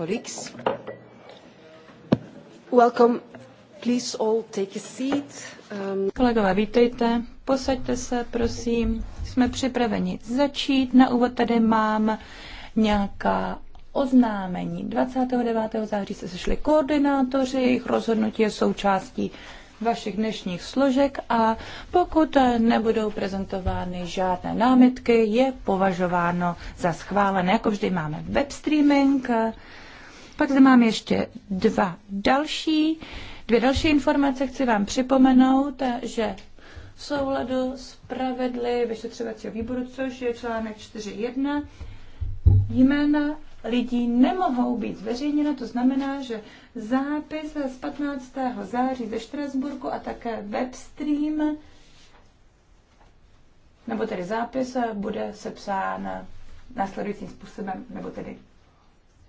colleagues. Welcome. Please all take a seat. Um... Kolegové, vítejte. Posaďte se, prosím. Jsme připraveni začít. Na úvod tady mám nějaká oznámení. 29. září se sešli koordinátoři, jejich rozhodnutí je součástí vašich dnešních složek a pokud nebudou prezentovány žádné námitky, je považováno za schválené. Jako vždy máme web streaming, pak zde mám ještě dva další, dvě další informace. Chci vám připomenout, že v souladu s pravidly vyšetřovacího výboru, což je článek 4.1, jména lidí nemohou být zveřejněna, to znamená, že zápis z 15. září ze Štrasburku a také webstream, nebo tedy zápis, bude sepsán následujícím způsobem, nebo tedy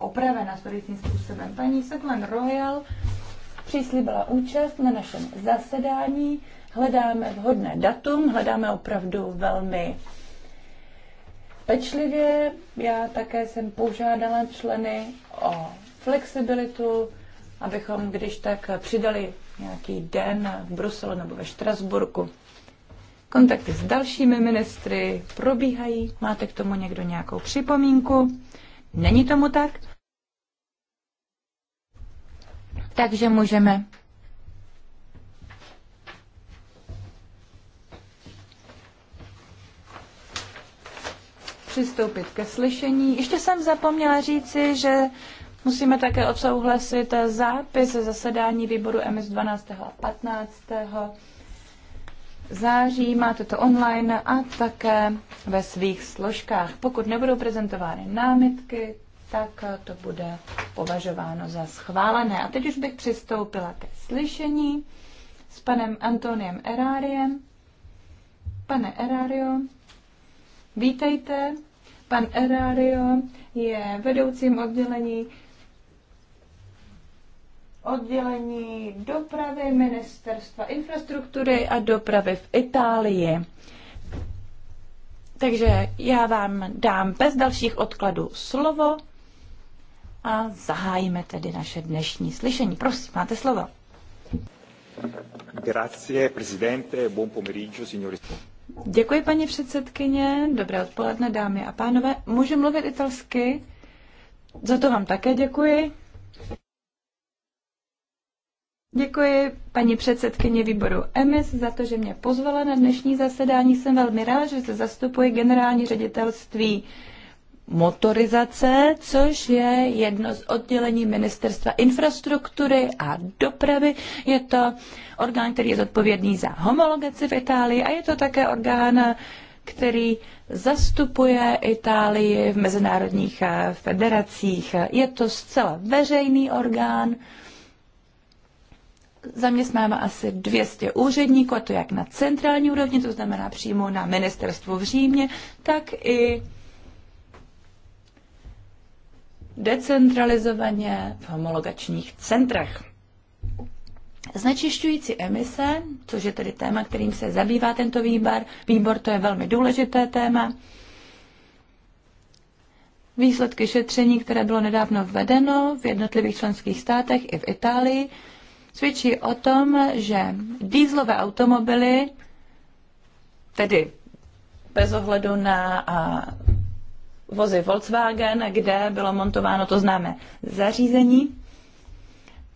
opravena studujícím způsobem. Paní Sokman Royal přislíbila účast na našem zasedání. Hledáme vhodné datum, hledáme opravdu velmi pečlivě. Já také jsem požádala členy o flexibilitu, abychom když tak přidali nějaký den v Bruselu nebo ve Štrasburku. Kontakty s dalšími ministry probíhají. Máte k tomu někdo nějakou připomínku? Není tomu tak? takže můžeme přistoupit ke slyšení. Ještě jsem zapomněla říci, že musíme také odsouhlasit zápis zasedání výboru MS 12. a 15. září. Máte to online a také ve svých složkách. Pokud nebudou prezentovány námitky, tak to bude považováno za schválené. A teď už bych přistoupila ke slyšení s panem Antoniem Eráriem. Pane Erario, vítejte. Pan Erario je vedoucím oddělení oddělení dopravy Ministerstva infrastruktury a dopravy v Itálii. Takže já vám dám bez dalších odkladů slovo a zahájíme tedy naše dnešní slyšení. Prosím, máte slovo. Grazie, presidente, buon pomeriggio, signori. Děkuji, paní předsedkyně. Dobré odpoledne, dámy a pánové. Můžu mluvit italsky? Za to vám také děkuji. Děkuji paní předsedkyně výboru EMIS za to, že mě pozvala na dnešní zasedání. Jsem velmi rád, že se zastupuje generální ředitelství motorizace, což je jedno z oddělení Ministerstva infrastruktury a dopravy. Je to orgán, který je zodpovědný za homologaci v Itálii a je to také orgán, který zastupuje Itálii v mezinárodních eh, federacích. Je to zcela veřejný orgán, zaměstnáme asi 200 úředníků, a to jak na centrální úrovni, to znamená přímo na ministerstvu v Římě, tak i decentralizovaně v homologačních centrech. Znečišťující emise, což je tedy téma, kterým se zabývá tento výbor, výbor to je velmi důležité téma. Výsledky šetření, které bylo nedávno vedeno v jednotlivých členských státech i v Itálii, svědčí o tom, že dýzlové automobily, tedy bez ohledu na vozy Volkswagen, kde bylo montováno to známé zařízení.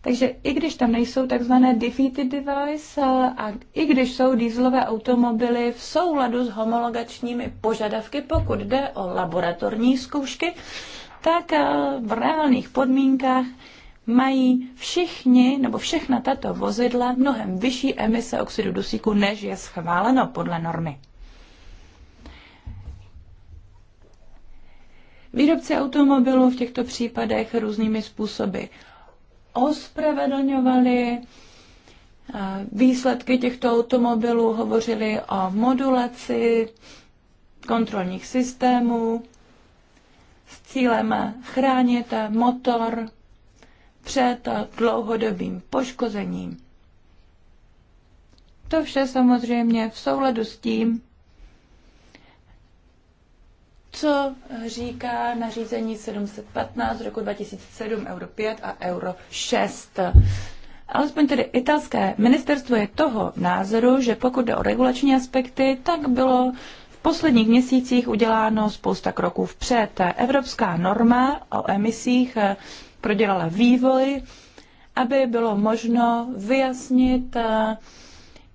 Takže i když tam nejsou takzvané defeated device a i když jsou dýzlové automobily v souladu s homologačními požadavky, pokud jde o laboratorní zkoušky, tak eh, v reálných podmínkách mají všichni nebo všechna tato vozidla mnohem vyšší emise oxidu dusíku, než je schváleno podle normy. Výrobci automobilů v těchto případech různými způsoby ospravedlňovali výsledky těchto automobilů, hovořili o modulaci kontrolních systémů s cílem chránit motor před dlouhodobým poškozením. To vše samozřejmě v souladu s tím, co říká nařízení 715 roku 2007 Euro 5 a Euro 6. Alespoň tedy italské ministerstvo je toho názoru, že pokud jde o regulační aspekty, tak bylo v posledních měsících uděláno spousta kroků vpřed. Evropská norma o emisích eh, prodělala vývoj, aby bylo možno vyjasnit eh,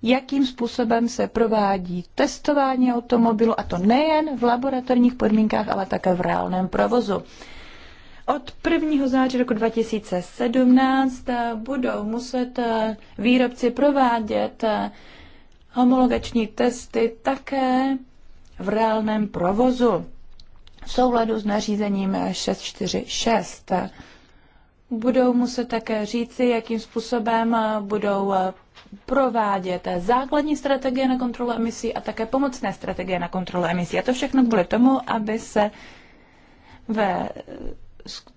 jakým způsobem se provádí testování automobilu, a to nejen v laboratorních podmínkách, ale také v reálném provozu. Od 1. září roku 2017 budou muset eh, výrobci provádět eh, homologační testy také v reálném provozu v souladu s nařízením 646 budou muset také říci, jakým způsobem eh, budou eh, provádět základní strategie na kontrolu emisí a také pomocné strategie na kontrolu emisí. A to všechno kvůli tomu, aby se, ve,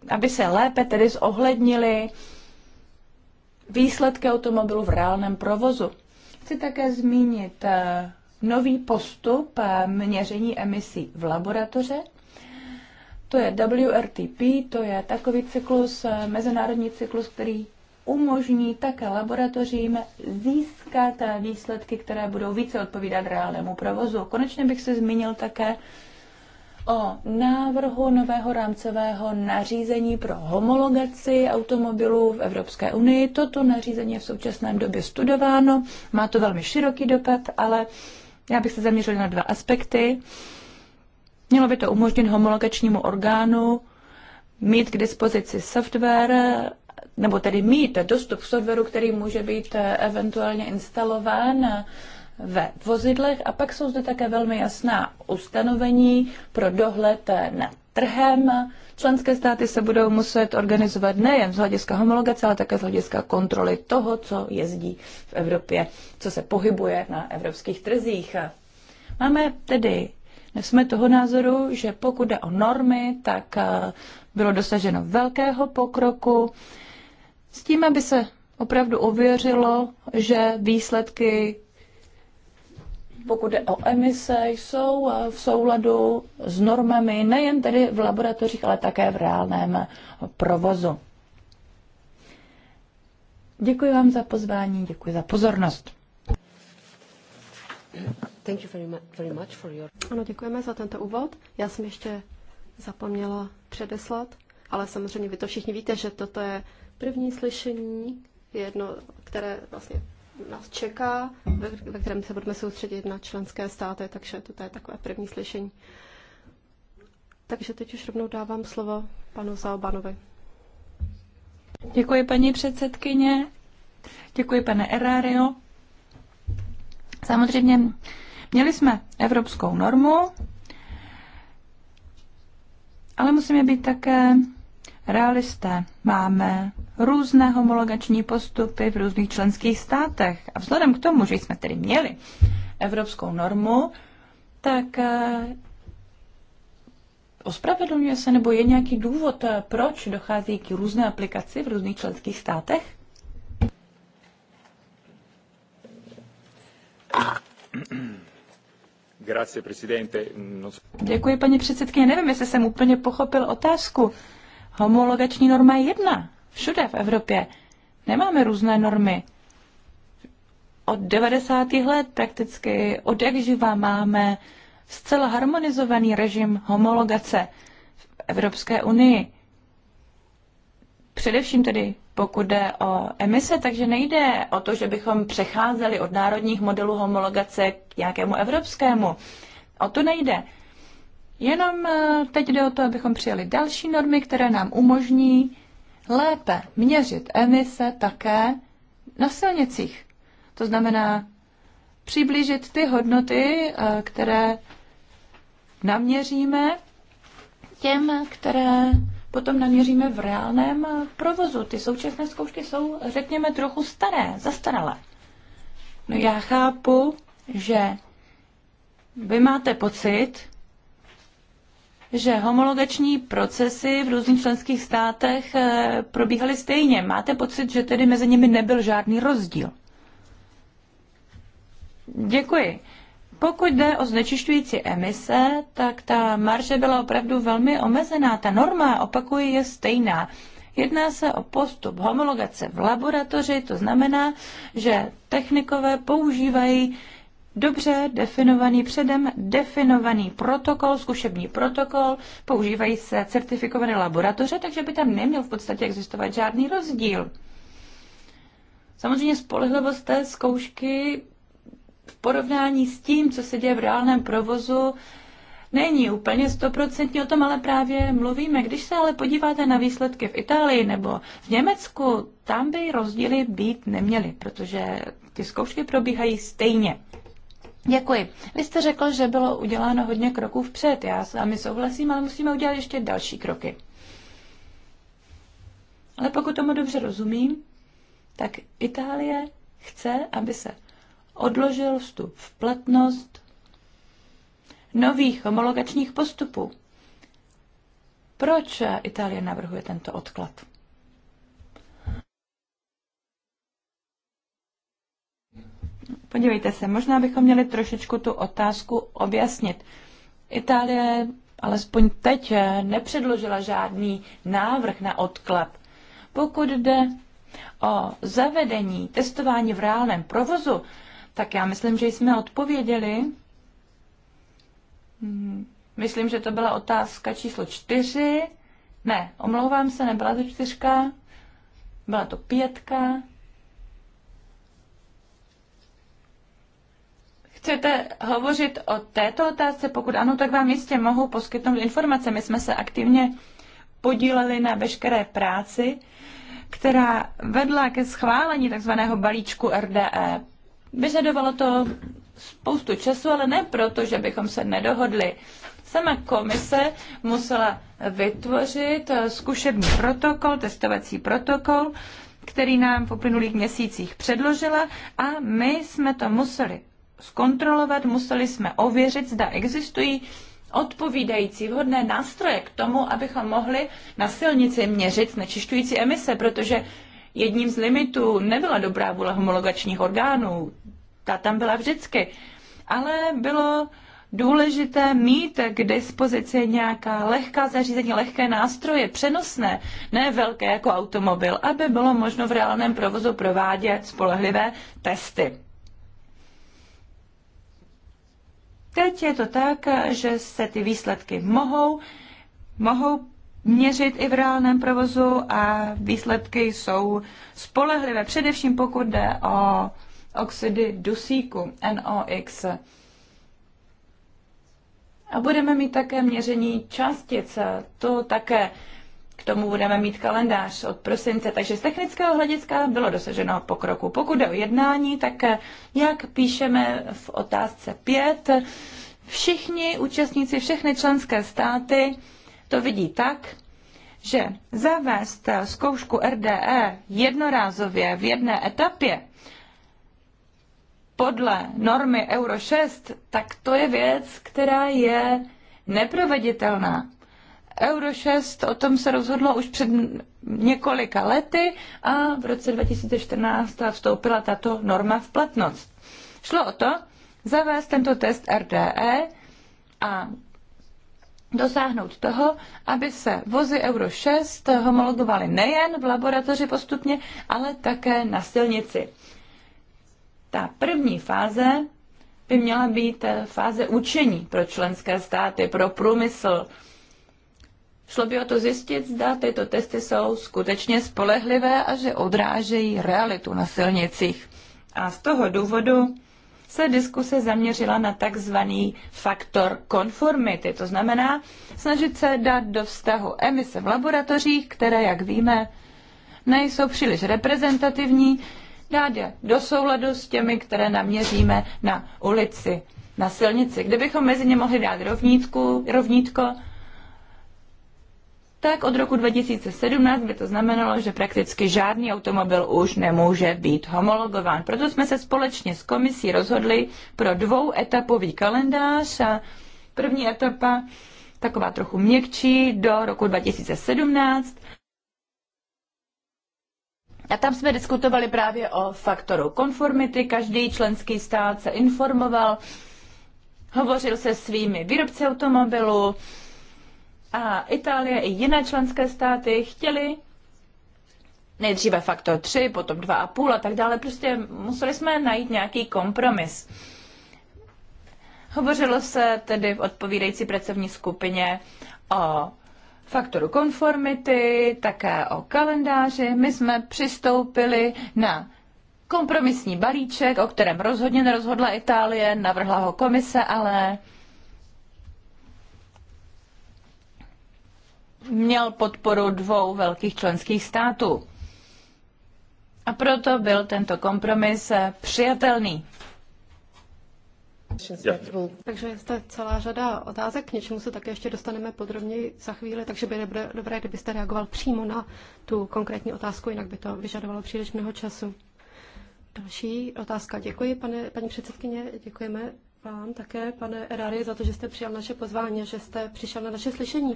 aby se lépe tedy zohlednili výsledky automobilu v reálném provozu. Chci také zmínit eh, nový postup měření emisí v laboratoře, to je WRTP, to je takový cyklus, eh, mezinárodní cyklus, který umožní také laboratořím získat eh, výsledky, které budou více odpovídat reálnému provozu. Konečně bych se zmínil také o návrhu nového rámcového nařízení pro homologaci automobilů v Evropské unii. Toto nařízení je v současném době studováno, má to velmi široký dopad, ale já bych se zaměřil na dva aspekty. Mělo by to umožnit homologačnímu orgánu mít k dispozici software, nebo tedy mít dostup k softwaru, který může být eh, eventuálně instalován eh, ve vozidlech. A pak jsou zde také velmi jasná ustanovení pro dohled eh, na trhem. Členské státy se budou muset organizovat nejen z hlediska homologace, ale také z hlediska kontroly toho, co jezdí v Evropě, co se pohybuje na evropských trzích. Máme tedy jsme toho názoru, že pokud jde o normy, tak eh, bylo dosaženo velkého pokroku s tím, aby se opravdu ověřilo, že výsledky, pokud jde o emise, jsou eh, v souladu s normami nejen tedy v laboratořích, ale také v reálném provozu. Děkuji vám za pozvání, děkuji za pozornost. Thank you very very much for your... Ano, děkujeme za tento úvod. Já jsem ještě zapomněla předeslat, ale samozřejmě vy to všichni víte, že toto je první slyšení, jedno, které vlastně nás čeká, ve, ve kterém se budeme soustředit na členské státy, takže toto je takové první slyšení. Takže teď už rovnou dávám slovo panu Zaobanovi. Děkuji, paní předsedkyně. Děkuji, pane Erario. Samozřejmě Měli jsme evropskou normu, ale musíme být také realisté. Máme různé homologační postupy v různých členských státech. A vzhledem k tomu, že jsme tedy měli evropskou normu, tak eh, ospravedlňuje se nebo je nějaký důvod, eh, proč dochází k různé aplikaci v různých členských státech? Děkuji, paní předsedkyně. Nevím, jestli jsem úplně pochopil otázku. Homologační norma je jedna. Všude v Evropě. Nemáme různé normy. Od 90. let prakticky, od jak živa máme zcela harmonizovaný režim homologace v Evropské unii. Především tedy pokud jde o emise, takže nejde o to, že bychom přecházeli od národních modelů homologace k nějakému evropskému. O to nejde. Jenom eh, teď jde o to, abychom přijali další normy, které nám umožní lépe měřit emise také na silnicích. To znamená přiblížit ty hodnoty, eh, které naměříme těm, které potom naměříme v reálném eh, provozu. Ty současné zkoušky jsou, řekněme, trochu staré, zastaralé. No já chápu, že vy máte pocit, že homologační procesy v různých členských státech eh, probíhaly stejně. Máte pocit, že tedy mezi nimi nebyl žádný rozdíl? Děkuji. Pokud jde o znečišťující emise, tak ta marže byla opravdu velmi omezená. Ta norma, opakuji, je stejná. Jedná se o postup homologace v laboratoři, to znamená, že technikové používají dobře definovaný, předem definovaný protokol, zkušební protokol, používají se certifikované laboratoře, takže by tam neměl v podstatě existovat žádný rozdíl. Samozřejmě spolehlivost té zkoušky porovnání s tím, co se děje v reálném provozu, není úplně stoprocentní, o tom ale právě mluvíme. Když se ale podíváte na výsledky v Itálii nebo v Německu, tam by rozdíly být neměly, protože ty zkoušky probíhají stejně. Děkuji. Vy jste řekl, že bylo uděláno hodně kroků vpřed. Já s vámi souhlasím, ale musíme udělat ještě další kroky. Ale pokud tomu dobře rozumím, tak Itálie chce, aby se odložil vstup v platnost nových homologačních postupů. Proč Itálie navrhuje tento odklad? Podívejte se, možná bychom měli trošičku tu otázku objasnit. Itálie alespoň teď nepředložila žádný návrh na odklad. Pokud jde o zavedení testování v reálném provozu, tak já myslím, že jsme odpověděli. Hmm, myslím, že to byla otázka číslo čtyři. Ne, omlouvám se, nebyla to čtyřka, byla to pětka. Chcete hovořit o této otázce? Pokud ano, tak vám jistě mohu poskytnout informace. My jsme se aktivně podíleli na veškeré práci, která vedla ke schválení takzvaného balíčku RDE. Vyžadovalo to spoustu času, ale ne proto, že bychom se nedohodli. Sama komise musela vytvořit eh, zkušební protokol, testovací protokol, který nám v uplynulých měsících předložila a my jsme to museli zkontrolovat, museli jsme ověřit, zda existují odpovídající vhodné nástroje k tomu, abychom mohli na silnici měřit znečišťující emise, protože jedním z limitů nebyla dobrá vůle homologačních orgánů. Ta tam byla vždycky. Ale bylo důležité mít k dispozici nějaká lehká zařízení, lehké nástroje, přenosné, ne velké jako automobil, aby bylo možno v reálném provozu provádět spolehlivé testy. Teď je to tak, že se ty výsledky mohou, mohou měřit i v reálném provozu a výsledky jsou spolehlivé, především pokud jde o oxidy dusíku, NOx. A budeme mít také měření částic. To také k tomu budeme mít kalendář od prosince, takže z technického hlediska bylo dosaženo pokroku. Pokud jde o jednání, tak jak píšeme v otázce 5, všichni účastníci, všechny členské státy to vidí tak, že zavést zkoušku RDE jednorázově v jedné etapě podle normy Euro 6, tak to je věc, která je neproveditelná. Euro 6, o tom se rozhodlo už před několika lety a v roce 2014 vstoupila tato norma v platnost. Šlo o to zavést tento test RDE a dosáhnout toho, aby se vozy Euro 6 homologovaly nejen v laboratoři postupně, ale také na silnici. Ta první fáze by měla být eh, fáze učení pro členské státy, pro průmysl. Šlo by o to zjistit, zda tyto testy jsou skutečně spolehlivé a že odrážejí realitu na silnicích. A z toho důvodu se diskuse zaměřila na takzvaný faktor konformity, to znamená snažit se dát do vztahu emise v laboratořích, které, jak víme, nejsou příliš reprezentativní, dát je do souladu s těmi, které naměříme na ulici, na silnici. Kdybychom mezi ně mohli dát rovnítku, rovnítko, tak od roku 2017 by to znamenalo, že prakticky žádný automobil už nemůže být homologován. Proto jsme se společně s komisí rozhodli pro dvouetapový kalendář a první etapa taková trochu měkčí do roku 2017. A tam jsme diskutovali právě o faktoru konformity. Každý členský stát se informoval, hovořil se svými výrobci automobilů, a Itálie i jiné členské státy chtěli nejdříve faktor 3, potom 2,5 a tak dále. Prostě museli jsme najít nějaký kompromis. Hovořilo se tedy v odpovídající pracovní skupině o faktoru konformity, také o kalendáři. My jsme přistoupili na kompromisní balíček, o kterém rozhodně nerozhodla Itálie, navrhla ho komise, ale měl podporu dvou velkých členských států. A proto byl tento kompromis eh, přijatelný. Takže jste celá řada otázek, k něčemu se také ještě dostaneme podrobněji za chvíli, takže by nebude dobré, kdybyste reagoval přímo na tu konkrétní otázku, jinak by to vyžadovalo příliš mnoho času. Další otázka. Děkuji, pane, paní předsedkyně, děkujeme vám také, pane Erari, za to, že jste přijal naše pozvání, že jste přišel na naše slyšení.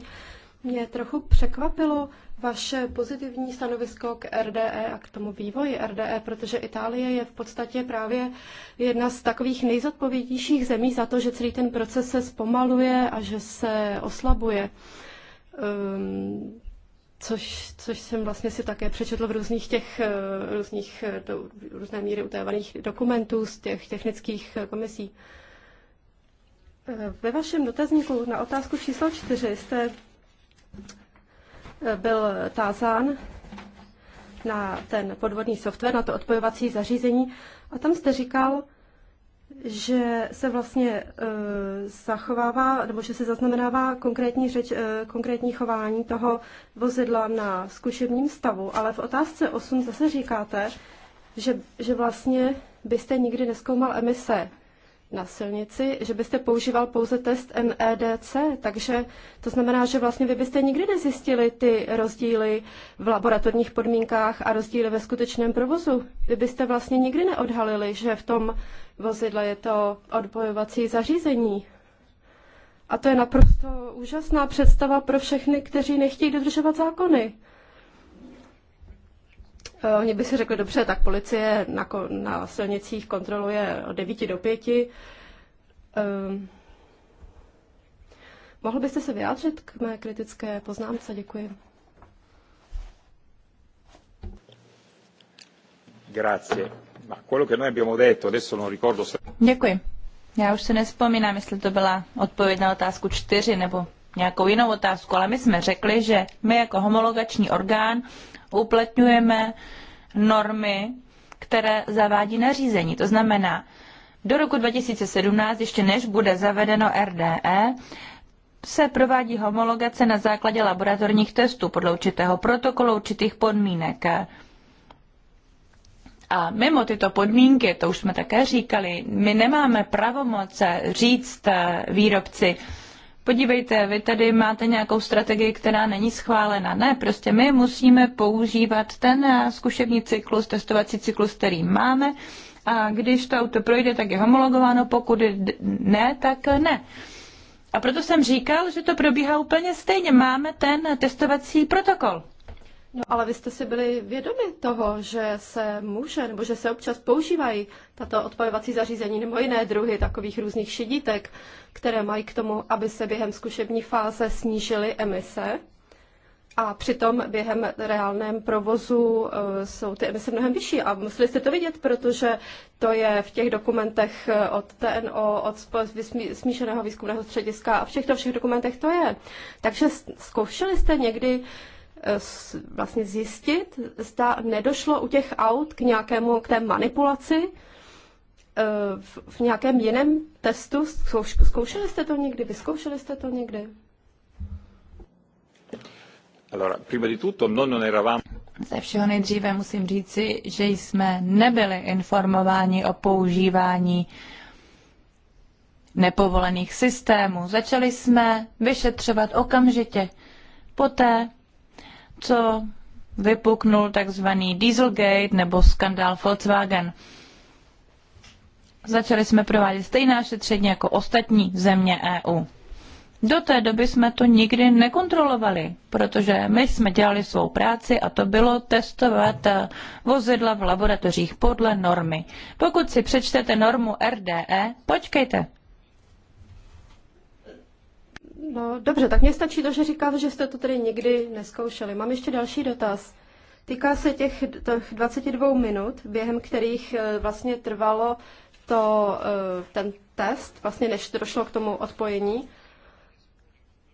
Mě trochu překvapilo vaše pozitivní stanovisko k RDE a k tomu vývoji RDE, protože Itálie je v podstatě právě jedna z takových nejzodpovědnějších zemí za to, že celý ten proces se zpomaluje a že se oslabuje. Um, což, což jsem vlastně si také přečetl v různých těch, eh, různých, eh, do, různé míry utajovaných dokumentů z těch technických eh, komisí. Ve vašem dotazníku na otázku číslo čtyři jste byl tázán na ten podvodný software, na to odpojovací zařízení a tam jste říkal, že se vlastně e, zachovává, nebo že se zaznamenává konkrétní, řeč, e, konkrétní chování toho vozidla na zkušebním stavu, ale v otázce 8 zase říkáte, že, že vlastně byste nikdy neskoumal emise na silnici, že byste používal pouze test MEDC, takže to znamená, že vlastně vy byste nikdy nezjistili ty rozdíly v laboratorních podmínkách a rozdíly ve skutečném provozu. Vy byste vlastně nikdy neodhalili, že v tom vozidle je to odbojovací zařízení. A to je naprosto úžasná představa pro všechny, kteří nechtějí dodržovat zákony. Oni eh, by si řekli, dobře, tak policie na, na silnicích kontroluje od 9 do 5. Um, ehm, mohl byste se vyjádřit k mé kritické poznámce? Děkuji. Grazie. Ma quello che noi abbiamo detto, adesso non ricordo se... Děkuji. Já už se nespomínám, jestli to byla odpověď na otázku čtyři nebo nějakou jinou otázku, ale my jsme řekli, že my jako homologační orgán uplatňujeme normy, které zavádí nařízení. To znamená, do roku 2017, ještě než bude zavedeno RDE, se provádí homologace na základě laboratorních testů podle určitého protokolu, určitých podmínek. A mimo tyto podmínky, to už jsme také říkali, my nemáme pravomoc říct eh, výrobci, podívejte, vy tady máte nějakou strategii, která není schválena. Ne, prostě my musíme používat ten eh, zkušební cyklus, testovací cyklus, který máme a když to auto projde, tak je homologováno, pokud ne, tak ne. A proto jsem říkal, že to probíhá úplně stejně. Máme ten testovací protokol. No ale vy jste si byli vědomi toho, že se může, nebo že se občas používají tato odpojovací zařízení nebo jiné druhy takových různých šidítek, které mají k tomu, aby se během zkušební fáze snížily emise. A přitom během reálném provozu eh, jsou ty emise mnohem vyšší. A museli jste to vidět, protože to je v těch dokumentech eh, od TNO, od smíšeného výzkumného střediska a v těchto všech dokumentech to je. Takže zkoušeli jste někdy Eh, vlastně zjistit, zda nedošlo u těch aut k nějakému, k té manipulaci eh, v, v nějakém jiném testu. Zkoušeli jste to někdy? Vyzkoušeli jste to někdy? Allora, prima di tutto, no, non eravamo... Ze všeho nejdříve musím říci, že jsme nebyli informováni o používání nepovolených systémů. Začali jsme vyšetřovat okamžitě poté, co vypuknul takzvaný Dieselgate nebo skandál Volkswagen. Začali jsme provádět stejná šetření jako ostatní země EU. Do té doby jsme to nikdy nekontrolovali, protože my jsme dělali svou práci a to bylo testovat eh, vozidla v laboratořích podle normy. Pokud si přečtete normu RDE, počkejte, No dobře, tak mě stačí to, že říkáte, že jste to tedy nikdy neskoušeli. Mám ještě další dotaz. Týká se těch, těch 22 minut, během kterých eh, vlastně trvalo to, eh, ten test, vlastně než došlo k tomu odpojení.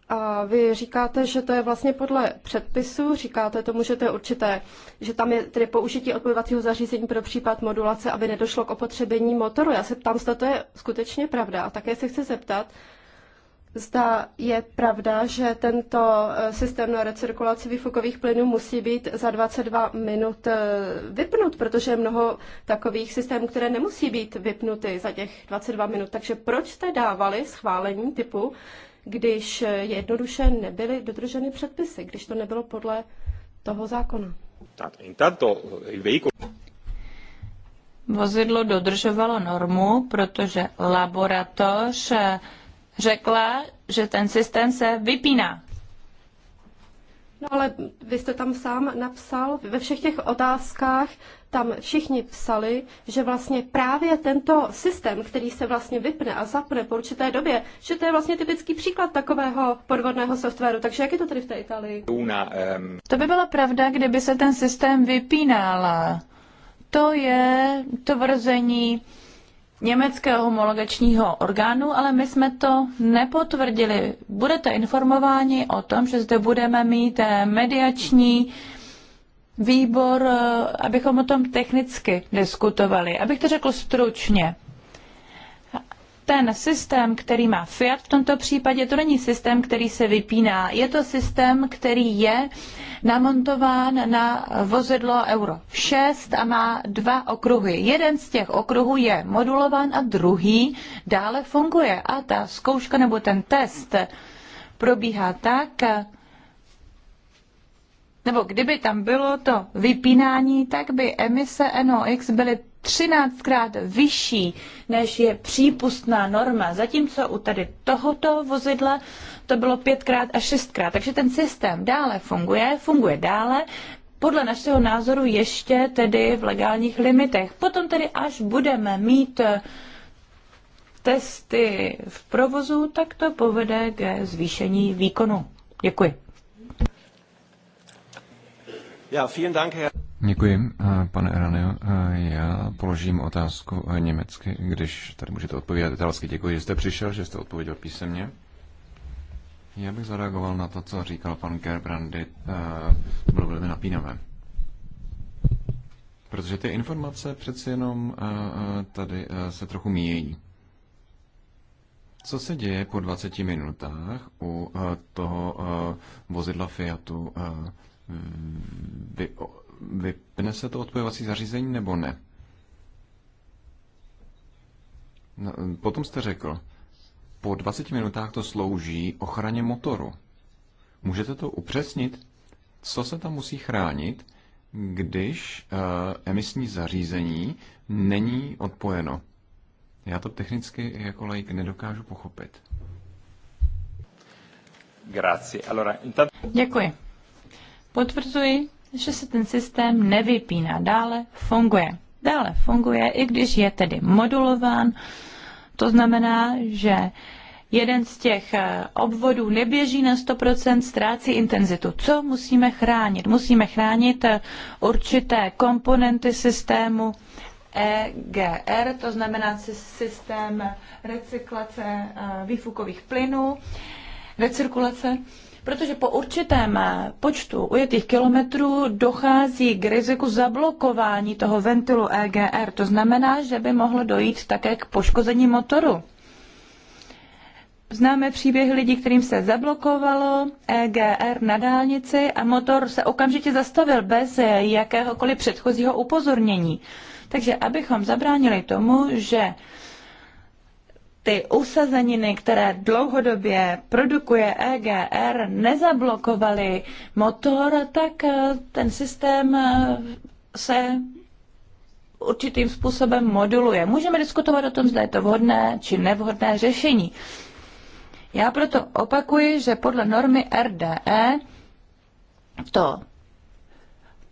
A vy říkáte, že to je vlastně podle předpisu, říkáte tomu, že to je určité, že tam je tedy použití odpojovacího zařízení pro případ modulace, aby nedošlo k opotřebení motoru. Já se ptám, zda to je skutečně pravda. A také se chci zeptat, Zda je pravda, že tento eh, systém na recirkulaci výfukových plynů musí být za 22 minut eh, vypnut, protože je mnoho takových systémů, které nemusí být vypnuty za těch 22 minut. Takže proč jste dávali schválení typu, když eh, jednoduše nebyly dodrženy předpisy, když to nebylo podle toho zákona? Vozidlo dodržovalo normu, protože laboratoř řekla, že ten systém se vypíná. No ale vy jste tam sám napsal, ve všech těch otázkách tam všichni psali, že vlastně právě tento systém, který se vlastně vypne a zapne po určité době, že to je vlastně typický příklad takového podvodného softwaru. Takže jak je to tedy v té Itálii? Ehm, to by byla pravda, kdyby se ten systém vypínal. To je tvrzení německého homologačního orgánu, ale my jsme to nepotvrdili. Budete informováni o tom, že zde budeme mít eh, mediační výbor, eh, abychom o tom technicky diskutovali. Abych to řekl stručně ten systém, který má Fiat v tomto případě, to není systém, který se vypíná. Je to systém, který je namontován na vozidlo Euro 6 a má dva okruhy. Jeden z těch okruhů je modulován a druhý dále funguje. A ta zkouška nebo ten test probíhá tak, nebo kdyby tam bylo to vypínání, tak by emise NOx byly 13krát vyšší, než je přípustná norma, zatímco u tady tohoto vozidla to bylo pětkrát a šestkrát. Takže ten systém dále funguje, funguje dále, podle našeho názoru ještě tedy v legálních limitech. Potom tedy, až budeme mít eh, testy v provozu, tak to povede ke zvýšení výkonu. Děkuji. Ja, vielen Dank, Herr... Děkuji, eh, pane Eranio. Eh, já položím otázku eh, německy, když tady můžete odpovědět italsky. Děkuji, že jste přišel, že jste odpověděl písemně. Já bych zareagoval na to, co říkal pan Gerbrandy. Bylo velmi napínavé. Protože ty informace přeci jenom tady se trochu míjejí. Co se děje po 20 minutách u toho vozidla Fiatu? vy, vypne se to odpojovací zařízení nebo ne? No, potom jste řekl, po 20 minutách to slouží ochraně motoru. Můžete to upřesnit? Co se tam musí chránit, když uh, emisní zařízení není odpojeno? Já to technicky jako laik nedokážu pochopit. Grazie. Allora. Děkuji. Potvrzuji, že se ten systém nevypíná, dále funguje. Dále funguje, i když je tedy modulován, to znamená, že jeden z těch eh, obvodů neběží na 100%, ztrácí intenzitu. Co musíme chránit? Musíme chránit eh, určité komponenty systému EGR, to znamená systém recyklace eh, výfukových plynů, recirkulace protože po určitém eh, počtu ujetých kilometrů dochází k riziku zablokování toho ventilu EGR. To znamená, že by mohlo dojít také k poškození motoru. Známe příběhy lidí, kterým se zablokovalo EGR na dálnici a motor se okamžitě zastavil bez eh, jakéhokoliv předchozího upozornění. Takže abychom zabránili tomu, že ty usazeniny, které dlouhodobě produkuje EGR, nezablokovaly motor, tak eh, ten systém eh, se určitým způsobem moduluje. Můžeme diskutovat o tom, zda je to vhodné či nevhodné řešení. Já proto opakuji, že podle normy RDE to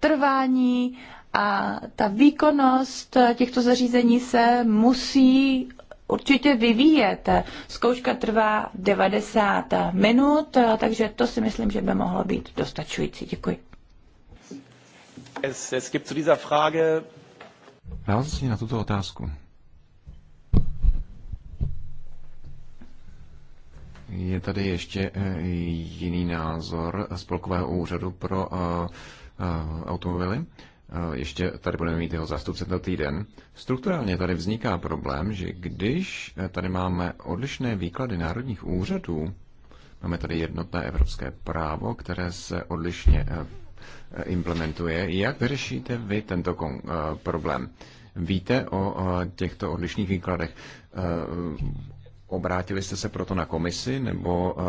trvání a ta výkonnost těchto zařízení se musí určitě vyvíjet. Zkouška trvá 90 minut, takže to si myslím, že by mohlo být dostačující. Děkuji. Es, es gibt zu dieser Frage... na tuto otázku. Je tady ještě eh, jiný názor Spolkového úřadu pro eh, eh, automobily. Eh, ještě tady budeme mít jeho zástupce tento týden. Strukturálně tady vzniká problém, že když eh, tady máme odlišné výklady národních úřadů, máme tady jednotné evropské právo, které se odlišně eh, implementuje, jak vyřešíte vy tento problém? Víte o těchto odlišných výkladech? Obrátili jste se proto na komisi nebo uh,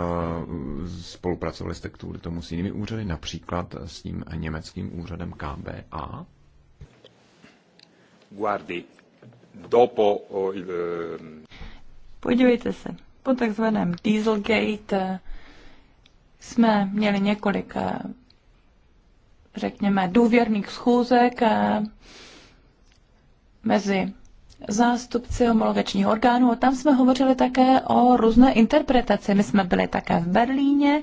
spolupracovali jste k tomu s jinými úřady, například s tím německým úřadem KBA? Guardi, dopo il... Eh, Podívejte se, po takzvaném Dieselgate eh, jsme měli několik, řekněme, důvěrných schůzek mezi zástupci homologačního orgánu a tam jsme hovořili také o různé interpretaci. My jsme byli také v Berlíně,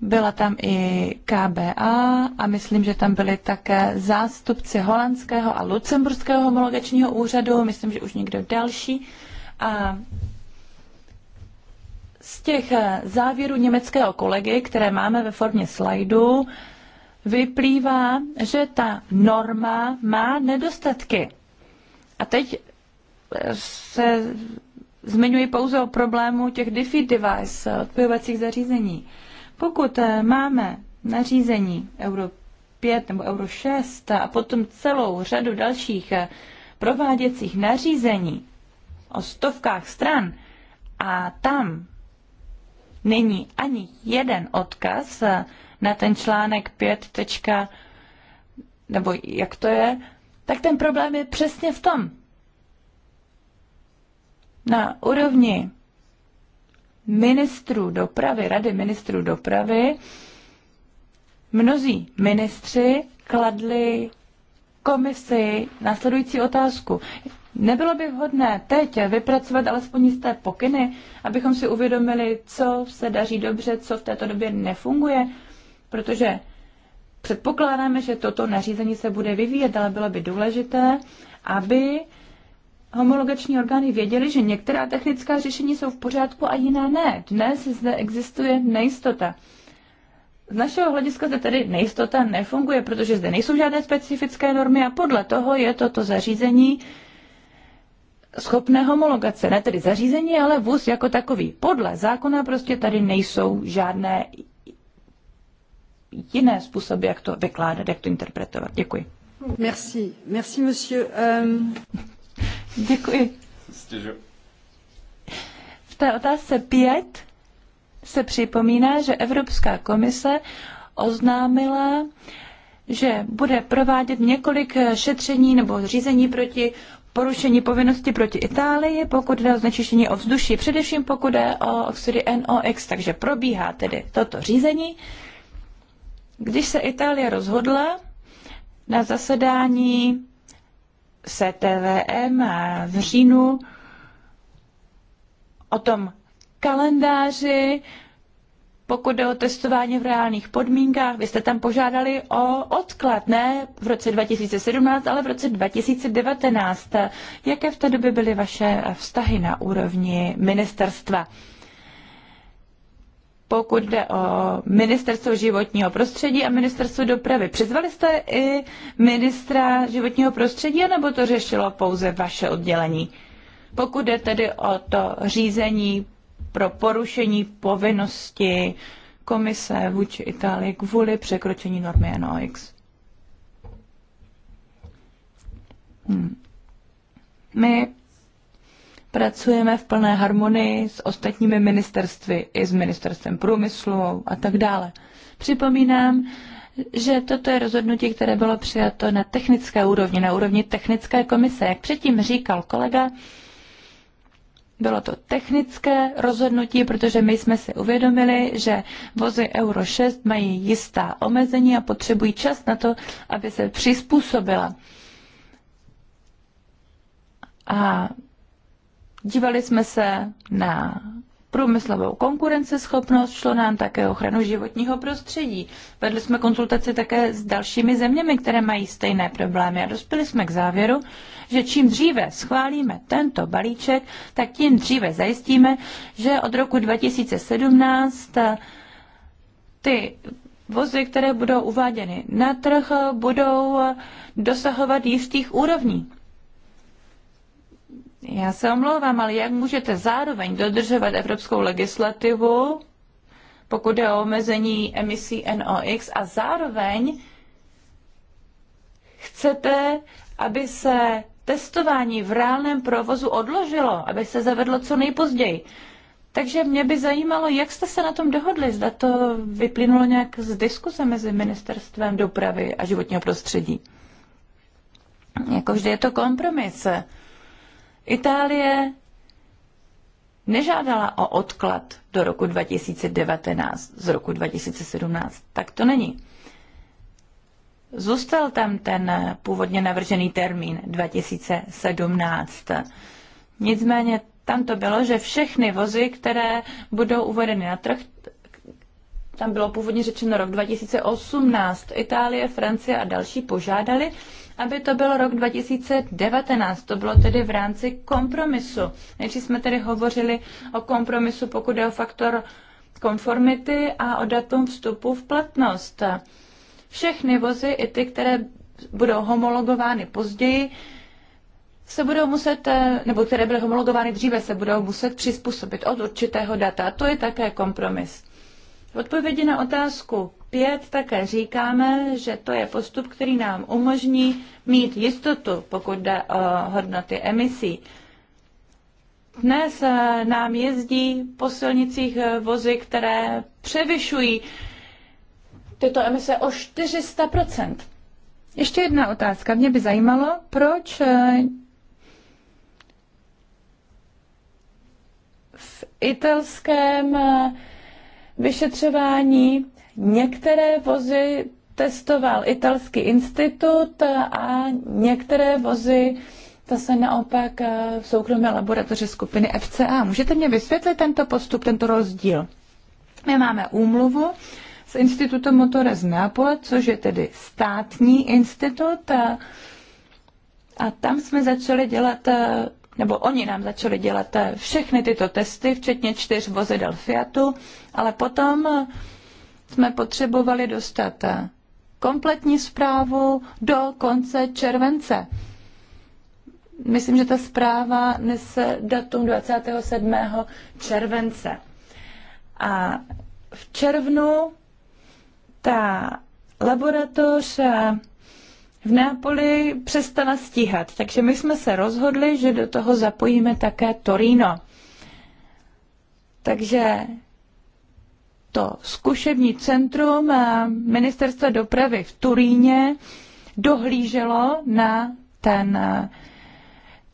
byla tam i KBA a myslím, že tam byli také zástupci holandského a lucemburského homologačního úřadu, myslím, že už někdo další. A z těch eh, závěrů německého kolegy, které máme ve formě slajdu, vyplývá, že ta norma má nedostatky. A teď eh, se zmiňuji pouze o problému těch defeat device, eh, odpojovacích zařízení. Pokud eh, máme nařízení Euro 5 nebo Euro 6 a potom celou řadu dalších prováděcích nařízení o stovkách stran a tam není ani jeden odkaz na ten článek 5. nebo jak to je, tak ten problém je přesně v tom. Na úrovni ministrů dopravy, rady ministrů dopravy, mnozí ministři kladli komisi následující otázku. Nebylo by vhodné teď vypracovat alespoň té pokyny, abychom si uvědomili, co se daří dobře, co v této době nefunguje, protože Předpokládáme, že toto nařízení se bude vyvíjet, ale bylo by důležité, aby homologační orgány věděly, že některá technická řešení jsou v pořádku a jiná ne. Dnes zde existuje nejistota. Z našeho hlediska zde tedy nejistota nefunguje, protože zde nejsou žádné specifické normy a podle toho je toto zařízení schopné homologace. Ne tedy zařízení, ale vůz jako takový. Podle zákona prostě tady nejsou žádné jiné způsoby, jak to vykládat, jak to interpretovat. Děkuji. Merci, merci, monsieur. Um... Děkuji. Stěžu. V té otázce pět se připomíná, že Evropská komise oznámila, že bude provádět několik šetření nebo řízení proti porušení povinnosti proti Itálii, pokud jde o znečištění ovzduší, především pokud jde o oxidy NOx, takže probíhá tedy toto řízení. Když se Itálie rozhodla na zasedání CTVM v říjnu o tom kalendáři, pokud jde o testování v reálných podmínkách, vy jste tam požádali o odklad, ne v roce 2017, ale v roce 2019. Jaké v té době byly vaše vztahy na úrovni ministerstva? pokud jde o ministerstvo životního prostředí a ministerstvo dopravy. Přizvali jste i ministra životního prostředí, nebo to řešilo pouze vaše oddělení? Pokud jde tedy o to řízení pro porušení povinnosti komise vůči Itálii kvůli překročení normy NOx. Hmm. My pracujeme v plné harmonii s ostatními ministerstvy, i s ministerstvem průmyslu a tak dále. Připomínám, že toto je rozhodnutí, které bylo přijato na technické úrovni, na úrovni technické komise. Jak předtím říkal kolega, bylo to technické rozhodnutí, protože my jsme si uvědomili, že vozy Euro 6 mají jistá omezení a potřebují čas na to, aby se přizpůsobila. A Dívali jsme se na průmyslovou konkurenceschopnost, šlo nám také ochranu životního prostředí. Vedli jsme konzultaci také s dalšími zeměmi, které mají stejné problémy a dospěli jsme k závěru, že čím dříve schválíme tento balíček, tak tím dříve zajistíme, že od roku 2017 eh, ty vozy, které budou uváděny na trh, budou eh, dosahovat jistých úrovní. Já se omlouvám, ale jak můžete zároveň dodržovat evropskou legislativu, pokud je o omezení emisí NOx, a zároveň chcete, aby se testování v reálném provozu odložilo, aby se zavedlo co nejpozději. Takže mě by zajímalo, jak jste se na tom dohodli, zda to vyplynulo nějak z diskuse mezi ministerstvem dopravy a životního prostředí. Jako vždy je to kompromis. Itálie nežádala o odklad do roku 2019 z roku 2017. Tak to není. Zůstal tam ten původně navržený termín 2017. Nicméně tam to bylo, že všechny vozy, které budou uvedeny na trh, tam bylo původně řečeno rok 2018, Itálie, Francie a další požádali, aby to byl rok 2019. To bylo tedy v rámci kompromisu. Nejdřív jsme tedy hovořili o kompromisu, pokud je o faktor konformity a o datum vstupu v platnost. Všechny vozy, i ty, které budou homologovány později, se budou muset, nebo které byly homologovány dříve, se budou muset přizpůsobit od určitého data. A to je také kompromis. V odpovědi na otázku 5 také říkáme, že to je postup, který nám umožní mít jistotu, pokud jde o hodnoty emisí. Dnes eh, nám jezdí po silnicích eh, vozy, které převyšují tyto emise o 400 Ještě jedna otázka. Mě by zajímalo, proč eh, v italském vyšetřování. Některé vozy testoval italský institut a některé vozy zase naopak eh, v soukromé laboratoři skupiny FCA. Můžete mě vysvětlit tento postup, tento rozdíl? My máme úmluvu s Institutem Motore z Neapole, což je tedy státní institut a, eh, a tam jsme začali dělat eh, nebo oni nám začali dělat eh, všechny tyto testy, včetně čtyř vozidel Fiatu, ale potom eh, jsme potřebovali dostat eh, kompletní zprávu do konce července. Myslím, že ta zpráva nese datum 27. července. A v červnu ta laboratoř v Neapoli přestala stíhat, takže my jsme se rozhodli, že do toho zapojíme také Torino. Takže to zkušební centrum eh, ministerstva dopravy v Turíně dohlíželo na ten eh,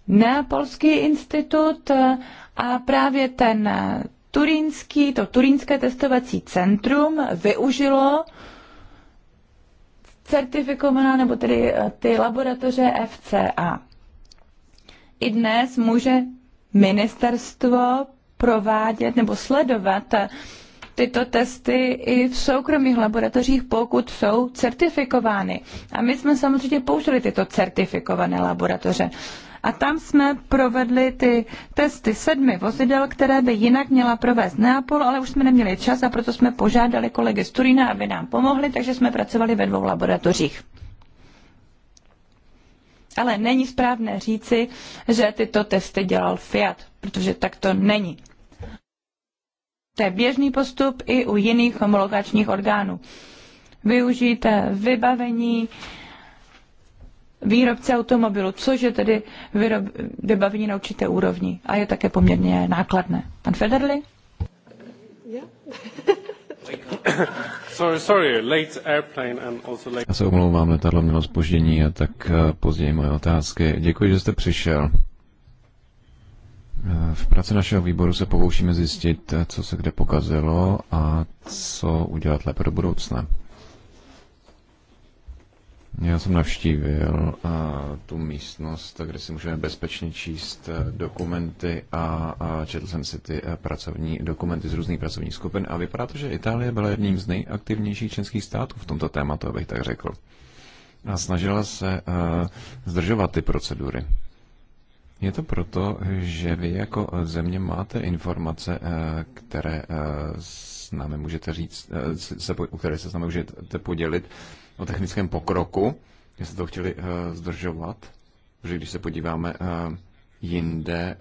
Neapolský institut eh, a právě ten turínský, to turínské testovací centrum využilo certifikovaná, nebo tedy eh, ty laboratoře FCA. I dnes může ministerstvo provádět nebo sledovat eh, tyto testy i v soukromých laboratořích, pokud jsou certifikovány. A my jsme samozřejmě použili tyto certifikované laboratoře. A tam jsme provedli ty testy sedmi vozidel, které by jinak měla provést Neapol, ale už jsme neměli čas a proto jsme požádali kolegy z Turína, aby nám pomohli, takže jsme pracovali ve dvou laboratořích. Ale není správné říci, že tyto testy dělal Fiat, protože tak to není. To je běžný postup i u jiných homologačních orgánů. Využijte vybavení, výrobce automobilu, což je tedy výrob, vybavení na určité úrovni a je také poměrně nákladné. Pan Federli? sorry, sorry, late airplane and also late... Já se omlouvám, letadlo mělo zpoždění a tak eh, později moje otázky. Děkuji, že jste přišel. Eh, v práci našeho výboru se pokoušíme zjistit, eh, co se kde pokazilo a co udělat lépe do budoucna. Já jsem navštívil a, tu místnost, kde si můžeme bezpečně číst e, dokumenty a, a četl jsem si ty e, pracovní dokumenty z různých pracovních skupin a vypadá to, že Itálie byla jedním z nejaktivnějších členských států v tomto tématu, abych tak řekl. A snažila se a, e, zdržovat ty procedury. Je to proto, že vy jako země máte informace, které s námi můžete říct, se, o které se s námi můžete podělit o technickém pokroku, že se to chtěli eh, zdržovat, protože když se podíváme eh, jinde eh,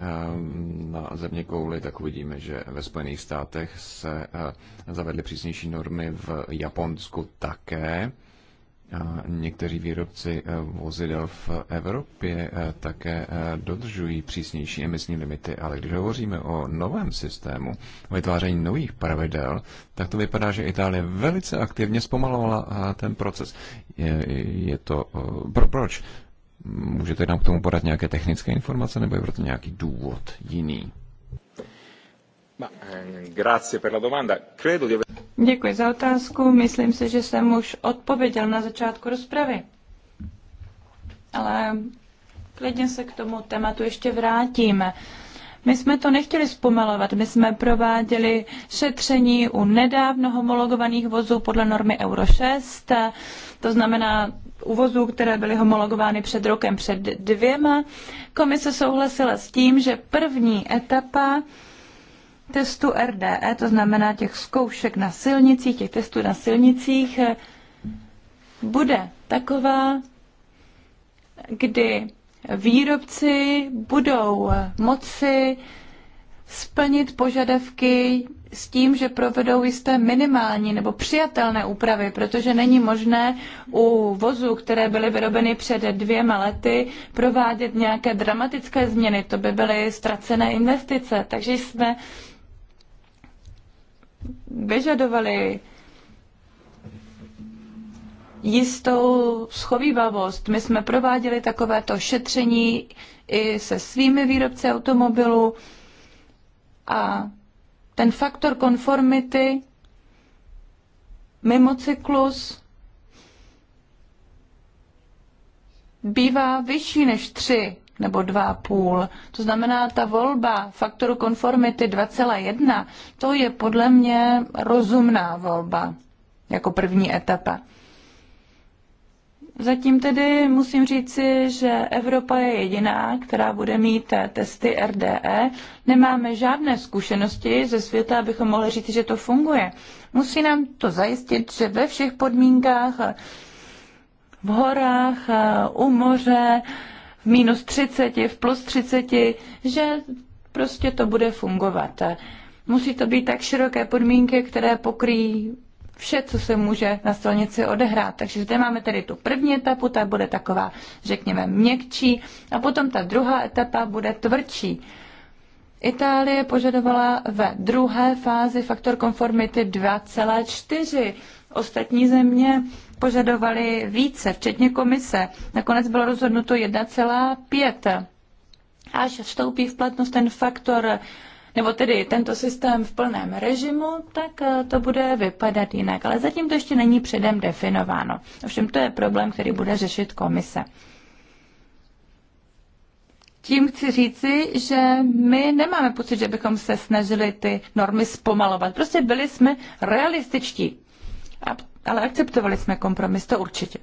na země kouli, tak uvidíme, že ve Spojených státech se zavedly přísnější normy v Japonsku také někteří výrobci eh, vozidel v Evropě eh, také eh, dodržují přísnější emisní limity, ale když hovoříme o novém systému, o vytváření nových pravidel, tak to vypadá, že Itálie velice aktivně zpomalovala ten proces. Je, je to... Pro, proč? Můžete nám k tomu podat nějaké technické informace, nebo je proto nějaký důvod jiný? Eh, Děkuji za otázku. Myslím si, že jsem už odpověděl na začátku rozpravy. Ale klidně se k tomu tématu ještě vrátíme. My jsme to nechtěli zpomalovat, my jsme prováděli šetření u nedávno homologovaných vozů podle normy Euro 6, to znamená u vozů, které byly homologovány před rokem, před dvěma. Komise souhlasila s tím, že první etapa testu RDE, to znamená těch zkoušek na silnicích, těch testů na silnicích, eh, bude taková, kdy výrobci budou eh, moci splnit požadavky s tím, že provedou jisté minimální nebo přijatelné úpravy, protože není možné u vozů, které byly vyrobeny před dvěma lety, provádět nějaké dramatické změny. To by byly ztracené investice. Takže jsme vyžadovali jistou schovývavost. My jsme prováděli takovéto šetření i se svými výrobci automobilů a ten faktor konformity mimo cyklus bývá vyšší než 3 nebo 2,5. To znamená, ta volba faktoru konformity 2,1, to je podle mě rozumná volba jako první etapa. Zatím tedy musím říci, že Evropa je jediná, která bude mít testy RDE. Nemáme žádné zkušenosti ze světa, abychom mohli říct, že to funguje. Musí nám to zajistit, že ve všech podmínkách, v horách, u moře, v minus 30, v plus 30, že prostě to bude fungovat. Musí to být tak široké podmínky, které pokryjí vše, co se může na silnici odehrát. Takže zde máme tedy tu první etapu, ta bude taková, řekněme, měkčí, a potom ta druhá etapa bude tvrdší. Itálie požadovala ve druhé fázi faktor konformity 2,4. Ostatní země požadovaly více, včetně komise. Nakonec bylo rozhodnuto 1,5. Až vstoupí v platnost ten faktor, nebo tedy tento systém v plném režimu, tak eh, to bude vypadat jinak. Ale zatím to ještě není předem definováno. Ovšem to je problém, který bude řešit komise. Tím chci říci, že my nemáme pocit, že bychom se snažili ty normy zpomalovat. Prostě byli jsme realističtí ale akceptovali jsme kompromis, to určitě.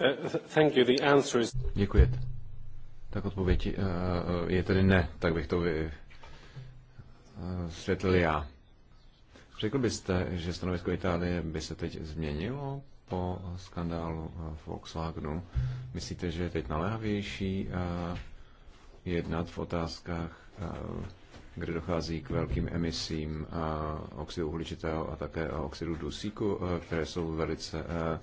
Eh, thank you. The answer is... Děkuji. Tak odpověď eh, eh, je tedy ne, tak bych to vysvětlil já. Řekl byste, že stanovisko Itálie by se teď změnilo po skandálu Volkswagenu? Myslíte, že je teď naléhavější jednat v otázkách kde dochází k velkým emisím oxidu uhličitého a také oxidu dusíku, eh, které jsou velice eh,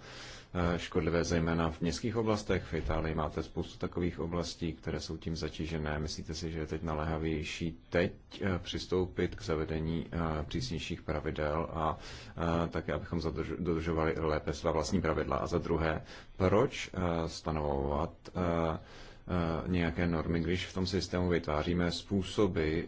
eh, škodlivé, zejména v městských oblastech. V Itálii máte spoustu takových oblastí, které jsou tím zatížené. Myslíte si, že je teď naléhavější teď přistoupit k zavedení přísnějších pravidel a také, abychom dodržovali lépe svá vlastní pravidla? A za druhé, proč stanovovat Eh, nějaké normy, když v tom systému vytváříme způsoby,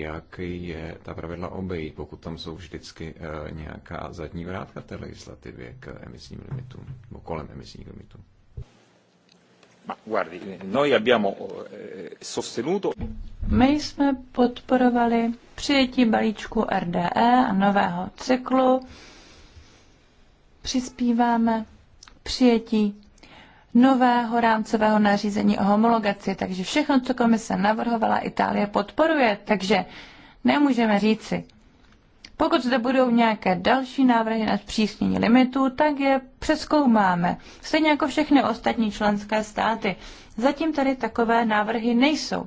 jak je ta pravidla obejít, pokud tam jsou vždycky eh, nějaká zadní vrátka té legislativě k emisním limitům, nebo kolem emisních limitů. Eh, My jsme podporovali přijetí balíčku RDE a nového cyklu. Přispíváme přijetí nového rámcového nařízení o homologaci, takže všechno, co komise navrhovala, Itálie podporuje, takže nemůžeme říci. Pokud zde budou nějaké další návrhy na zpřísnění limitů, tak je přeskoumáme, stejně jako všechny ostatní členské státy. Zatím tady takové návrhy nejsou.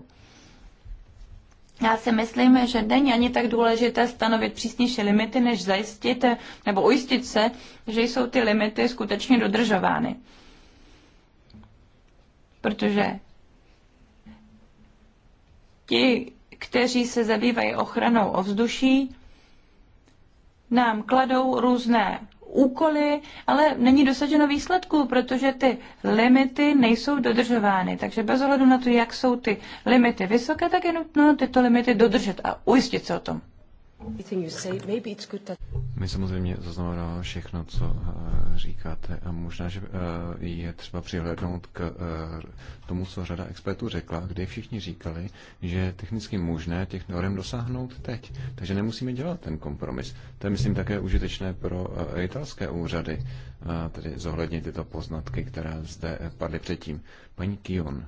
Já si myslím, že není ani tak důležité stanovit přísnější limity, než zajistit nebo ujistit se, že jsou ty limity skutečně dodržovány protože ti, kteří se zabývají ochranou ovzduší, nám kladou různé úkoly, ale není dosaženo výsledků, protože ty limity nejsou dodržovány. Takže bez ohledu na to, jak jsou ty limity vysoké, tak je nutno tyto limity dodržet a ujistit se o tom. My samozřejmě zaznamenáváme všechno, co eh, říkáte a možná, že eh, je třeba přihlédnout k eh, tomu, co řada expertů řekla, kdy všichni říkali, že je technicky možné těch norm dosáhnout teď, takže nemusíme dělat ten kompromis. To je, myslím, také užitečné pro italské úřady, tedy zohlednit tyto poznatky, které zde padly předtím. Paní Kion.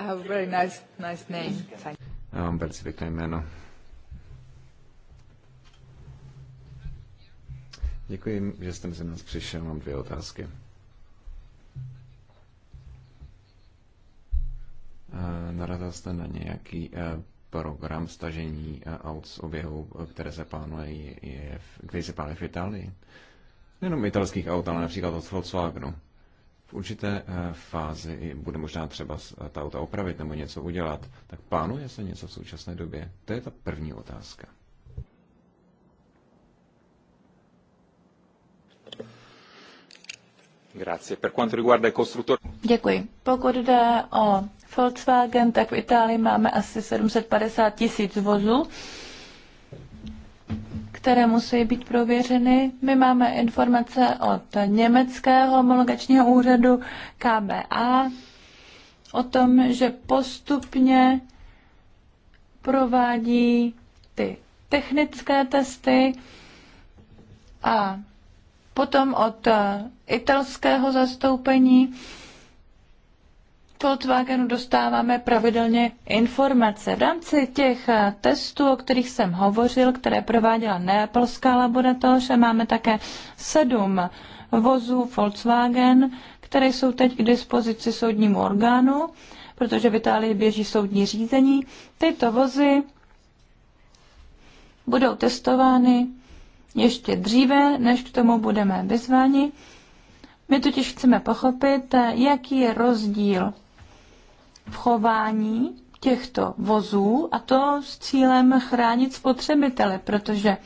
I have a very nice, nice name. Já mám velice pěkné jméno. Děkuji, že jste mezi nás přišel. Mám dvě otázky. Narazil jste na nějaký e, program stažení e, aut z oběhu, e, které se plánuje, je, je, který se plánuje v Itálii? Nejenom italských aut, ale například od Volkswagenu v určité eh, fázi bude možná třeba eh, ta auta opravit nebo něco udělat, tak plánuje se něco v současné době? To je ta první otázka. Děkuji. Pokud jde o Volkswagen, tak v Itálii máme asi 750 tisíc vozů které musí být prověřeny. My máme informace od německého homologačního úřadu KBA o tom, že postupně provádí ty technické testy a potom od italského zastoupení Volkswagenu dostáváme pravidelně informace. V rámci těch eh, testů, o kterých jsem hovořil, které prováděla neapolská laboratoř, máme také sedm vozů Volkswagen, které jsou teď k dispozici soudnímu orgánu, protože v Itálii běží soudní řízení. Tyto vozy budou testovány ještě dříve, než k tomu budeme vyzváni. My totiž chceme pochopit, eh, jaký je rozdíl v chování těchto vozů a to s cílem chránit spotřebitele, protože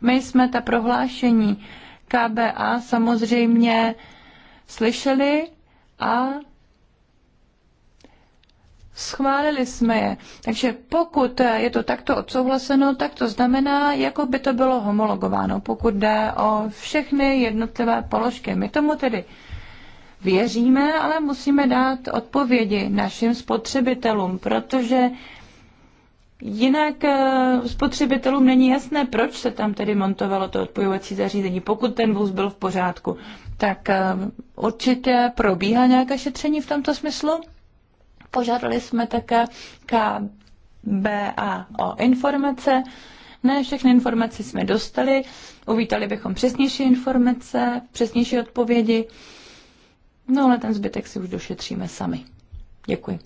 my jsme ta prohlášení KBA samozřejmě slyšeli a schválili jsme je. Takže pokud je to takto odsouhlaseno, tak to znamená, jako by to bylo homologováno, pokud jde o všechny jednotlivé položky. My tomu tedy věříme, ale musíme dát odpovědi našim spotřebitelům, protože jinak eh, spotřebitelům není jasné, proč se tam tedy montovalo to odpojovací zařízení, pokud ten vůz byl v pořádku. Tak eh, určitě probíhá nějaké šetření v tomto smyslu. Požádali jsme také KBA o informace. Ne všechny informace jsme dostali. Uvítali bychom přesnější informace, přesnější odpovědi. No ale ten zbytek si už došetříme sami. Děkuji.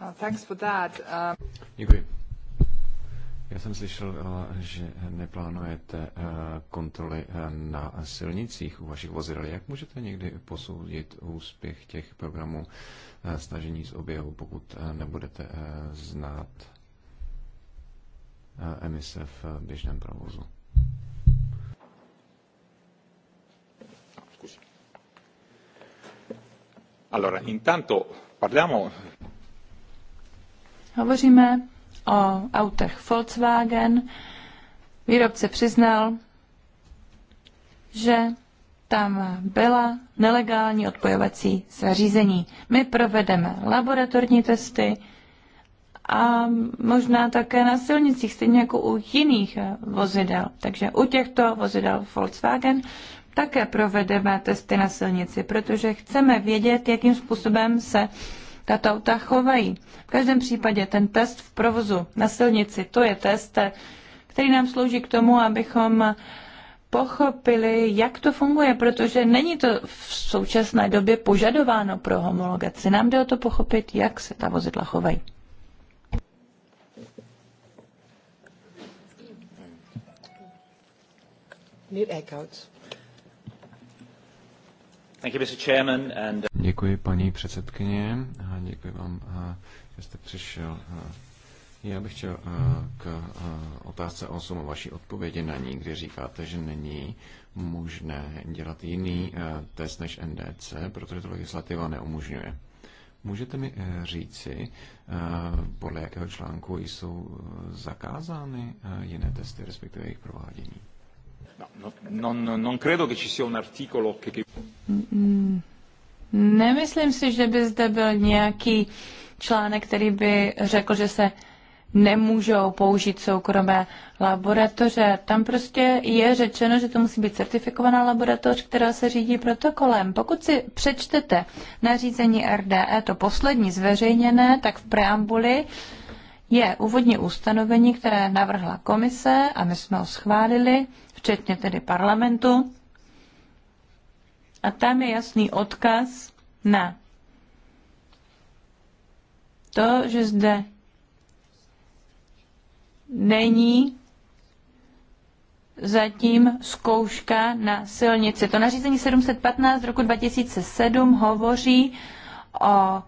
Uh, thanks for that. Uh, Děkuji. Já jsem slyšel, uh, že neplánujete kontroly na silnicích u vašich vozidel. Jak můžete někdy posoudit úspěch těch programů snažení z oběhu, pokud nebudete znát emise v běžném provozu? Allora, intanto parliamo... Hovoříme o autech Volkswagen. Výrobce přiznal, že tam byla nelegální odpojovací zařízení. My provedeme laboratorní testy a možná také na silnicích, stejně jako u jiných vozidel. Takže u těchto vozidel Volkswagen také provedeme testy na silnici, protože chceme vědět, jakým způsobem se tato auta chovají. V každém případě ten test v provozu na silnici, to je test, který nám slouží k tomu, abychom pochopili, jak to funguje, protože není to v současné době požadováno pro homologaci. Nám jde o to pochopit, jak se ta vozidla chovají. Need Uh, děkuji paní předsedkyně a děkuji vám, uh, že jste přišel. Uh. Já bych chtěl k otázce 8 a vaší odpovědi na ní, kdy říkáte, že není možné dělat jiný test než NDC, protože to legislativa neumožňuje. Můžete mi říci, podle jakého článku jsou zakázány jiné testy, respektive jejich provádění? No, no, non, non credo che ci sia un articolo che... Mm, nemyslím si, že by zde byl nějaký článek, který by řekl, že se nemůžou použít soukromé laboratoře. Tam prostě je řečeno, že to musí být certifikovaná laboratoř, která se řídí protokolem. Pokud si přečtete nařízení RDE, to poslední zveřejněné, tak v preambuli je úvodní ustanovení, které navrhla komise a my jsme ho schválili, včetně tedy parlamentu. A tam je jasný odkaz na to, že zde není zatím zkouška na silnici. To nařízení 715 z roku 2007 hovoří o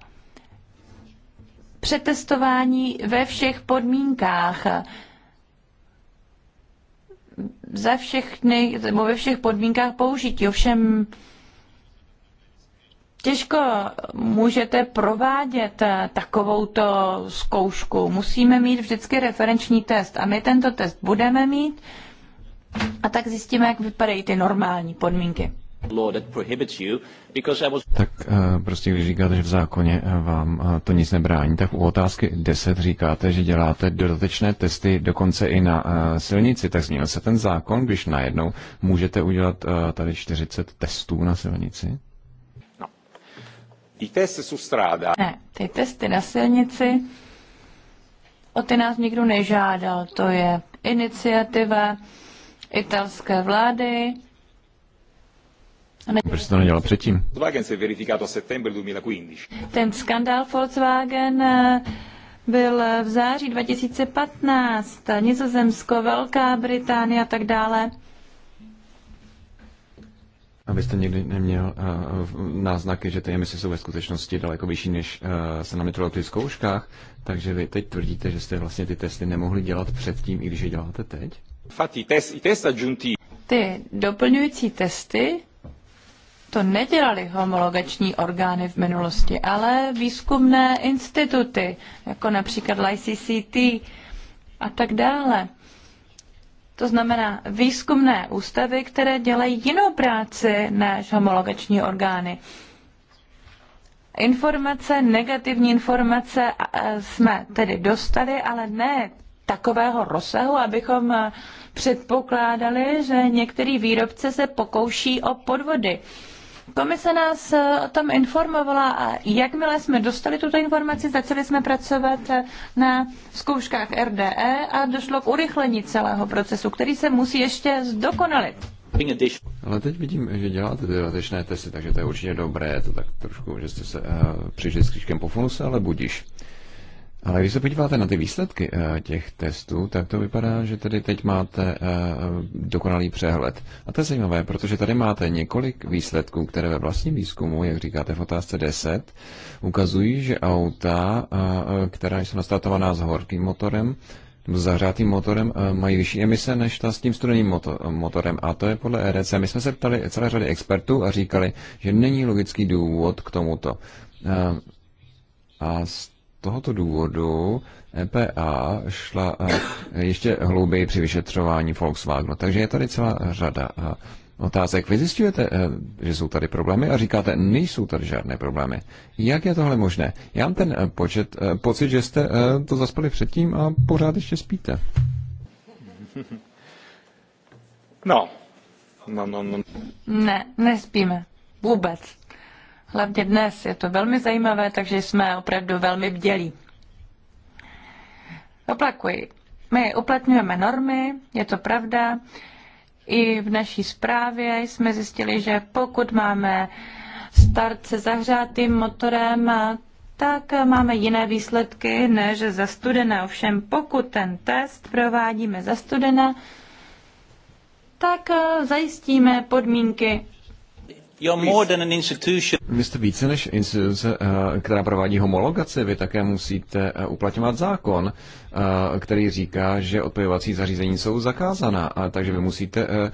přetestování ve všech podmínkách za všechny, nebo ve všech podmínkách použití. Ovšem těžko můžete provádět takovouto zkoušku. Musíme mít vždycky referenční test a my tento test budeme mít a tak zjistíme, jak vypadají ty normální podmínky. Tak eh, prostě když říkáte, že v zákoně eh, vám eh, to nic nebrání, tak u otázky 10 říkáte, že děláte dodatečné testy dokonce i na silnici. Tak změnil se ten zákon, když najednou můžete udělat tady 40 testů na silnici? No. Ty testy jsou stráda. Ne, ty testy na silnici, o ty nás nikdo nežádal. To je iniciativa italské vlády, proč jste to nedělal předtím? Ten skandál Volkswagen eh, byl eh, v září 2015, Nizozemsko, Velká Británie a tak dále. Abyste někdy neměl uh, náznaky, že ty emise jsou ve skutečnosti daleko vyšší, než uh, se na v zkouškách, takže vy teď tvrdíte, že jste vlastně ty testy nemohli dělat předtím, i když je děláte teď? Ty doplňující testy to nedělali homologační orgány v minulosti, ale výzkumné instituty, jako například ICCT a tak dále. To znamená výzkumné ústavy, které dělají jinou práci než homologační orgány. Informace, negativní informace jsme tedy dostali, ale ne takového rozsahu, abychom eh, předpokládali, že některý výrobce se pokouší o podvody. Komise nás o eh, tom informovala a jakmile jsme dostali tuto informaci, začali jsme pracovat eh, na zkouškách RDE a došlo k urychlení celého procesu, který se musí ještě zdokonalit. Ale teď vidím, že děláte ty dodatečné testy, takže to je určitě dobré, je to tak trošku, že jste se uh, přišli s křížkem po funuse, ale budíš. Ale když se podíváte na ty výsledky eh, těch testů, tak to vypadá, že tady teď máte eh, dokonalý přehled. A to je zajímavé, protože tady máte několik výsledků, které ve vlastním výzkumu, jak říkáte v otázce 10, ukazují, že auta, eh, která jsou nastartovaná s horkým motorem, s zahřátým motorem mají vyšší emise než ta s tím studeným motorem. A to je podle EDC. My jsme se ptali celé řady expertů a říkali, že není logický důvod k tomuto. A z tohoto důvodu EPA šla eh, ještě hlouběji při vyšetřování Volkswagenu. Takže je tady celá řada eh, otázek. Vy zjistujete, eh, že jsou tady problémy a říkáte, nejsou tady žádné problémy. Jak je tohle možné? Já mám ten počet, pocit, že jste to zaspali předtím a pořád ještě spíte. No. No, no, no. Ne, nespíme. Vůbec hlavně dnes. Je to velmi zajímavé, takže jsme opravdu velmi bdělí. Oplakuji. My uplatňujeme normy, je to pravda. I v naší zprávě jsme zjistili, že pokud máme start se zahřátým motorem, tak máme jiné výsledky než za studena. Ovšem, pokud ten test provádíme za studena, tak zajistíme podmínky vy jste více než instituce, eh, která provádí homologaci. Vy také musíte eh, uplatňovat zákon který říká, že odpojovací zařízení jsou zakázaná, a takže vy musíte e, e,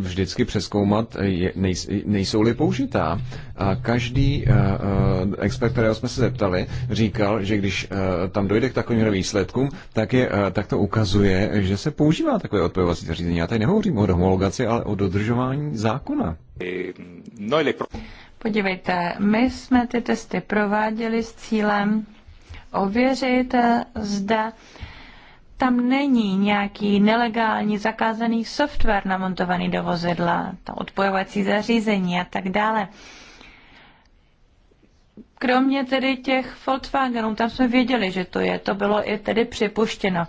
vždycky přeskoumat, nejsou-li použitá. A každý e, expert, kterého jsme se zeptali, říkal, že když tam dojde k takovým výsledkům, tak, je, tak to ukazuje, že se používá takové odpojovací zařízení. Já tady nehovořím o homologaci, ale o dodržování zákona. Ehm, no, Podívejte, my jsme ty testy prováděli s cílem ověřit, eh, zda tam není nějaký nelegální zakázaný software namontovaný do vozidla, to odpojovací zařízení a tak dále. Kromě tedy těch Volkswagenů, tam jsme věděli, že to je, to bylo i tedy připuštěno.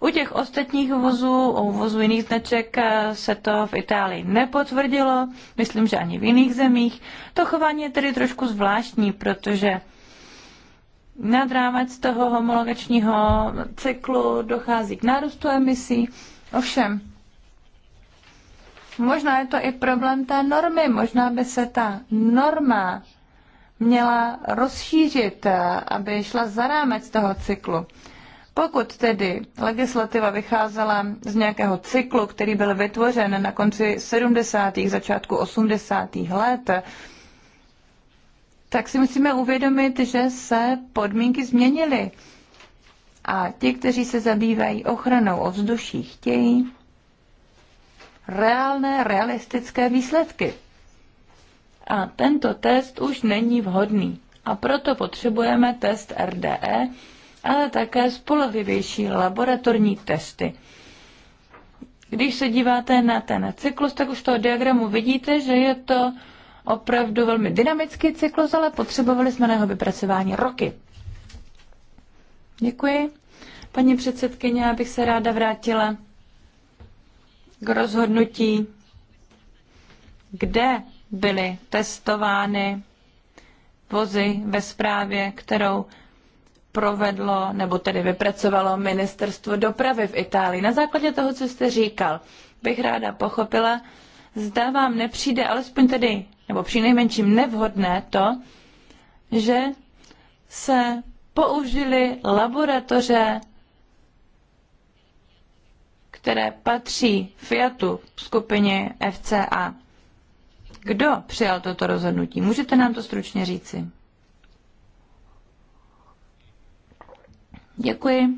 U těch ostatních vozů, u vozů jiných značek eh, se to v Itálii nepotvrdilo, myslím, že ani v jiných zemích. To chování je tedy trošku zvláštní, protože nad rámec toho homologačního cyklu dochází k nárůstu emisí. Ovšem, možná je to i problém té normy, možná by se ta norma měla rozšířit, aby šla za rámec toho cyklu. Pokud tedy legislativa vycházela z nějakého cyklu, který byl vytvořen na konci 70. začátku 80. let, tak si musíme uvědomit, že se podmínky změnily. A ti, kteří se zabývají ochranou ovzduší, chtějí reálné, realistické výsledky. A tento test už není vhodný. A proto potřebujeme test RDE, ale také spolehlivější laboratorní testy. Když se díváte na ten cyklus, tak už toho diagramu vidíte, že je to opravdu velmi dynamický cyklus, ale potřebovali jsme na jeho vypracování roky. Děkuji. Paní předsedkyně, já bych se ráda vrátila k rozhodnutí, kde byly testovány vozy ve zprávě, kterou provedlo, nebo tedy vypracovalo ministerstvo dopravy v Itálii. Na základě toho, co jste říkal, bych ráda pochopila, zda vám nepřijde alespoň tedy, nebo přinejmenším nevhodné to, že se použili laboratoře, které patří Fiatu skupině FCA. Kdo přijal toto rozhodnutí? Můžete nám to stručně říci? Děkuji.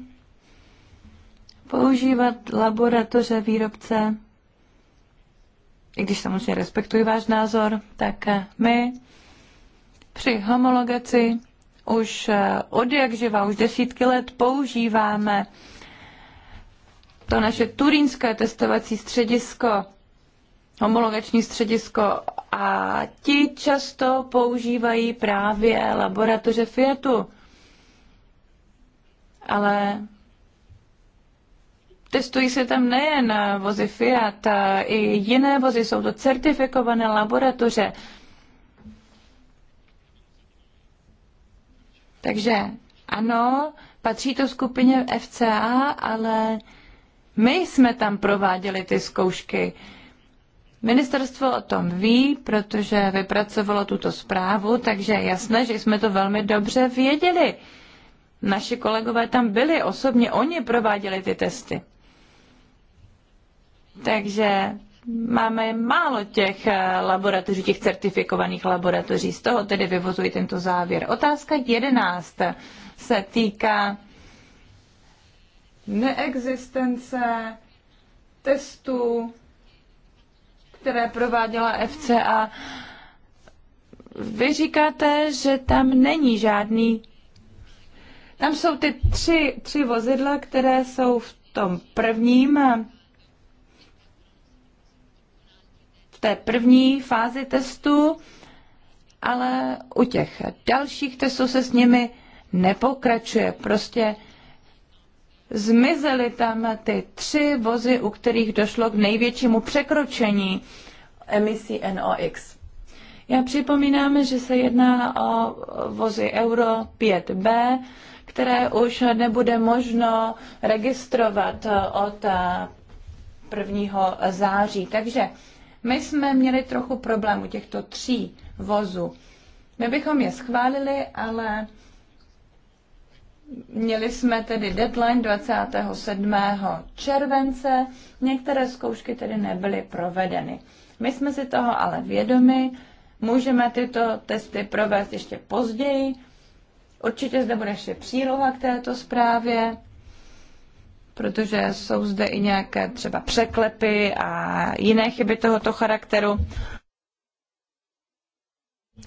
Používat laboratoře výrobce i když samozřejmě respektuji váš názor, tak eh, my při homologaci už eh, od jak živa, už desítky let používáme to naše turínské testovací středisko, homologační středisko a ti často používají právě laboratoře Fiatu. Ale Testují se tam nejen eh, vozy Fiat, eh, i jiné vozy, jsou to certifikované laboratoře. Takže ano, patří to skupině FCA, ale my jsme tam prováděli ty zkoušky. Ministerstvo o tom ví, protože vypracovalo tuto zprávu, takže jasné, že jsme to velmi dobře věděli. Naši kolegové tam byli osobně, oni prováděli ty testy. Takže máme málo těch eh, laboratoří, těch certifikovaných laboratoří. Z toho tedy vyvozuji tento závěr. Otázka 11 se týká neexistence testů, které prováděla FCA. Vy říkáte, že tam není žádný. Tam jsou ty tři, tři vozidla, které jsou v tom prvním té první fázi testu, ale u těch dalších testů se s nimi nepokračuje. Prostě zmizely tam ty tři vozy, u kterých došlo k největšímu překročení emisí NOx. Já připomínám, že se jedná o vozy Euro 5B, které už nebude možno registrovat od 1. září. Takže my jsme měli trochu problému těchto tří vozů. My bychom je schválili, ale Měli jsme tedy deadline 27. července, některé zkoušky tedy nebyly provedeny. My jsme si toho ale vědomi, můžeme tyto testy provést ještě později. Určitě zde bude ještě příloha k této zprávě protože jsou zde i nějaké třeba překlepy a jiné chyby tohoto charakteru.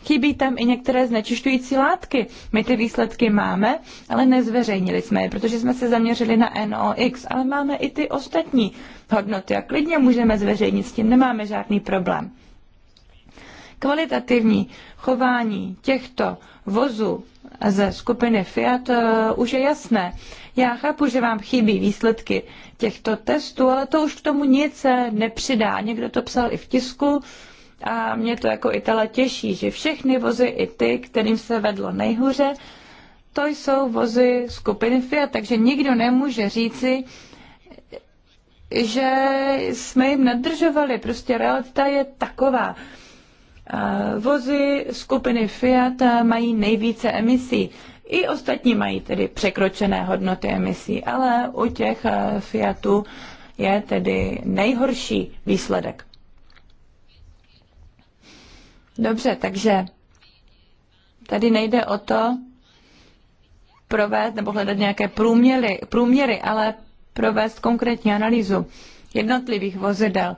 Chybí tam i některé znečišťující látky. My ty výsledky máme, ale nezveřejnili jsme je, protože jsme se zaměřili na NOx, ale máme i ty ostatní hodnoty a klidně můžeme zveřejnit, s tím nemáme žádný problém. Kvalitativní chování těchto vozů ze skupiny Fiat eh, už je jasné. Já chápu, že vám chybí výsledky těchto testů, ale to už k tomu nic eh, nepřidá. Někdo to psal i v tisku a mě to jako Itala těší, že všechny vozy, i ty, kterým se vedlo nejhůře, to jsou vozy skupiny Fiat, takže nikdo nemůže říci, že jsme jim nadržovali. Prostě realita je taková. Eh, vozy skupiny Fiat eh, mají nejvíce emisí. I ostatní mají tedy překročené hodnoty emisí, ale u těch eh, Fiatů je tedy nejhorší výsledek. Dobře, takže tady nejde o to provést nebo hledat nějaké průměry, průměry ale provést konkrétní analýzu jednotlivých vozidel.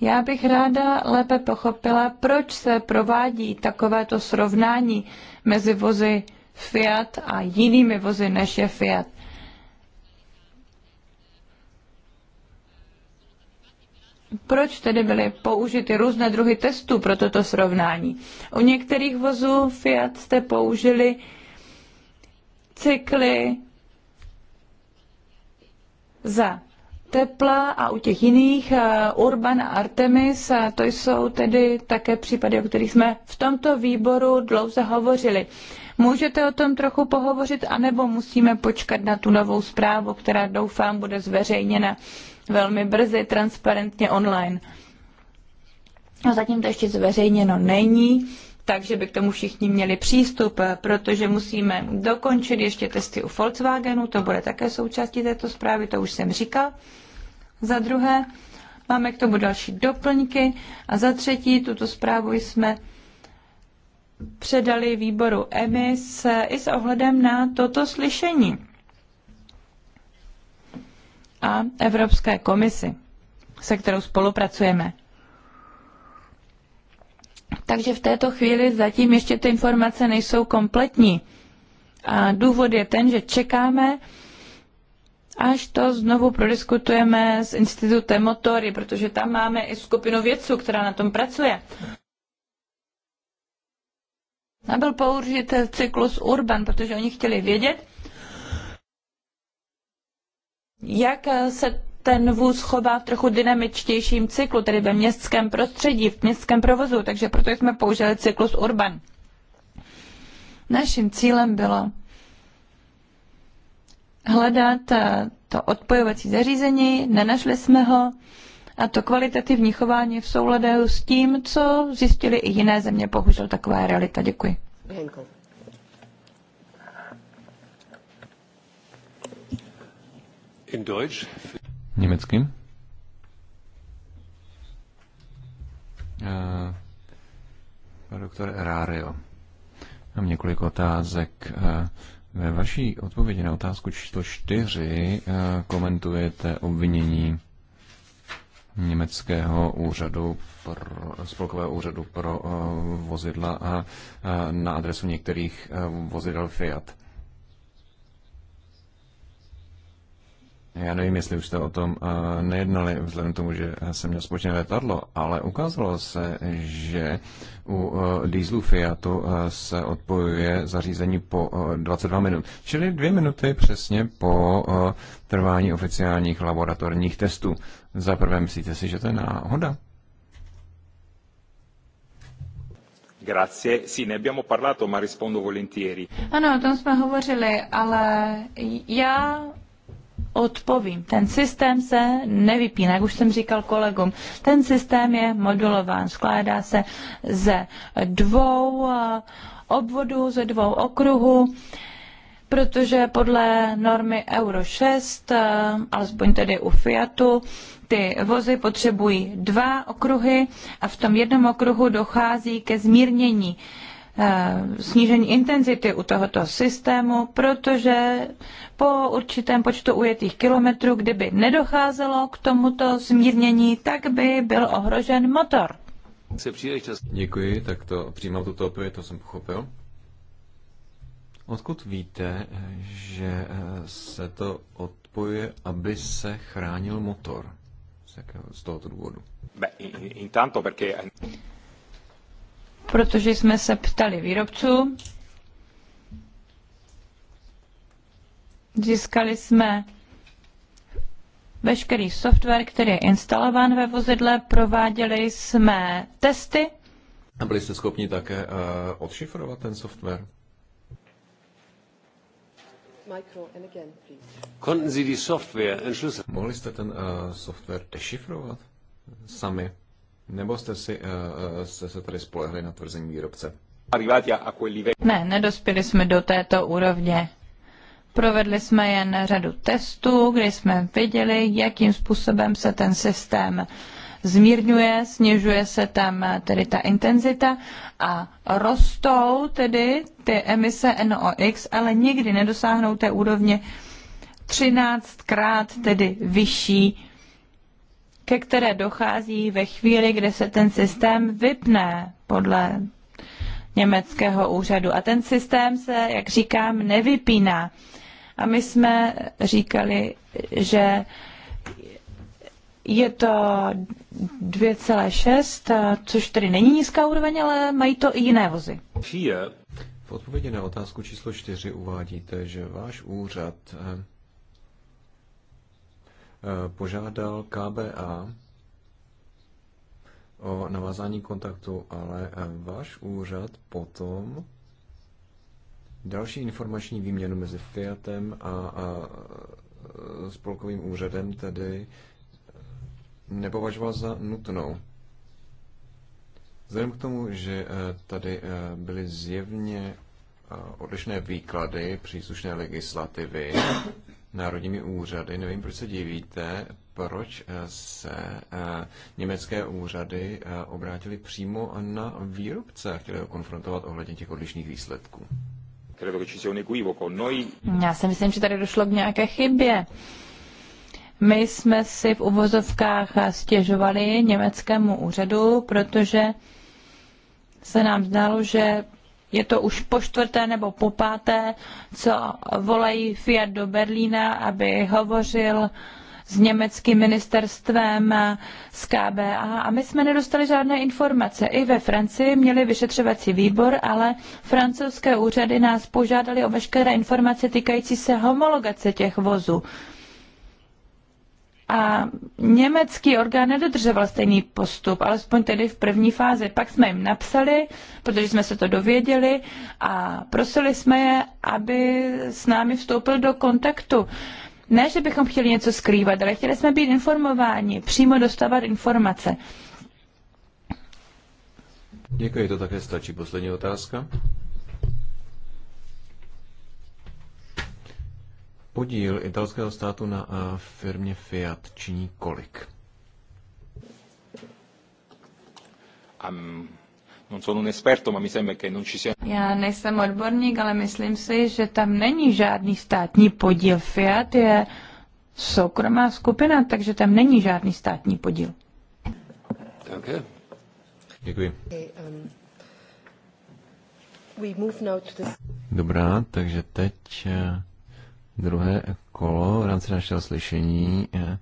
Já bych ráda lépe pochopila, proč se provádí takovéto srovnání mezi vozy Fiat a jinými vozy než je Fiat. Proč tedy byly použity různé druhy testů pro toto srovnání? U některých vozů Fiat jste použili cykly za tepla a u těch jiných eh, Urban a Artemis, a to jsou tedy také případy, o kterých jsme v tomto výboru dlouze hovořili. Můžete o tom trochu pohovořit, anebo musíme počkat na tu novou zprávu, která doufám bude zveřejněna velmi brzy, transparentně online. No, zatím to ještě zveřejněno není, takže by k tomu všichni měli přístup, protože musíme dokončit ještě testy u Volkswagenu, to bude také součástí této zprávy, to už jsem říkal. Za druhé, máme k tomu další doplňky a za třetí, tuto zprávu jsme předali výboru EMIS i s ohledem na toto slyšení a Evropské komisi, se kterou spolupracujeme. Takže v této chvíli zatím ještě ty informace nejsou kompletní. A důvod je ten, že čekáme, až to znovu prodiskutujeme s institutem Motory, protože tam máme i skupinu vědců, která na tom pracuje. Nebyl použit cyklus Urban, protože oni chtěli vědět, jak se ten vůz chová v trochu dynamičtějším cyklu, tedy ve městském prostředí, v městském provozu, takže proto jsme použili cyklus Urban. Naším cílem bylo hledat to odpojovací zařízení, nenašli jsme ho, a to kvalitativní chování v souladu s tím, co zjistili i jiné země. Bohužel taková je realita. Děkuji. Henkel. In Deutsch. Německým. Uh, eh, doktor Erario. Mám několik otázek. Uh, ve vaší odpovědi na otázku číslo 4 eh, komentujete obvinění německého úřadu pro, spolkového úřadu pro eh, vozidla a na adresu některých eh, vozidel Fiat. Já nevím, jestli už jste o tom eh, nejednali, vzhledem k tomu, že jsem měl společné letadlo, ale ukázalo se, že u eh, dieselu Fiatu eh, se odpojuje zařízení po 22 minut, čili dvě minuty přesně po trvání oficiálních laboratorních testů. Za prvé, myslíte si, že to je náhoda? Grazie. Sì, ne abbiamo parlato, ma rispondo volentieri. Ano, o tom jsme hovořili, ale já odpovím. Ten systém se nevypíná, jak už jsem říkal kolegům. Ten systém je modulován, skládá se ze dvou eh, obvodů, ze dvou okruhů, protože podle normy Euro 6, eh, alespoň tedy u Fiatu, ty vozy potřebují dva okruhy a v tom jednom okruhu dochází ke zmírnění uh, Eh, snížení intenzity u tohoto systému, protože po určitém počtu ujetých kilometrů, kdyby nedocházelo k tomuto zmírnění, tak by byl ohrožen motor. Děkuji, tak to přijímám tuto odpověď, to jsem pochopil. Odkud víte, že eh, se to odpojuje, aby se chránil motor? Z, jakého, z tohoto důvodu? Intanto perché protože jsme se ptali výrobců. Získali jsme veškerý software, který je instalován ve vozidle, prováděli jsme testy. A byli jste schopni také uh, odšifrovat ten software? Konnten Sie die Software entschlüsseln? Mohli jste ten uh, software dešifrovat sami? Nebo jste, si, eh, eh, jste se tady spolehli na tvrzení výrobce? Ne, nedospěli jsme do této úrovně. Provedli jsme jen řadu testů, kdy jsme viděli, jakým způsobem se ten systém zmírňuje, snižuje se tam eh, tedy ta intenzita a rostou tedy ty emise NOx, ale nikdy nedosáhnou té úrovně 13krát tedy vyšší ke které dochází ve chvíli, kdy se ten systém vypne podle německého úřadu. A ten systém se, jak říkám, nevypíná. A my jsme říkali, že je to 2,6, což tedy není nízká úroveň, ale mají to i jiné vozy. V odpovědi na otázku číslo 4 uvádíte, že váš úřad eh, Eh, požádal KBA o navázání kontaktu, ale eh, váš úřad potom další informační výměnu mezi Fiatem a, a eh, spolkovým úřadem tedy nepovažoval za nutnou. Vzhledem k tomu, že tady byly zjevně odlišné výklady příslušné legislativy, národními úřady. Nevím, proč se divíte, proč eh, se eh, německé úřady eh, obrátili přímo na výrobce a chtěli ho konfrontovat ohledně těch odlišných výsledků. Já si myslím, že tady došlo k nějaké chybě. My jsme si v uvozovkách stěžovali německému úřadu, protože se nám zdálo, že je to už po čtvrté nebo po páté, co volají Fiat do Berlína, aby hovořil s německým ministerstvem, s KBA a my jsme nedostali žádné informace. I ve Francii měli vyšetřovací výbor, ale francouzské úřady nás požádali o veškeré informace týkající se homologace těch vozů a německý orgán nedodržoval stejný postup, alespoň tedy v první fázi. Pak jsme jim napsali, protože jsme se to dověděli a prosili jsme je, aby s námi vstoupil do kontaktu. Ne, že bychom chtěli něco skrývat, ale chtěli jsme být informováni, přímo dostávat informace. Děkuji, to také stačí. Poslední otázka. podíl italského státu na eh, firmě Fiat činí kolik? Já nejsem odborník, ale myslím si, že tam není žádný státní podíl. Fiat je soukromá skupina, takže tam není žádný státní podíl. Okay. Děkuji. Um, Dobrá, takže teď eh, druhé kolo v rámci našeho slyšení. Eh,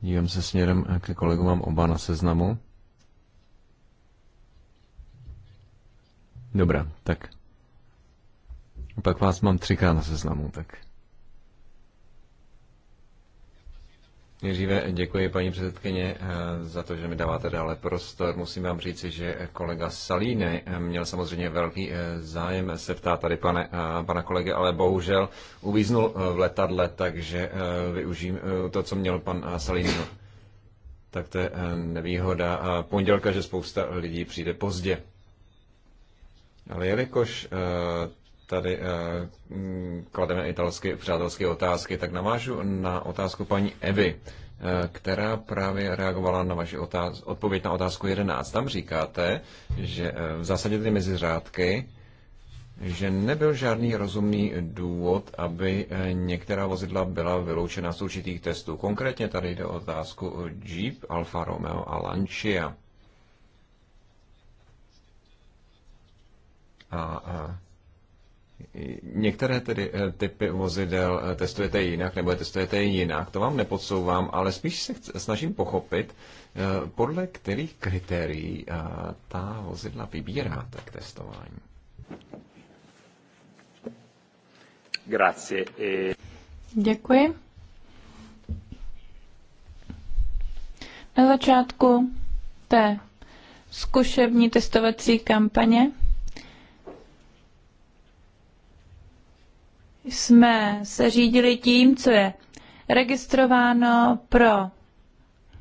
dívám se směrem ke kolegům, mám oba na seznamu. Dobrá, tak. Pak vás mám třikrát na seznamu, tak. Nejdříve děkuji paní předsedkyně eh, za to, že mi dáváte dále prostor. Musím vám říci, že kolega Salíny eh, měl samozřejmě velký eh, zájem se ptát tady pane, pana kolegy, ale bohužel uvíznul v letadle, takže využím to, co měl pan Salíny. Tak to je nevýhoda pondělka, že spousta lidí přijde pozdě. Ale jelikož tady eh, mm, klademe italsky přátelské otázky, tak navážu na otázku paní Evy, eh, která právě reagovala na vaši otáz- odpověď na otázku 11. Tam říkáte, že eh, v zásadě ty řádky, že nebyl žádný rozumný důvod, aby některá vozidla byla vyloučena z určitých testů. Konkrétně tady jde o otázku Jeep, Alfa Romeo a Lancia. A, a Některé tedy eh, typy vozidel eh, testujete jinak nebo je testujete jinak, to vám nepodsouvám, ale spíš se snažím pochopit, eh, podle kterých kritérií ta vozidla vybíráte tak testování. Grazie. E- Děkuji. Na začátku té zkušební testovací kampaně jsme se řídili tím, co je registrováno pro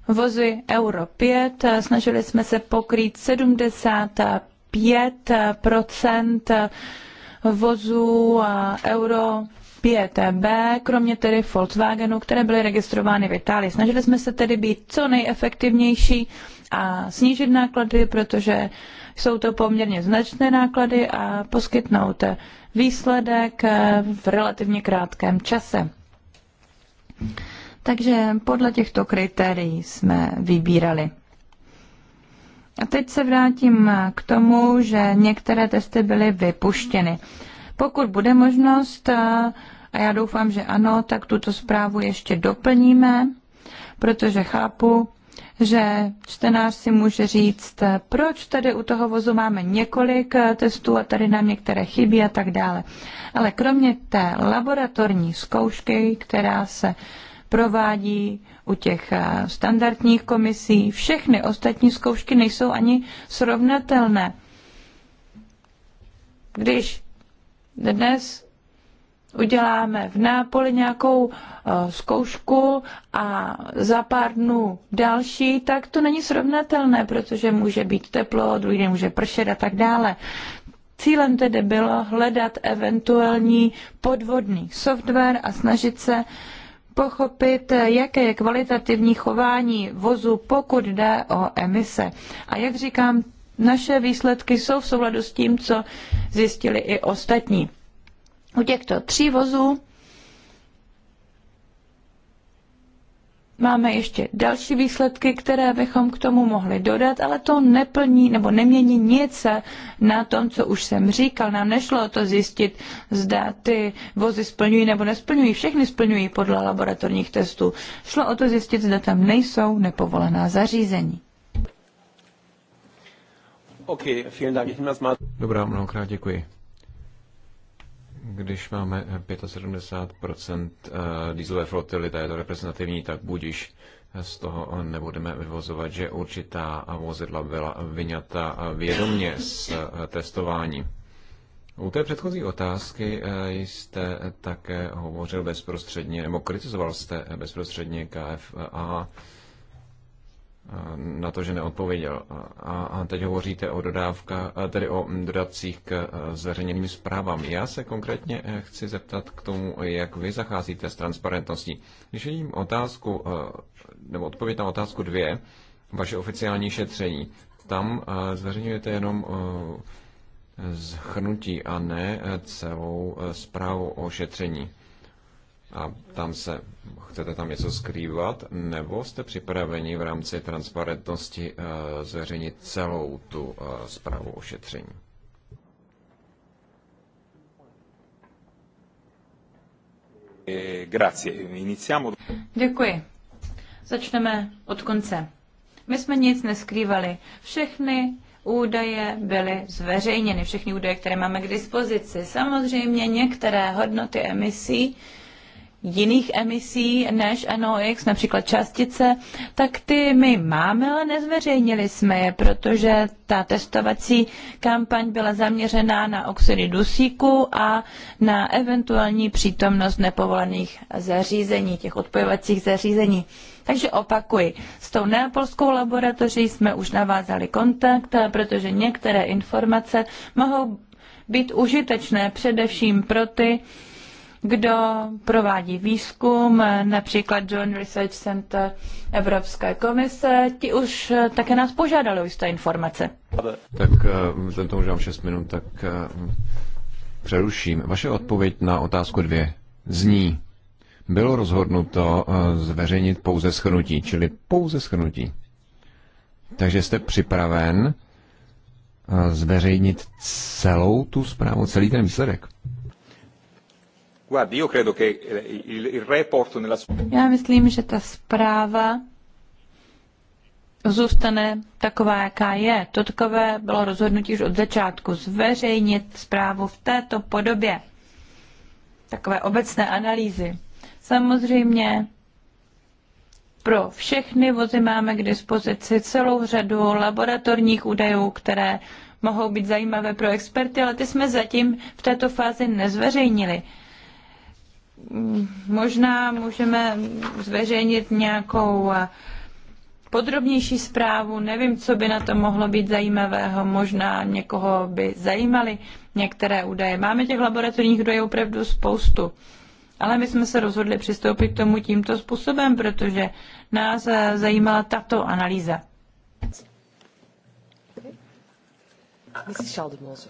vozy Euro 5. Snažili jsme se pokrýt 75 vozů Euro 5B, kromě tedy Volkswagenu, které byly registrovány v Itálii. Snažili jsme se tedy být co nejefektivnější a snížit náklady, protože jsou to poměrně značné náklady a poskytnout výsledek eh, v relativně krátkém čase. Takže podle těchto kritérií jsme vybírali. A teď se vrátím k tomu, že některé testy byly vypuštěny. Pokud bude možnost, eh, a já doufám, že ano, tak tuto zprávu ještě doplníme, protože chápu, že čtenář si může říct, eh, proč tady u toho vozu máme několik eh, testů a tady nám některé chybí a tak dále. Ale kromě té laboratorní zkoušky, která se provádí u těch eh, standardních komisí, všechny ostatní zkoušky nejsou ani srovnatelné. Když dnes uděláme v Nápoli nějakou uh, zkoušku a za pár dnů další, tak to není srovnatelné, protože může být teplo, druhý den může pršet a tak dále. Cílem tedy bylo hledat eventuální podvodný software a snažit se pochopit, jaké je kvalitativní chování vozu, pokud jde o emise. A jak říkám, naše výsledky jsou v souladu s tím, co zjistili i ostatní. U těchto tří vozů máme ještě další výsledky, které bychom k tomu mohli dodat, ale to neplní nebo nemění nic na tom, co už jsem říkal. Nám nešlo o to zjistit, zda ty vozy splňují nebo nesplňují. Všechny splňují podle laboratorních testů. Šlo o to zjistit, zda tam nejsou nepovolená zařízení. Dobrá, mnohokrát děkuji. Když máme 75% eh, dýzlové flotily, ta je to reprezentativní, tak budiš eh, z toho eh, nebudeme vyvozovat, že určitá vozidla byla vyňata vědomně z testování. U té předchozí otázky jste také hovořil bezprostředně, nebo kritizoval jste bezprostředně KFA na to, že neodpověděl. A teď hovoříte o dodávkách, tedy o dodacích k e, zveřejněným zprávám. Já se konkrétně e, chci zeptat k tomu, jak vy zacházíte s transparentností. Když vidím otázku, e, nebo odpověď na otázku dvě, vaše oficiální šetření, tam zveřejňujete jenom zhrnutí a ne celou zprávu o šetření. A tam se, chcete tam něco skrývat, nebo jste připraveni v rámci transparentnosti eh, zveřejnit celou tu eh, zprávu o šetření? Eh, Děkuji. Začneme od konce. My jsme nic neskrývali. Všechny údaje byly zveřejněny, všechny údaje, které máme k dispozici. Samozřejmě některé hodnoty emisí jiných emisí než NOx, například částice, tak ty my máme, ale nezveřejnili jsme je, protože ta testovací kampaň byla zaměřená na oxidy dusíku a na eventuální přítomnost nepovolených zařízení, těch odpojovacích zařízení. Takže opakuji, s tou neapolskou laboratoří jsme už navázali kontakt, protože některé informace mohou být užitečné především pro ty, kdo provádí výzkum, například Joint Research Center Evropské komise, ti už také nás požádali o jisté informace. Tak eh, vzhledem tomu, že mám 6 minut, tak eh, přeruším. Vaše odpověď na otázku dvě zní, bylo rozhodnuto eh, zveřejnit pouze schrnutí, čili pouze schrnutí. Takže jste připraven zveřejnit celou tu zprávu, celý ten výsledek? Eh, Já myslím, že ta zpráva zůstane taková, jaká je. To takové bylo rozhodnutí už od začátku zveřejnit zprávu v této podobě. Takové obecné analýzy. Samozřejmě pro všechny vozy máme k dispozici celou řadu laboratorních údajů, které mohou být zajímavé pro experty, ale ty jsme zatím v této fázi nezveřejnili možná můžeme zveřejnit nějakou eh, podrobnější zprávu, nevím, co by na to mohlo být zajímavého, možná někoho by zajímaly některé údaje. Máme těch laboratorních údajů opravdu spoustu, ale my jsme se rozhodli přistoupit k tomu tímto způsobem, protože nás eh, zajímala tato analýza. Mrs. Schaldemose.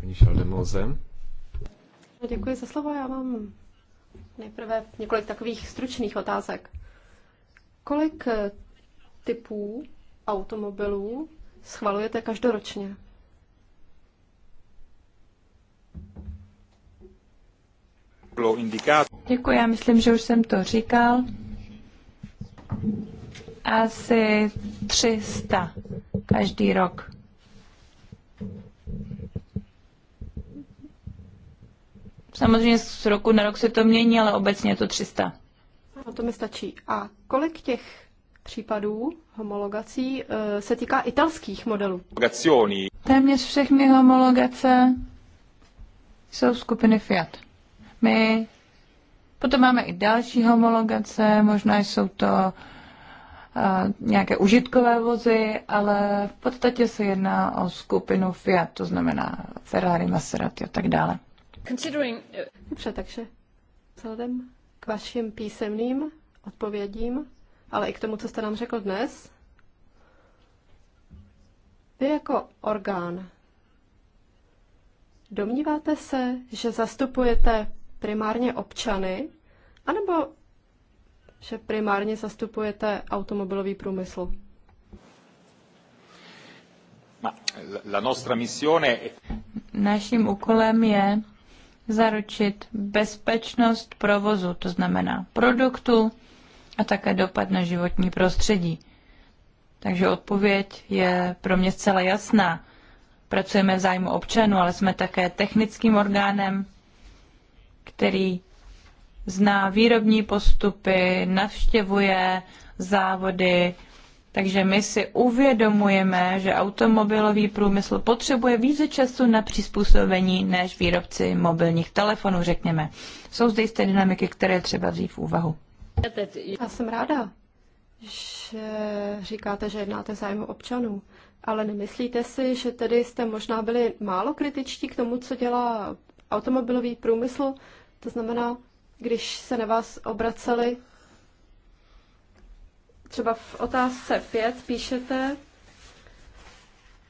Paní Schaldemose. Děkuji za slovo. Já mám nejprve několik takových stručných otázek. Kolik eh, typů automobilů schvalujete každoročně? Děkuji, já myslím, že už jsem to říkal. Asi 300 každý rok. Samozřejmě z roku na rok se to mění, ale obecně je to 300. No to mi stačí. A kolik těch případů homologací eh, se týká italských modelů? Téměř všechny homologace jsou skupiny Fiat. My potom máme i další homologace, možná jsou to eh, nějaké užitkové vozy, ale v podstatě se jedná o skupinu Fiat, to znamená Ferrari, Maserati a tak dále. Considering... Uh, Dobře, takže vzhledem k vašim písemným odpovědím, ale i k tomu, co jste nám řekl dnes, vy jako orgán, domníváte se, že zastupujete primárně občany, anebo že primárně zastupujete automobilový průmysl? Naším úkolem je zaručit bezpečnost provozu, to znamená produktu a také dopad na životní prostředí. Takže odpověď je pro mě zcela jasná. Pracujeme v zájmu občanů, ale jsme také technickým orgánem, který zná výrobní postupy, navštěvuje závody, takže my si uvědomujeme, že automobilový průmysl potřebuje více času na přizpůsobení než výrobci mobilních telefonů, řekněme. Jsou zde jisté dynamiky, které třeba vzít v úvahu. Já jsem ráda, že říkáte, že jednáte zájmu občanů, ale nemyslíte si, že tedy jste možná byli málo kritičtí k tomu, co dělá automobilový průmysl? To znamená, když se na vás obraceli třeba v otázce 5 píšete,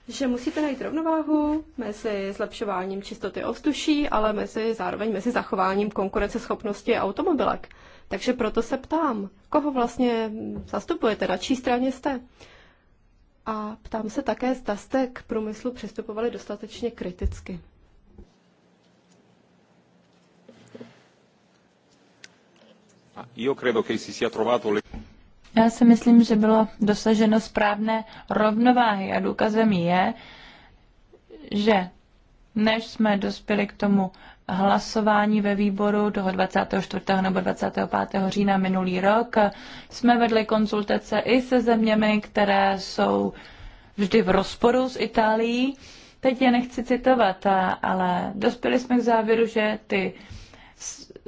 že musíte najít rovnováhu mezi zlepšováním čistoty ovzduší, ale mezi zároveň mezi zachováním konkurenceschopnosti automobilek. Takže proto se ptám, koho vlastně zastupujete, na čí straně jste? A ptám se také, zda jste k průmyslu přistupovali dostatečně kriticky. Io credo che si sia trovato le... Já si myslím, že bylo dosaženo správné rovnováhy a důkazem je, že než jsme dospěli k tomu hlasování ve výboru toho 24. nebo 25. října minulý rok, jsme vedli konzultace i se zeměmi, které jsou vždy v rozporu s Itálií. Teď je nechci citovat, ale dospěli jsme k závěru, že ty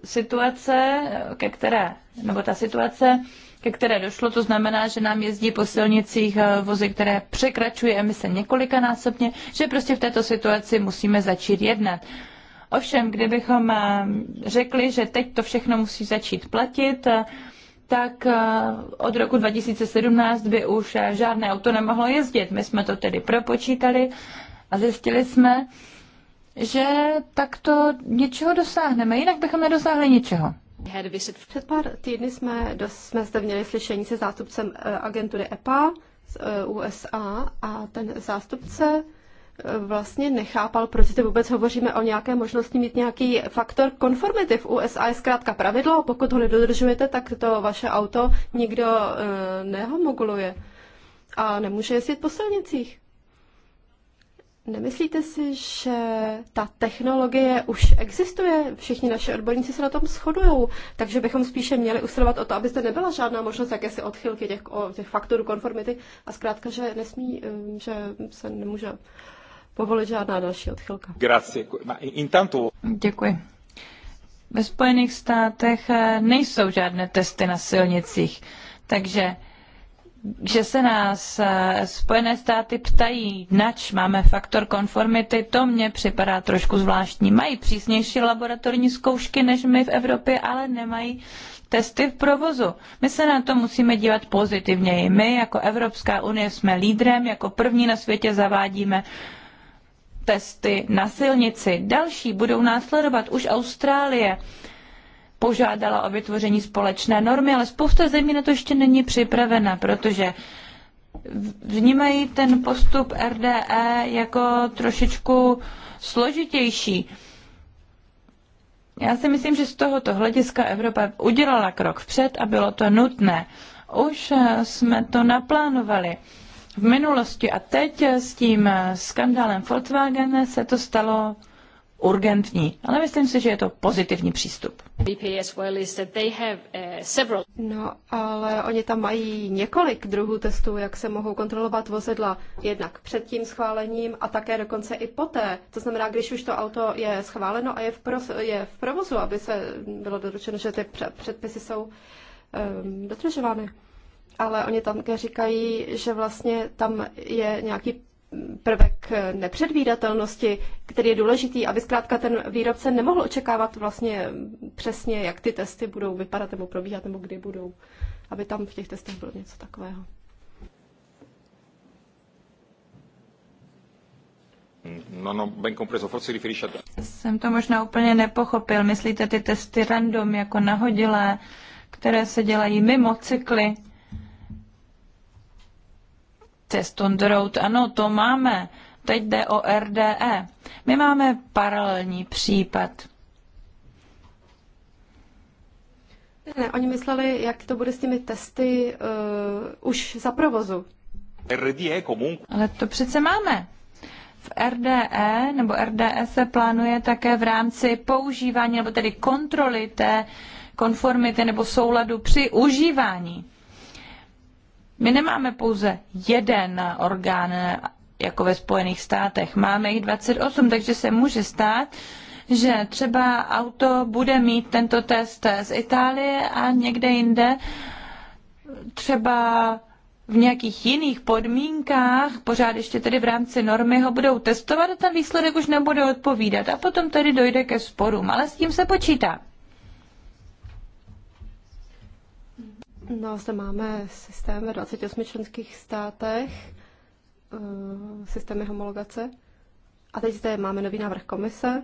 situace, ke které, nebo ta situace, ke které došlo. To znamená, že nám jezdí po silnicích eh, vozy, které překračují emise několikanásobně, že prostě v této situaci musíme začít jednat. Ovšem, kdybychom eh, řekli, že teď to všechno musí začít platit, eh, tak od roku 2017 by už žádné auto nemohlo jezdit. My jsme to tedy propočítali a zjistili jsme, že takto něčeho dosáhneme, jinak bychom nedosáhli ničeho. Před pár týdny jsme, jsme zde měli slyšení se zástupcem eh, agentury EPA z eh, USA a ten zástupce eh, vlastně nechápal, proč zde vůbec hovoříme o nějaké možnosti mít nějaký faktor konformity. V USA je zkrátka pravidlo pokud ho nedodržujete, tak to vaše auto nikdo nehomoguluje a nemůže jezdit po silnicích. Nemyslíte si, že ta technologie už existuje? Všichni naši odborníci se na tom shodují, takže bychom spíše měli usilovat o to, aby zde nebyla žádná možnost jakési odchylky těch, o, těch faktorů konformity a zkrátka, že nesmí, že se nemůže povolit žádná další odchylka. Děkuji. Ve Spojených státech eh, nejsou žádné testy na silnicích, takže že se nás eh, Spojené státy ptají, nač máme faktor konformity, to mně připadá trošku zvláštní. Mají přísnější laboratorní zkoušky než my v Evropě, ale nemají testy v provozu. My se na to musíme dívat pozitivněji. My jako Evropská unie jsme lídrem, jako první na světě zavádíme testy na silnici. Další budou následovat už Austrálie požádala o vytvoření společné normy, ale spousta zemí na to ještě není připravena, protože vnímají ten postup RDE jako trošičku složitější. Já si myslím, že z tohoto hlediska Evropa udělala krok vpřed a bylo to nutné. Už jsme to naplánovali v minulosti a teď s tím skandálem Volkswagen se to stalo urgentní, ale myslím si, že je to pozitivní přístup. Eh, no, ale oni tam mají několik druhů testů, jak se mohou kontrolovat vozidla jednak před tím schválením a také dokonce i poté. To znamená, když už to auto je schváleno a je v, proz, je v provozu, aby se bylo doručeno, že ty předpisy jsou um, ehm, dotržovány. ale oni tam říkají, že vlastně tam je nějaký prvek nepředvídatelnosti, který je důležitý, aby zkrátka ten výrobce nemohl očekávat vlastně přesně, jak ty testy budou vypadat nebo probíhat nebo kdy budou, aby tam v těch testech bylo něco takového. No, no, ben compreso, Jsem to možná úplně nepochopil. Myslíte ty testy random, jako nahodilé, které se dělají mimo cykly? road. ano, to máme. Teď jde o RDE. My máme paralelní případ. Ne, ne, oni mysleli, jak to bude s těmi testy uh, už za provozu. RDE e komunku. Ale to přece máme. V RDE nebo RDE se plánuje také v rámci používání nebo tedy kontroly té konformity nebo souladu při užívání. My nemáme pouze jeden orgán, jako ve Spojených státech. Máme jich 28, takže se může stát, že třeba auto bude mít tento test z Itálie a někde jinde, třeba v nějakých jiných podmínkách, pořád ještě tedy v rámci normy, ho budou testovat a ten výsledek už nebude odpovídat. A potom tedy dojde ke sporům, ale s tím se počítá. No, zde máme systém ve 28 členských státech, eh, systémy homologace. A teď zde máme nový návrh komise.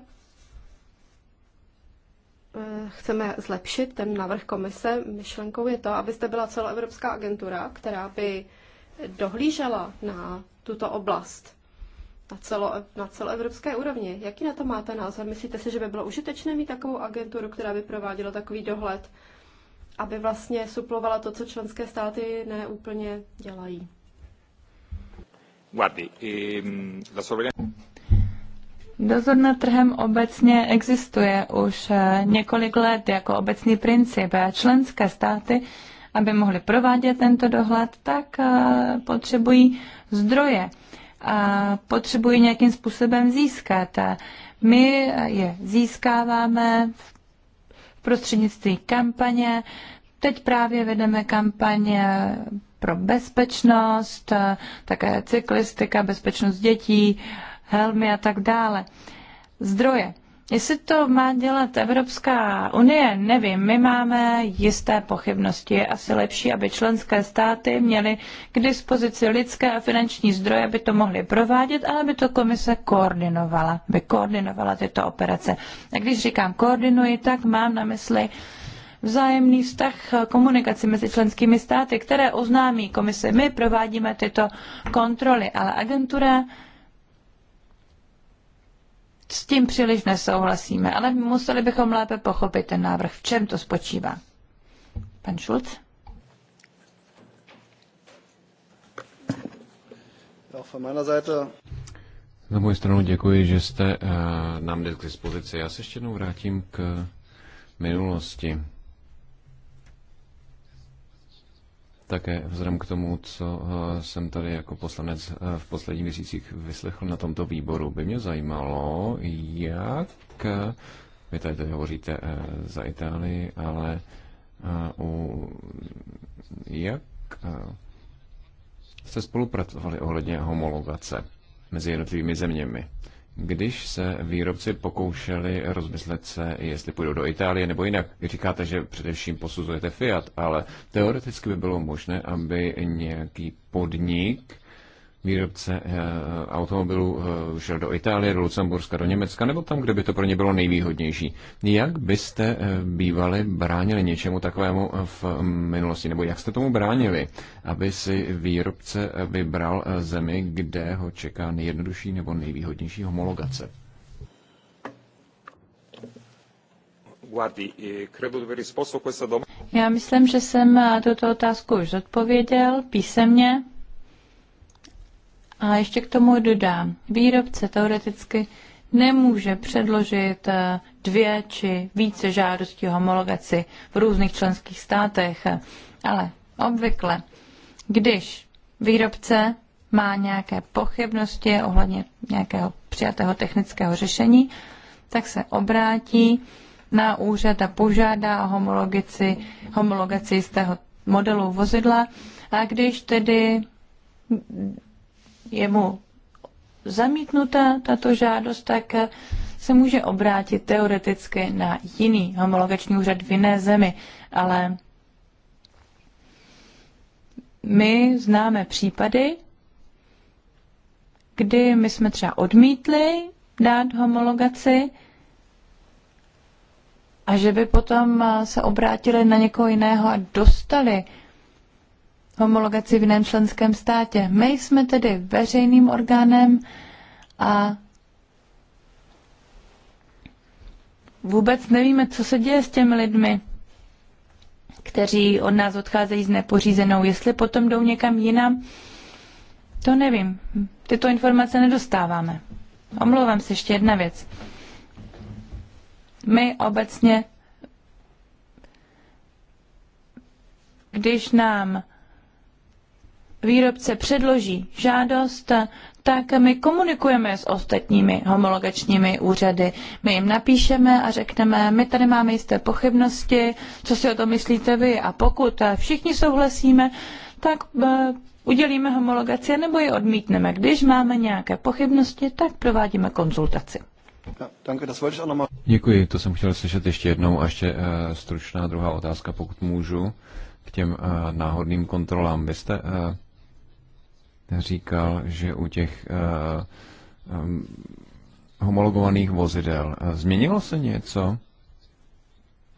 Eh, chceme zlepšit ten návrh komise. Myšlenkou je to, aby zde byla celoevropská agentura, která by dohlížela na tuto oblast na, celo, na celoevropské úrovni. Jaký na to máte názor? Myslíte si, že by bylo užitečné mít takovou agenturu, která by prováděla takový dohled? aby vlastně suplovala to, co členské státy neúplně dělají. Guardi, ehm, la Dozor nad trhem obecně existuje už eh, několik let jako obecný princip a členské státy, aby mohly provádět tento dohled, tak eh, potřebují zdroje a potřebují nějakým způsobem získat. My je získáváme v prostřednictví kampaně. Teď právě vedeme kampaně pro bezpečnost, také cyklistika, bezpečnost dětí, helmy a tak dále. Zdroje. Jestli to má dělat Evropská unie, nevím. My máme jisté pochybnosti. Je asi lepší, aby členské státy měly k dispozici lidské a finanční zdroje, aby to mohly provádět, ale aby to komise koordinovala, By koordinovala tyto operace. A když říkám koordinuji, tak mám na mysli vzájemný vztah komunikaci mezi členskými státy, které oznámí komise. My provádíme tyto kontroly, ale agentura s tím příliš nesouhlasíme, ale museli bychom lépe pochopit ten návrh, v čem to spočívá. Pan Schulz? No, Na moji stranu děkuji, že jste eh, nám dal k dispozici. Já se ještě jednou vrátím k minulosti. Také vzhledem k tomu, co eh, jsem tady jako poslanec eh, v posledních měsících vyslechl na tomto výboru, by mě zajímalo, jak vy tady teď hovoříte eh, za Itálii, ale u, jak jste spolupracovali ohledně homologace mezi jednotlivými zeměmi? když se výrobci pokoušeli rozmyslet se, jestli půjdou do Itálie nebo jinak. Vy říkáte, že především posuzujete Fiat, ale teoreticky by bylo možné, aby nějaký podnik výrobce eh, automobilů eh, šel do Itálie, do Lucemburska, do Německa, nebo tam, kde by to pro ně bylo nejvýhodnější. Jak byste eh, bývali bránili něčemu takovému v mm, minulosti, nebo jak jste tomu bránili, aby si výrobce vybral zemi, kde ho čeká nejjednodušší nebo nejvýhodnější homologace? Já myslím, že jsem tuto otázku už odpověděl písemně. A ještě k tomu dodám, výrobce teoreticky nemůže předložit eh, dvě či více žádostí o homologaci v různých členských státech, ale obvykle, když výrobce má nějaké pochybnosti ohledně nějakého přijatého technického řešení, tak se obrátí na úřad a požádá o homologaci, homologaci jistého modelu vozidla. A když tedy je mu zamítnuta tato žádost, tak se může obrátit teoreticky na jiný homologační úřad v jiné zemi, ale my známe případy, kdy my jsme třeba odmítli dát homologaci a že by potom se obrátili na někoho jiného a dostali homologaci v jiném členském státě. My jsme tedy veřejným orgánem a vůbec nevíme, co se děje s těmi lidmi, kteří od nás odcházejí s nepořízenou. Jestli potom jdou někam jinam, to nevím. Tyto informace nedostáváme. Omlouvám se, ještě jedna věc. My obecně, když nám výrobce předloží žádost, tak my komunikujeme s ostatními homologačními úřady. My jim napíšeme a řekneme, my tady máme jisté pochybnosti, co si o to myslíte vy. A pokud všichni souhlasíme, tak eh, udělíme homologaci nebo ji odmítneme. Když máme nějaké pochybnosti, tak provádíme konzultaci. Děkuji, to jsem chtěl slyšet ještě jednou a ještě eh, stručná druhá otázka, pokud můžu, k těm eh, náhodným kontrolám. Vy jste říkal, že u těch eh, eh, homologovaných vozidel eh, změnilo se něco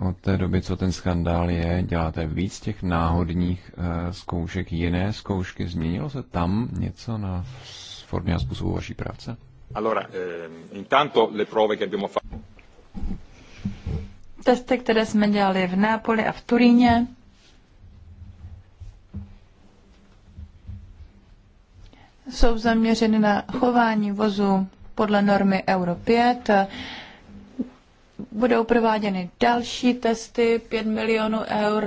od té doby, co ten skandál je? Děláte víc těch náhodních zkoušek, jiné zkoušky? Změnilo se tam něco na formě a způsobu vaší práce? Allora, eh, intanto le prove che abbiamo fatto testy, které jsme dělali v Nápoli a v Turíně, jsou zaměřeny na chování vozu podle normy Euro 5. Budou prováděny další testy, 5 milionů eur.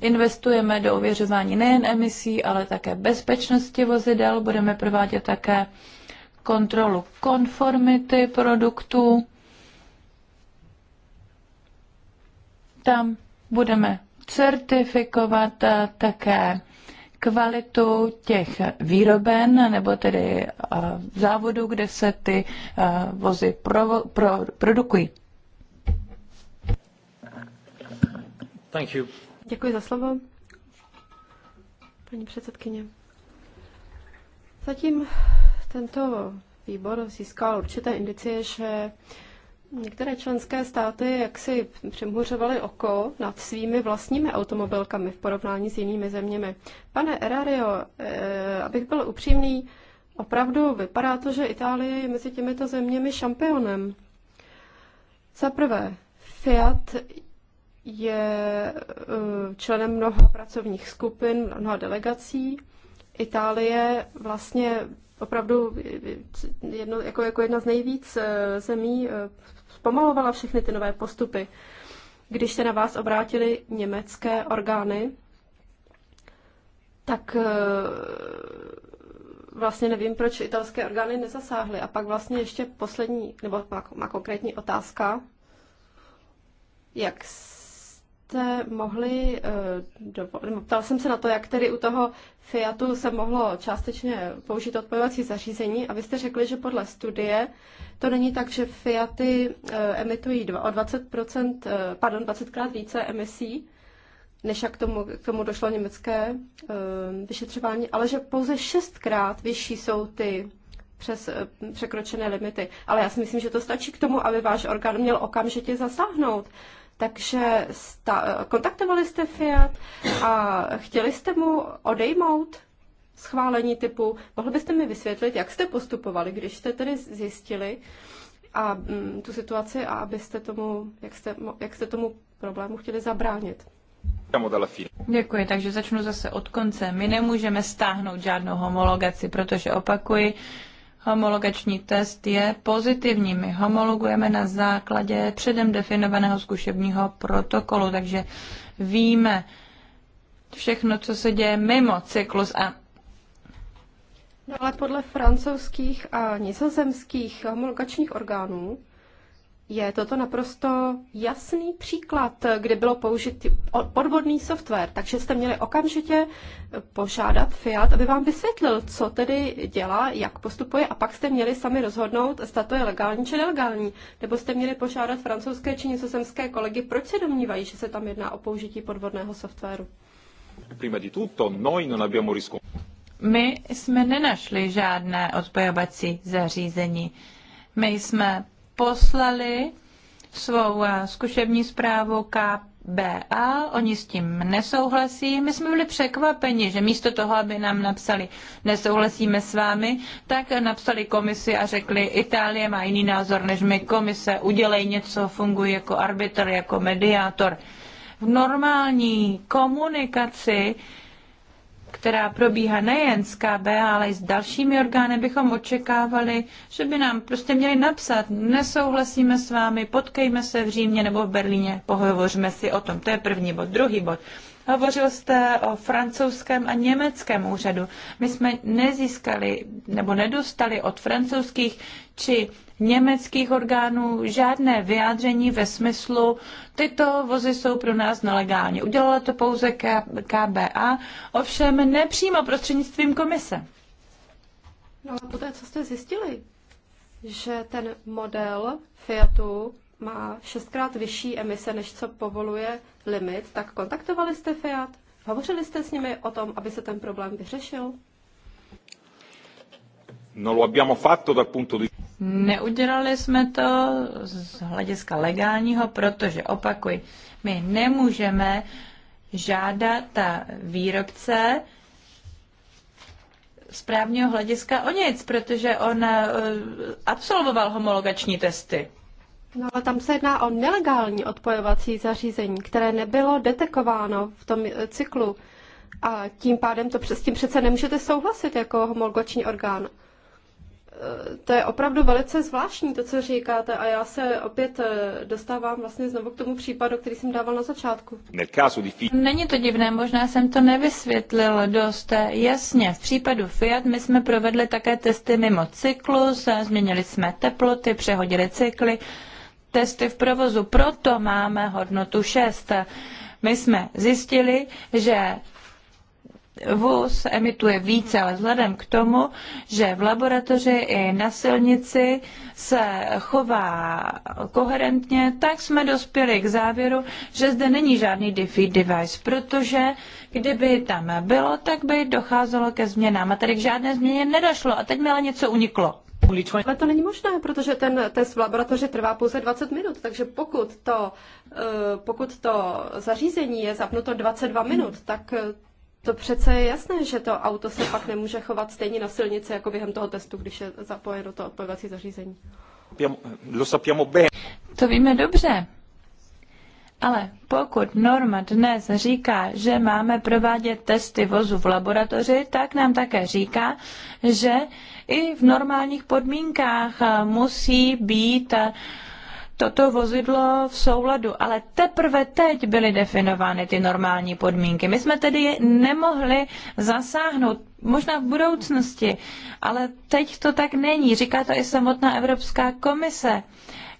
Investujeme do ověřování nejen emisí, ale také bezpečnosti vozidel. Budeme provádět také kontrolu konformity produktů. Tam budeme certifikovat eh, také kvalitu těch výroben, nebo tedy závodů, kde se ty vozy pro, pro- produkují. Thank you. Děkuji za slovo, paní předsedkyně. Zatím tento výbor získal určité indicie, že Některé členské státy jaksi přemhuřovaly oko nad svými vlastními automobilkami v porovnání s jinými zeměmi. Pane Erario, abych byl upřímný, opravdu vypadá to, že Itálie je mezi těmito zeměmi šampionem. Za prvé, Fiat je členem mnoha pracovních skupin, mnoha delegací. Itálie vlastně opravdu jedno, jako, jako jedna z nejvíc zemí zpomalovala všechny ty nové postupy. Když se na vás obrátili německé orgány, tak eh, vlastně nevím, proč italské orgány nezasáhly. A pak vlastně ještě poslední, nebo má konkrétní otázka, jak jste mohli, eh, ptal jsem se na to, jak tedy u toho Fiatu se mohlo částečně použít odpojovací zařízení a vy jste řekli, že podle studie to není tak, že Fiaty eh, emitují o 20%, eh, pardon, 20krát více emisí, než jak tomu, k tomu došlo německé vyšetřování, ale že pouze šestkrát vyšší jsou ty přes překročené limity. Ale já si myslím, že to stačí k tomu, aby váš orgán měl okamžitě zasáhnout. Takže sta- kontaktovali jste Fiat a chtěli jste mu odejmout schválení typu. Mohl byste mi vysvětlit, jak jste postupovali, když jste tedy zjistili a, m, mm, tu situaci a abyste tomu, jak jste, jak jste tomu problému chtěli zabránit? Děkuji, takže začnu zase od konce. My nemůžeme stáhnout žádnou homologaci, protože opakuji, homologační test je pozitivní. My homologujeme na základě předem definovaného zkušebního protokolu, takže víme všechno, co se děje mimo cyklus a No ale podle francouzských a nizozemských homologačních orgánů je toto naprosto jasný příklad, kdy bylo použit podvodný software, takže jste měli okamžitě požádat Fiat, aby vám vysvětlil, co tedy dělá, jak postupuje a pak jste měli sami rozhodnout, zda to je legální či nelegální. Nebo jste měli požádat francouzské či nizozemské kolegy, proč se domnívají, že se tam jedná o použití podvodného softwaru. Prima di tutto, noi non abbiamo riscontrato. My jsme nenašli žádné odpojovací zařízení. My jsme poslali svou eh, zkušební zprávu KBA, oni s tím nesouhlasí. My jsme byli překvapeni, že místo toho, aby nám napsali nesouhlasíme s vámi, tak napsali komisi a řekli, Itálie má jiný názor než my, komise, udělej něco, funguje jako arbitr, jako mediátor. V normální komunikaci která probíhá nejen z KB, ale i s dalšími orgány, bychom očekávali, že by nám prostě měli napsat, nesouhlasíme s vámi, potkejme se v Římě nebo v Berlíně, pohovořme si o tom. To je první bod. Druhý bod. Hovořil jste o francouzském a německém úřadu. My jsme nezískali nebo nedostali od francouzských či německých orgánů žádné vyjádření ve smyslu, tyto vozy jsou pro nás nelegální. Udělala to pouze KBA, ovšem nepřímo prostřednictvím komise. No a poté, co jste zjistili, že ten model Fiatu má šestkrát vyšší emise, než co povoluje limit, tak kontaktovali jste Fiat? Hovořili jste s nimi o tom, aby se ten problém vyřešil? Neudělali jsme to z hlediska legálního, protože opakuj, my nemůžeme žádat výrobce z právního hlediska o nic, protože on eh, absolvoval homologační testy. No ale tam se jedná o nelegální odpojovací zařízení, které nebylo detekováno v tom eh, cyklu. A tím pádem to přes tím přece nemůžete souhlasit jako homologační orgán. Eh, to je opravdu velice zvláštní, to, co říkáte, a já se opět eh, dostávám vlastně znovu k tomu případu, který jsem dával na začátku. Není to divné, možná jsem to nevysvětlil dost eh, jasně. V případu Fiat my jsme provedli také testy mimo cyklus, změnili jsme teploty, přehodili cykly, testy v provozu, proto máme hodnotu 6. My jsme zjistili, že vůz emituje více, ale vzhledem k tomu, že v laboratoři i na silnici se chová koherentně, tak jsme dospěli k závěru, že zde není žádný defeat device, protože kdyby tam bylo, tak by docházelo ke změnám. A tady k žádné změně nedošlo. A teď mi ale něco uniklo. Ale to není možné, protože ten test v laboratoři trvá pouze 20 minut, takže pokud to, eh, pokud to zařízení je zapnuto 22 minut, tak to přece je jasné, že to auto se pak nemůže chovat stejně na silnici jako během toho testu, když je zapojeno to odpojovací zařízení. To víme dobře. Ale pokud norma dnes říká, že máme provádět testy vozu v laboratoři, tak nám také říká, že i v normálních podmínkách eh, musí být eh, toto vozidlo v souladu, ale teprve teď byly definovány ty normální podmínky. My jsme tedy nemohli zasáhnout, možná v budoucnosti, ale teď to tak není. Říká to i samotná Evropská komise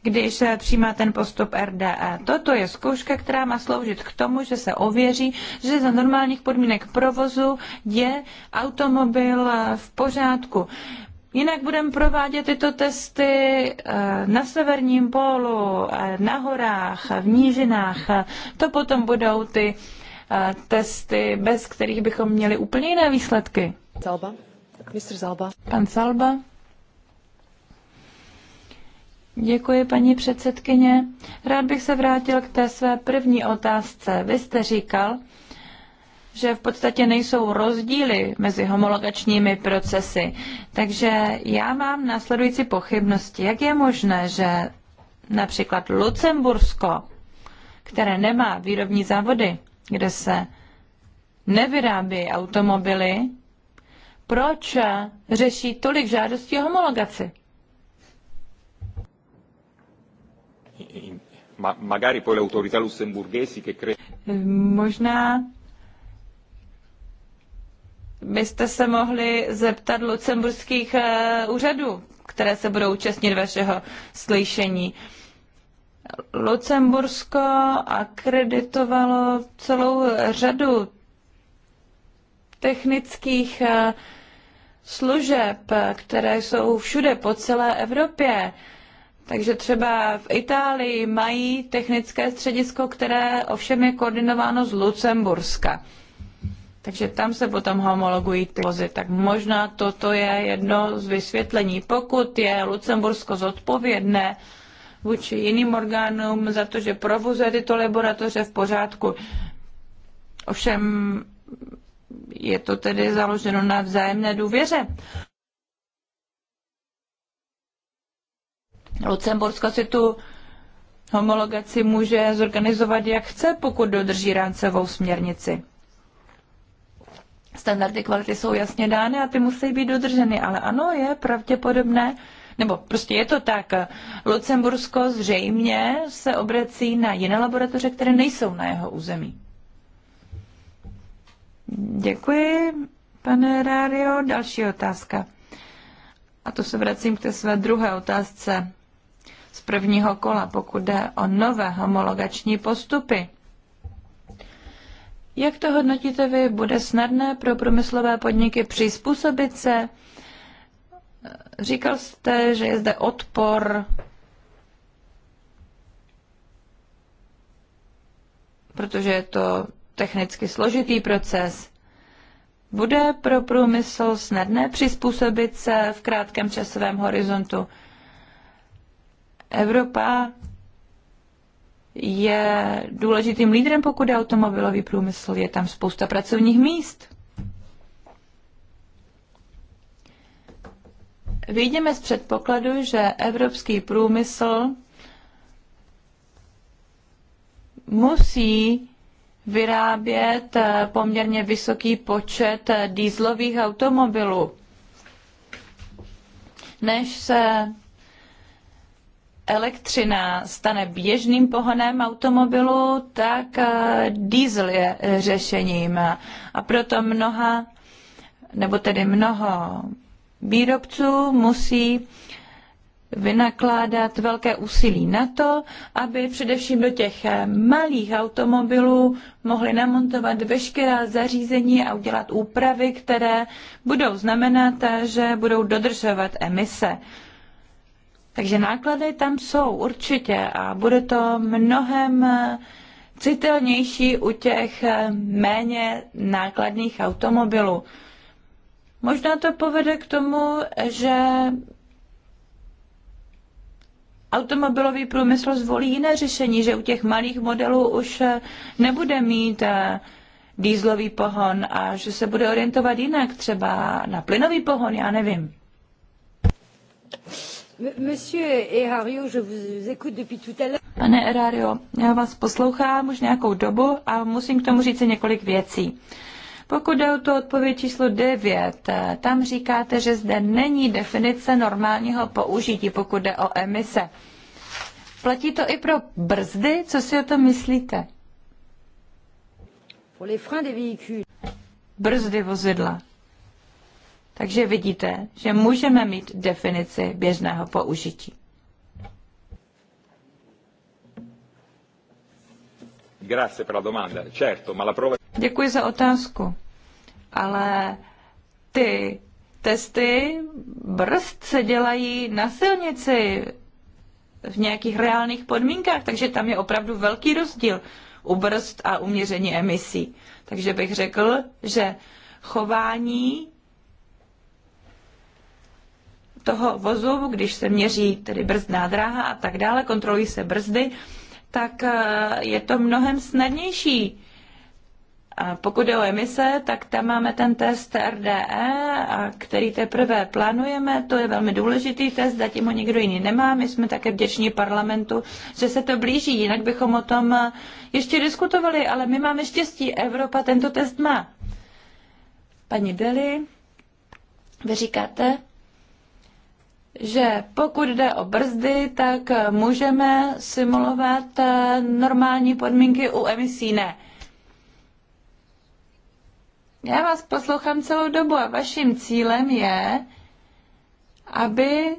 když přijímá ten postup RDE. Toto je zkouška, která má sloužit k tomu, že se ověří, že za normálních podmínek provozu je automobil v pořádku. Jinak budeme provádět tyto testy eh, na severním pólu, eh, na horách, v nížinách. To potom budou ty eh, testy, bez kterých bychom měli úplně jiné výsledky. Zalba. Mr. Zalba. Pan Zalba. Děkuji, paní předsedkyně. Rád bych se vrátil k té své první otázce. Vy jste říkal, že v podstatě nejsou rozdíly mezi homologačními procesy. Takže já mám následující pochybnosti. Jak je možné, že například Lucembursko, které nemá výrobní závody, kde se nevyrábí automobily, proč řeší tolik žádostí o homologaci? Možná byste se mohli zeptat lucemburských eh, úřadů, které se budou účastnit vašeho slyšení. Lucembursko akreditovalo celou řadu technických eh, služeb, které jsou všude po celé Evropě. Takže třeba v Itálii mají technické středisko, které ovšem je koordinováno z Lucemburska. Takže tam se potom homologují ty vozy. Tak možná toto je jedno z vysvětlení. Pokud je Lucembursko zodpovědné vůči jiným orgánům za to, že provozuje tyto laboratoře v pořádku, ovšem je to tedy založeno na vzájemné důvěře. Lucembursko si tu homologaci může zorganizovat, jak chce, pokud dodrží rámcovou směrnici. Standardy kvality jsou jasně dány a ty musí být dodrženy, ale ano, je pravděpodobné, nebo prostě je to tak, Lucembursko zřejmě se obrací na jiné laboratoře, které nejsou na jeho území. Děkuji, pane Rario. Další otázka. A to se vracím k té své druhé otázce z prvního kola, pokud jde o nové homologační postupy. Jak to hodnotíte vy? Bude snadné pro průmyslové podniky přizpůsobit se? Říkal jste, že je zde odpor. Protože je to technicky složitý proces. Bude pro průmysl snadné přizpůsobit se v krátkém časovém horizontu? Evropa je důležitým lídrem, pokud je automobilový průmysl. Je tam spousta pracovních míst. Vyjdeme z předpokladu, že evropský průmysl musí vyrábět eh, poměrně vysoký počet eh, dýzlových automobilů, než se elektřina stane běžným pohonem automobilu, tak eh, diesel je eh, řešením. A proto mnoha, nebo tedy mnoho výrobců musí vynakládat velké úsilí na to, aby především do těch eh, malých automobilů mohli namontovat veškerá zařízení a udělat úpravy, které budou znamenat, že budou dodržovat emise. Takže náklady tam jsou určitě a bude to mnohem eh, citelnější u těch eh, méně nákladných automobilů. Možná to povede k tomu, že automobilový průmysl zvolí jiné řešení, že u těch malých modelů už eh, nebude mít dýzlový pohon a že se bude orientovat jinak, třeba na plynový pohon, já nevím. Pane Erario, já vás poslouchám už nějakou dobu a musím k tomu říct několik věcí. Pokud jde o tu odpověď číslo 9, tam říkáte, že zde není definice normálního použití, pokud jde o emise. Platí to i pro brzdy? Co si o tom myslíte? Brzdy vozidla. Takže vidíte, že můžeme mít definici běžného použití. Děkuji za otázku. Ale ty testy brzd se dělají na silnici v nějakých reálných podmínkách, takže tam je opravdu velký rozdíl u brzd a uměření emisí. Takže bych řekl, že chování toho vozu, když se měří tedy brzdná dráha a tak dále, kontrolují se brzdy, tak eh, je to mnohem snadnější. A pokud je o emise, tak tam máme ten test RDE, a který teprve plánujeme. To je velmi důležitý test, zatím ho nikdo jiný nemá. My jsme také vděční parlamentu, že se to blíží, jinak bychom o tom eh, ještě diskutovali, ale my máme štěstí, Evropa tento test má. Paní Deli, vy říkáte, že pokud jde o brzdy, tak můžeme simulovat eh, normální podmínky u emisí ne. Já vás poslouchám celou dobu a vaším cílem je, aby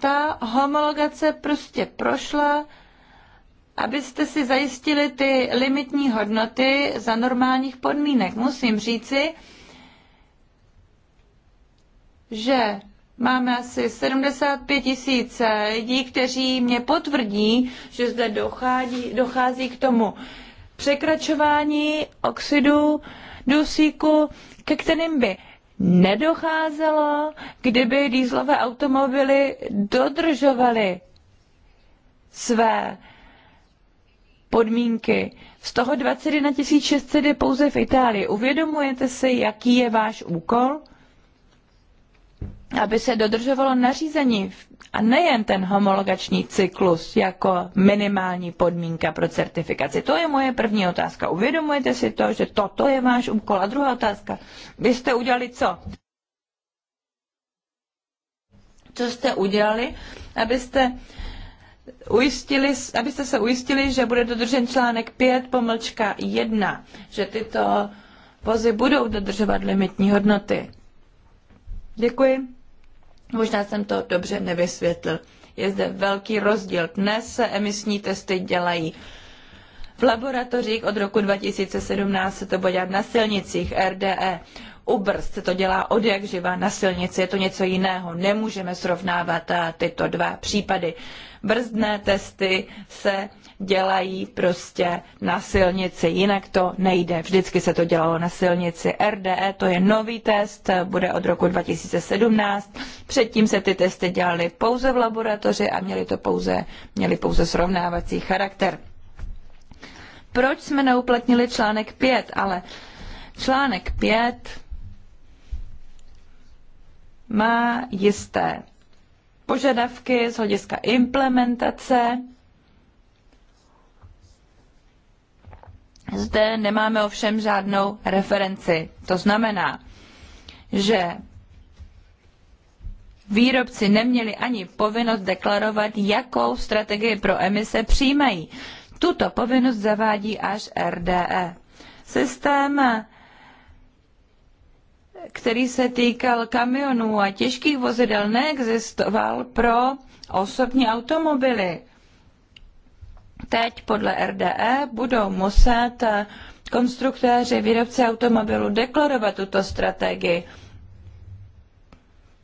ta homologace prostě prošla, abyste si zajistili ty limitní hodnoty za normálních podmínek. Musím říci, že Máme asi 75 tisíc lidí, kteří mě potvrdí, že zde dochází, dochází k tomu překračování oxidu dusíku, ke kterým by nedocházelo, kdyby dýzlové automobily dodržovaly své podmínky. Z toho 21 600 je pouze v Itálii. Uvědomujete si, jaký je váš úkol? aby se dodržovalo nařízení a nejen ten homologační cyklus jako minimální podmínka pro certifikaci. To je moje první otázka. Uvědomujete si to, že toto je váš úkol? A druhá otázka. Vy jste udělali co? Co jste udělali, abyste ujistili, abyste se ujistili, že bude dodržen článek 5 pomlčka 1, že tyto vozy budou dodržovat limitní hodnoty. Děkuji. Možná jsem to dobře nevysvětlil. Je zde velký rozdíl. Dnes se emisní testy dělají v laboratořích od roku 2017 se to bude dělat na silnicích RDE. Ubrz se to dělá od jak živa na silnici, je to něco jiného. Nemůžeme srovnávat eh, tyto dva případy. Brzdné testy se dělají prostě na silnici, jinak to nejde. Vždycky se to dělalo na silnici. RDE to je nový test, eh, bude od roku 2017. Předtím se ty testy dělaly pouze v laboratoři a měly to pouze, měly pouze srovnávací charakter. Proč jsme neuplatnili článek 5? Ale článek 5 má jisté požadavky z hlediska implementace. Zde nemáme ovšem žádnou referenci. To znamená, že výrobci neměli ani povinnost deklarovat, jakou strategii pro emise přijímají. Tuto povinnost zavádí až RDE. Systém který se týkal kamionů a těžkých vozidel, neexistoval pro osobní automobily. Teď podle RDE budou muset eh, konstruktéři, výrobci automobilů deklarovat tuto strategii.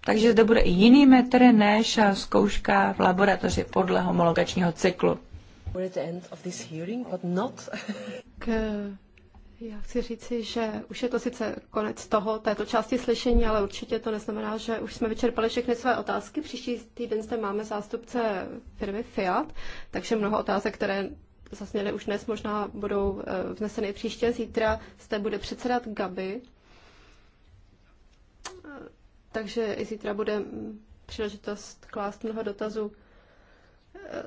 Takže zde bude i jiný metr než eh, zkouška v laboratoři podle homologačního cyklu. Já chci říci, že už je to sice konec toho, této části slyšení, ale určitě to neznamená, že už jsme vyčerpali všechny své otázky. Příští týden zde máme zástupce firmy Fiat, takže mnoho otázek, které zasněly už dnes, možná budou eh, vzneseny příště. Zítra zde bude předsedat Gaby, eh, takže i zítra bude mm, příležitost klást mnoho dotazů. Eh,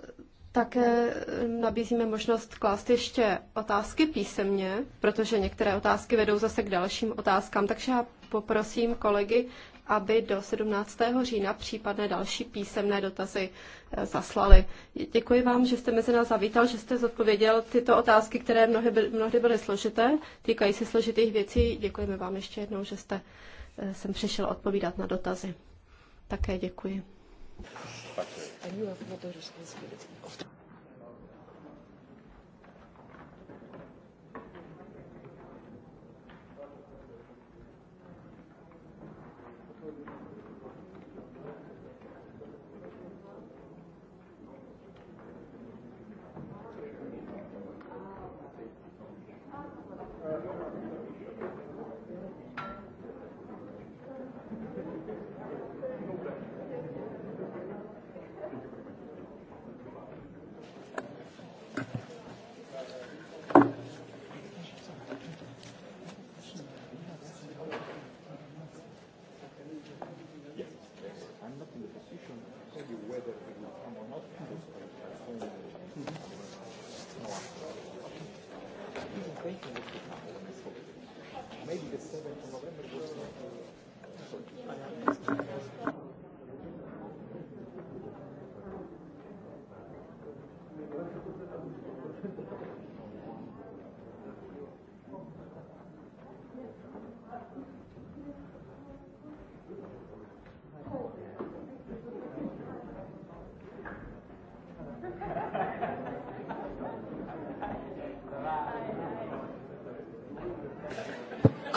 také eh, nabízíme možnost klást ještě otázky písemně, protože některé otázky vedou zase k dalším otázkám, takže já poprosím kolegy, aby do 17. října případné další písemné dotazy eh, zaslali. Děkuji vám, že jste mezi nás zavítal, že jste zodpověděl tyto otázky, které mnohdy byly, mnohdy byly složité, týkají se složitých věcí. Děkujeme vám ještě jednou, že jste eh, sem přišel odpovídat na dotazy. Také děkuji and you have not responsibility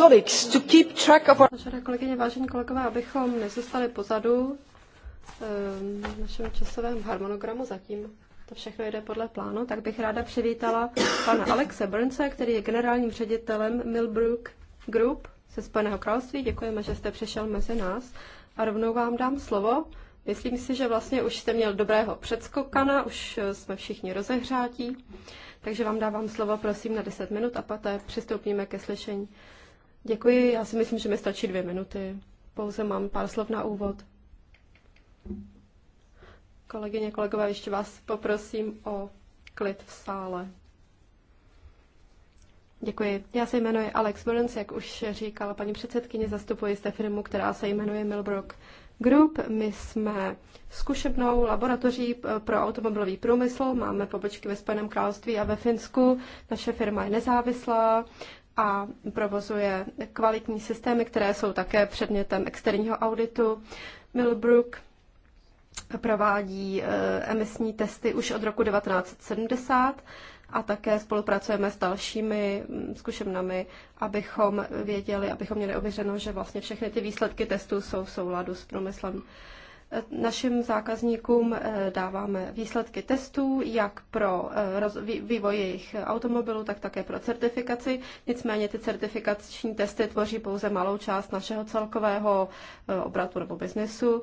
colleagues to keep track of our... Vážené kolegyně, vážení kolegové, abychom nezůstali pozadu ehm, v našem časovém harmonogramu zatím to všechno jde podle plánu, tak bych ráda přivítala pana Alexe Burnse, který je generálním ředitelem Millbrook Group ze Spojeného království. Děkujeme, že jste přišel mezi nás a rovnou vám dám slovo. Myslím si, že vlastně už jste měl dobrého předskokana, už eh, jsme všichni rozehřátí, takže vám dávám slovo prosím na 10 minut a poté přistoupíme ke slyšení. Děkuji, já si myslím, že mi stačí dvě minuty. Pouze mám pár slov na úvod. Kolegyně, kolegové, ještě vás poprosím o klid v sále. Děkuji. Já se jmenuji Alex Burns, jak už říkala paní předsedkyně, zastupuji té firmu, která se jmenuje Milbrook Group. My jsme zkušebnou laboratoří pro automobilový průmysl, máme pobočky ve Spojeném království a ve Finsku. Naše firma je nezávislá, a provozuje kvalitní systémy, které jsou také předmětem externího auditu. Millbrook provádí eh, emisní testy už od roku 1970 a také spolupracujeme s dalšími mm, zkušenami, abychom věděli, abychom měli ověřeno, že vlastně všechny ty výsledky testů jsou v souladu s průmyslem. Našim zákazníkům eh, dáváme výsledky testů, jak pro eh, vývoj jejich automobilů, tak také pro certifikaci. Nicméně ty certifikační testy tvoří pouze malou část našeho celkového eh, obratu nebo biznesu.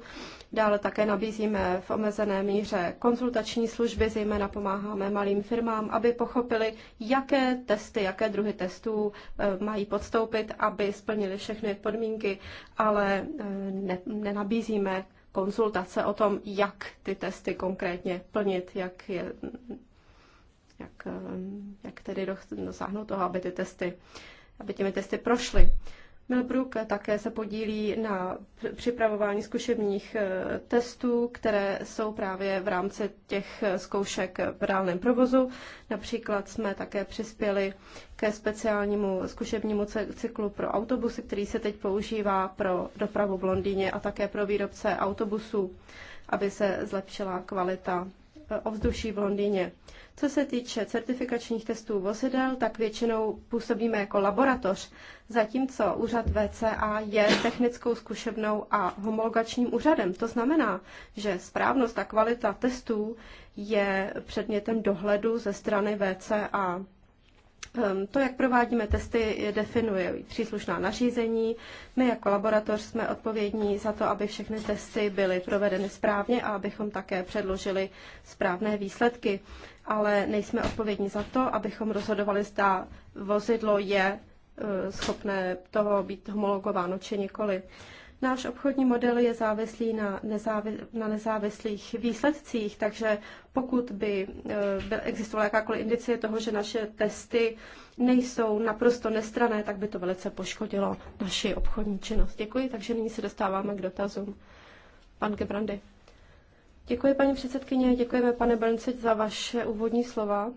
Dále také nabízíme v omezené míře konzultační služby, zejména pomáháme malým firmám, aby pochopili, jaké testy, jaké druhy testů mají podstoupit, aby splnili všechny podmínky, ale ne, nenabízíme konzultace o tom, jak ty testy konkrétně plnit, jak, je, jak, eh, jak tedy dosáhnout toho, aby ty testy, aby těmi testy prošly. Milbrook také se podílí na připravování zkušebních eh, testů, které jsou právě v rámci těch zkoušek v reálném provozu. Například jsme také přispěli ke speciálnímu zkušebnímu cyklu pro autobusy, který se teď používá pro dopravu v Londýně a také pro výrobce autobusů, aby se zlepšila kvalita eh, ovzduší v Londýně. Co se týče certifikačních testů vozidel, tak většinou působíme jako laboratoř, zatímco úřad VCA je technickou zkušebnou a homologačním úřadem. To znamená, že správnost a kvalita testů je předmětem dohledu ze strany VCA. Ehm, to, jak provádíme testy, definuje příslušná nařízení. My jako laboratoř jsme odpovědní za to, aby všechny testy byly provedeny správně a abychom také předložili správné výsledky ale nejsme odpovědní za to, abychom rozhodovali, zda vozidlo je e, schopné toho být homologováno či nikoli. Náš obchodní model je závislý na, nezávi, na nezávislých výsledcích, takže pokud by e, existovala jakákoliv indicie toho, že naše testy nejsou naprosto nestrané, tak by to velice poškodilo naši obchodní činnost. Děkuji, takže nyní se dostáváme k dotazům. Pan Gebrandy. Děkuji, paní předsedkyně, děkujeme, pane Brnce, za vaše úvodní slova.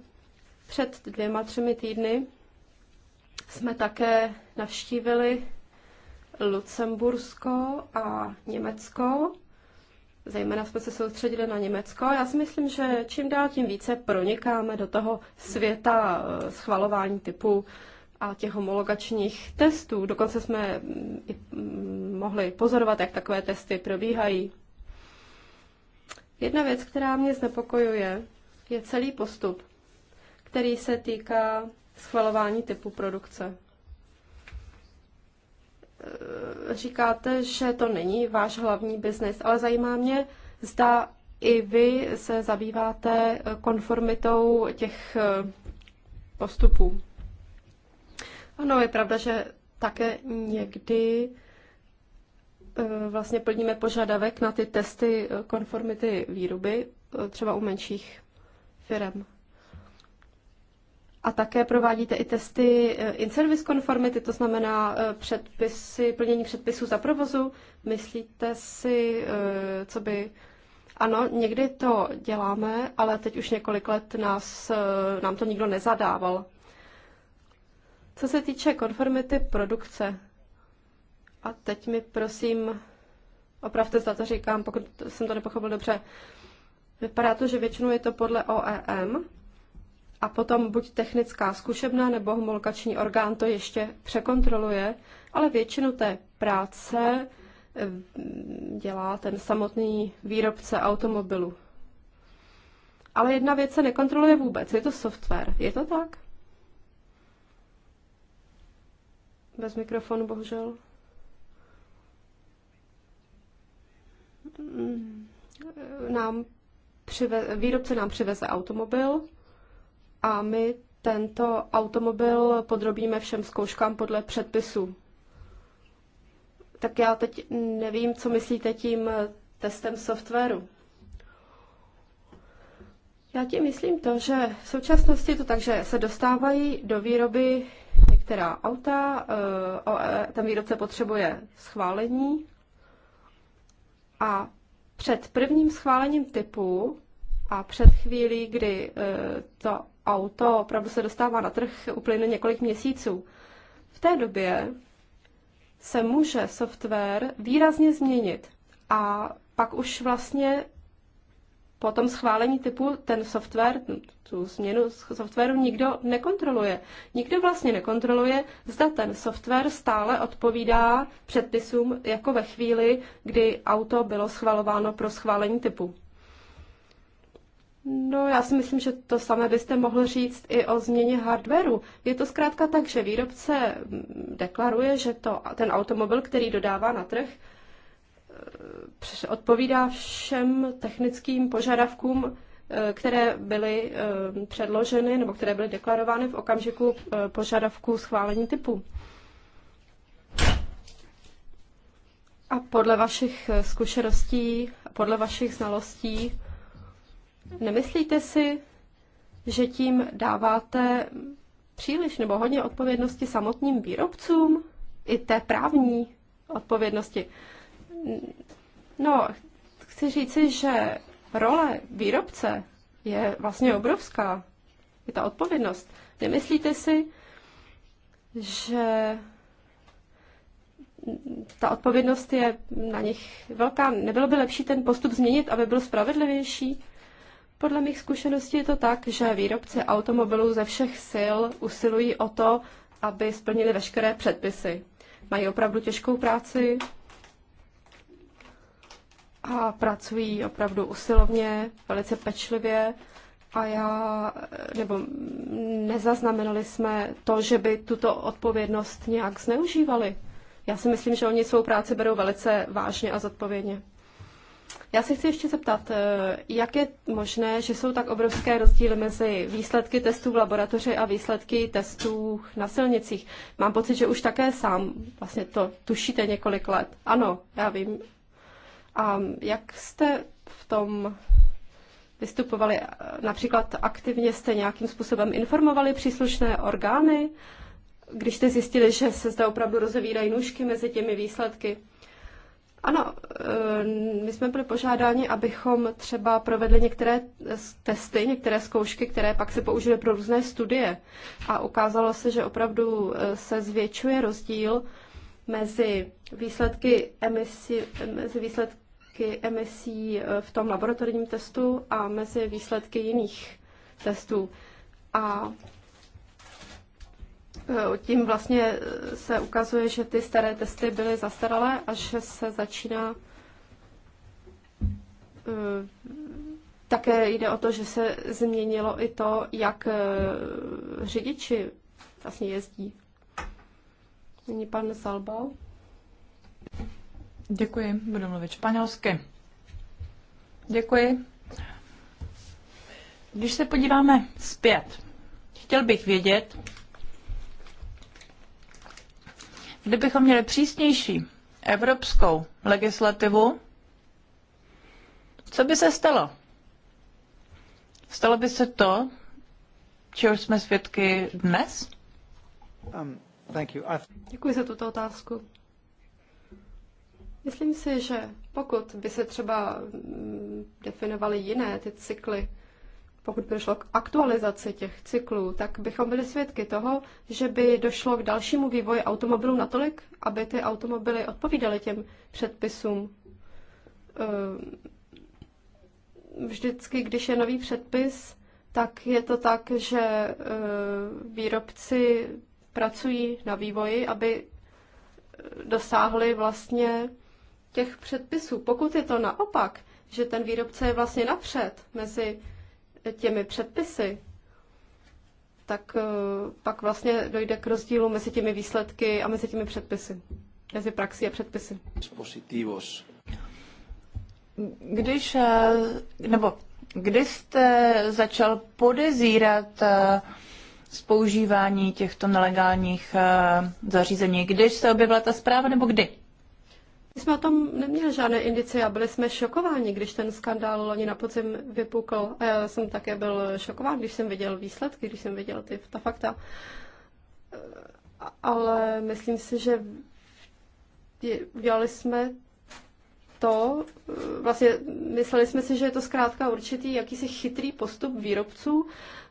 Před dvěma, třemi týdny jsme také navštívili Lucembursko a Německo. Zejména jsme se soustředili na Německo. Já si myslím, že čím dál tím více pronikáme do toho světa eh, schvalování typu a těch homologačních testů. Dokonce jsme mm, i mm, mohli pozorovat, jak takové testy probíhají. Jedna věc, která mě znepokojuje, je celý postup, který se týká schvalování typu produkce. E, říkáte, že to není váš hlavní biznis, ale zajímá mě, zda i vy se zabýváte konformitou těch e, postupů. Ano, je pravda, že také někdy E, vlastně plníme požadavek na ty testy e, konformity výroby, e, třeba u menších firm. A také provádíte i testy in-service konformity, to znamená předpisy, plnění předpisů za provozu. Myslíte si, co by... Ano, někdy to děláme, ale teď už několik let nás, nám to nikdo nezadával. Co se týče konformity produkce, a teď mi prosím, opravte za to říkám, pokud jsem to nepochopil dobře, vypadá to, že většinou je to podle OEM a potom buď technická zkušebna nebo homologační orgán to ještě překontroluje, ale většinu té práce eh, dělá ten samotný výrobce automobilu. Ale jedna věc se nekontroluje vůbec, je to software. Je to tak? Bez mikrofonu, bohužel. Mm. nám přive, výrobce nám přiveze automobil a my tento automobil podrobíme všem zkouškám podle předpisu. Tak já teď nevím, co myslíte tím testem softwaru. Já tím myslím to, že v současnosti to tak, že se dostávají do výroby některá auta, eh, eh, ten výrobce potřebuje schválení a před prvním schválením typu a před chvílí, kdy e, to auto opravdu se dostává na trh, uplyne několik měsíců. V té době se může software výrazně změnit a pak už vlastně po tom schválení typu ten software, tu změnu softwaru nikdo nekontroluje. Nikdo vlastně nekontroluje, zda ten software stále odpovídá předpisům jako ve chvíli, kdy auto bylo schvalováno pro schválení typu. No, já si myslím, že to samé byste mohl říct i o změně hardwareu. Je to zkrátka tak, že výrobce mm, deklaruje, že to, ten automobil, který dodává na trh, odpovídá všem technickým požadavkům, eh, které byly eh, předloženy nebo které byly deklarovány v okamžiku eh, požadavku schválení typu. A podle vašich zkušeností, podle vašich znalostí, nemyslíte si, že tím dáváte příliš nebo hodně odpovědnosti samotným výrobcům i té právní odpovědnosti? No, chci říci, že role výrobce je vlastně obrovská. Je ta odpovědnost. Nemyslíte si, že ta odpovědnost je na nich velká. Nebylo by lepší ten postup změnit, aby byl spravedlivější? Podle mých zkušeností je to tak, že výrobci automobilů ze všech sil usilují o to, aby splnili veškeré předpisy. Mají opravdu těžkou práci, a pracují opravdu usilovně, velice pečlivě a já, nebo nezaznamenali jsme to, že by tuto odpovědnost nějak zneužívali. Já si myslím, že oni svou práci berou velice vážně a zodpovědně. Já se chci ještě zeptat, eh, jak je možné, že jsou tak obrovské rozdíly mezi výsledky testů v laboratoři a výsledky testů na silnicích? Mám pocit, že už také sám vlastně to tušíte několik let. Ano, já vím, a jak jste v tom vystupovali? Například aktivně jste nějakým způsobem informovali příslušné orgány, když jste zjistili, že se zde opravdu rozevírají nůžky mezi těmi výsledky? Ano, eh, my jsme byli požádáni, abychom třeba provedli některé testy, některé zkoušky, které pak se použily pro různé studie. A ukázalo se, že opravdu eh, se zvětšuje rozdíl mezi výsledky emisí, mezi výsledky výsledky emisí eh, v tom laboratorním testu a mezi výsledky jiných testů. A eh, tím vlastně eh, se ukazuje, že ty staré testy byly zastaralé a že se začíná také jde o to, že se změnilo i to, jak řidiči vlastně jezdí. Není pan Salbal. Děkuji, budu mluvit španělsky. Děkuji. Když se podíváme zpět, chtěl bych vědět, kdybychom měli přísnější evropskou legislativu, co by se stalo? Stalo by se to, čeho jsme svědky dnes? Um, Děkuji za tuto otázku. Myslím si, že pokud by se třeba mm, definovaly jiné ty cykly, pokud by došlo k aktualizaci těch cyklů, tak bychom byli svědky toho, že by došlo k dalšímu vývoji automobilů natolik, aby ty automobily odpovídaly těm předpisům. Ehm, vždycky, když je nový předpis, tak je to tak, že ehm, výrobci pracují na vývoji, aby ehm, dosáhli vlastně těch předpisů. Pokud je to naopak, že ten výrobce je vlastně napřed mezi těmi předpisy, tak eh, pak vlastně dojde k rozdílu mezi těmi výsledky a mezi těmi předpisy, mezi praxí a předpisy. Když, eh, nebo kdy jste začal podezírat eh, z používání těchto nelegálních zařízení? Když se objevila ta zpráva, nebo kdy? My jsme o tom neměli žádné indicie a byli jsme šokováni, když ten skandál loni na podzim vypukl. A já jsem také byl šokován, když jsem viděl výsledky, když jsem viděl ty, ta fakta. Eh, ale myslím si, že udělali jsme to, eh, vlastně mysleli jsme si, že je to zkrátka určitý jakýsi chytrý postup výrobců,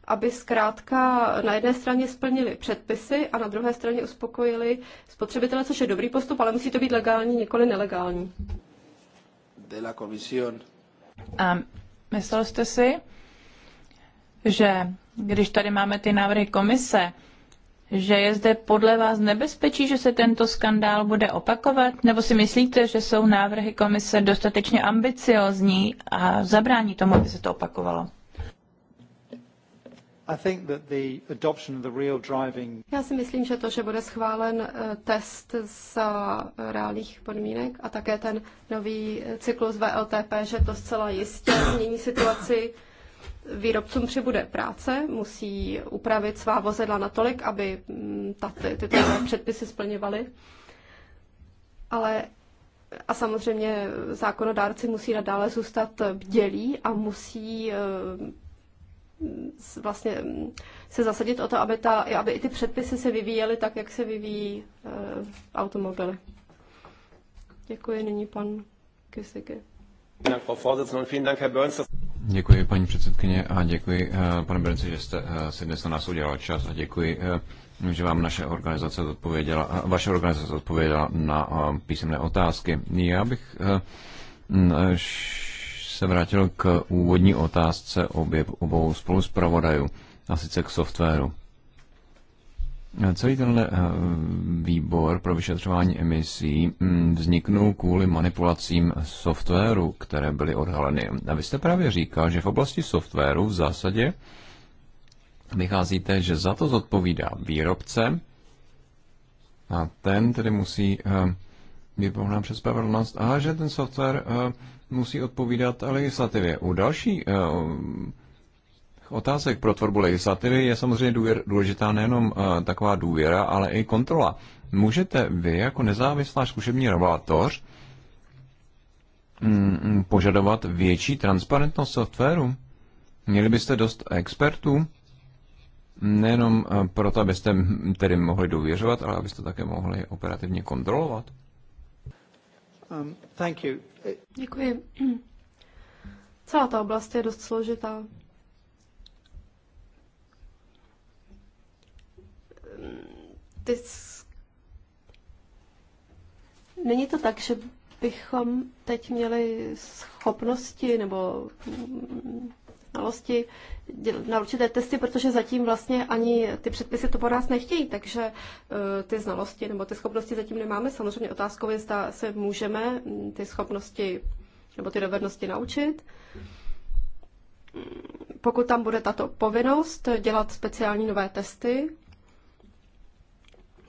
aby zkrátka na jedné straně splnili předpisy a na druhé straně uspokojili spotřebitele, což je dobrý postup, ale musí to být legální, nikoli nelegální. De la comisión. A myslel jste si, že když tady máme ty návrhy komise, že je zde podle vás nebezpečí, že se tento skandál bude opakovat? Nebo si myslíte, že jsou návrhy komise dostatečně ambiciozní a zabrání tomu, aby se to opakovalo? Já si myslím, že to, že bude schválen eh, test z eh, reálných podmínek a také ten nový eh, cyklus VLTP, že to zcela jistě změní situaci. Výrobcům přibude práce, musí upravit svá vozidla natolik, aby mm, tato, tyto předpisy splňovaly. Ale a samozřejmě zákonodárci musí nadále zůstat bdělí a musí vlastně mm, se zasadit o to, aby, ta, aby i ty předpisy se vyvíjely tak, jak se vyvíjí uh, automobily. Děkuji, nyní pan Kysiky. Děkuji, paní předsedkyně, a děkuji, eh, pane Bernci, že jste eh, si dnes na nás udělal čas a děkuji, že vám naše organizace odpověděla, vaše organizace odpověděla na písemné otázky. Já bych se vrátil k úvodní otázce obě, obou zpravodajů, a sice k softwaru. Celý tenhle eh, výbor pro vyšetřování emisí hm, vzniknul kvůli manipulacím softwaru, které byly odhaleny. A vy jste právě říkal, že v oblasti softwaru v zásadě vycházíte, že za to zodpovídá výrobce a ten tedy musí být eh, přes a že ten software eh, musí odpovídat legislativě. U další eh, um, otázek pro tvorbu legislativy je samozřejmě důvěr, důležitá nejenom eh, taková důvěra, ale i kontrola. Můžete vy jako nezávislá zkušební mm, požadovat větší transparentnost softwaru? Měli byste dost expertů? Nejenom eh, proto, abyste hm, tedy mohli důvěřovat, ale abyste také mohli operativně kontrolovat? Um, thank you. Děkuji. Celá ta oblast je dost složitá. Ty... Není to tak, že bychom teď měli schopnosti nebo znalosti, na určité testy, protože zatím vlastně ani ty předpisy to po nás nechtějí, takže eh, ty znalosti nebo ty schopnosti zatím nemáme. Samozřejmě otázkou je, zda se můžeme hm, ty schopnosti nebo ty dovednosti naučit. Pokud tam bude tato povinnost dělat speciální nové testy,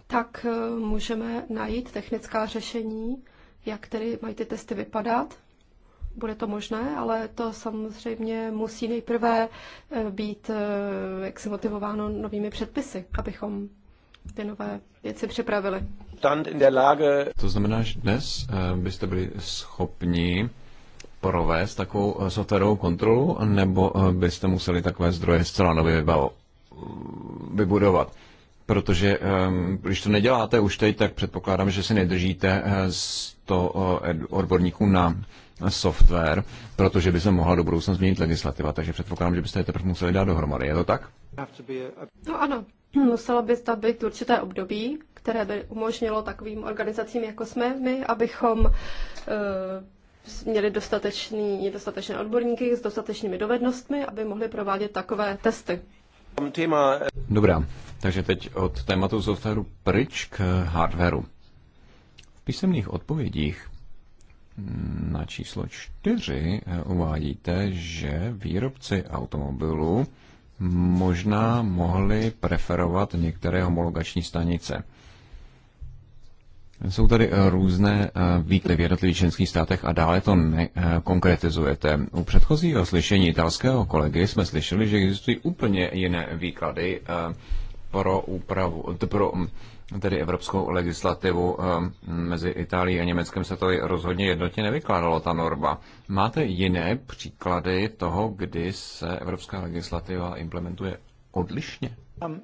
tak eh, můžeme najít technická řešení, jak tedy mají ty testy vypadat bude to možné, ale to samozřejmě musí nejprve eh, být eh, jak si motivováno novými předpisy, abychom ty nové věci připravili. To znamená, že dnes eh, byste byli schopni provést takovou softwarovou kontrolu, nebo byste museli takové zdroje zcela nově vybudovat? Protože když to neděláte už teď, tak předpokládám, že si nedržíte 100 odborníků na software, protože by se mohla do budoucna změnit legislativa, takže předpokládám, že byste je teprve museli dát dohromady. Je to tak? No ano, musela by to být určité období, které by umožnilo takovým organizacím, jako jsme my, abychom uh, měli dostatečný, dostatečné odborníky s dostatečnými dovednostmi, aby mohli provádět takové testy. Dobrá, takže teď od tématu softwaru pryč k hardwaru. V písemných odpovědích na číslo 4 eh, uvádíte, že výrobci automobilů možná mohli preferovat některé homologační stanice. Jsou tady eh, různé eh, výklady v jednotlivých členských státech a dále to nekonkretizujete. U předchozího slyšení italského kolegy jsme slyšeli, že existují úplně jiné výklady pro úpravu, pro mm, tedy evropskou legislativu eh, mezi Itálií a Německem se to rozhodně jednotně nevykládalo, ta norma. Máte jiné příklady toho, kdy se evropská legislativa implementuje odlišně? Um,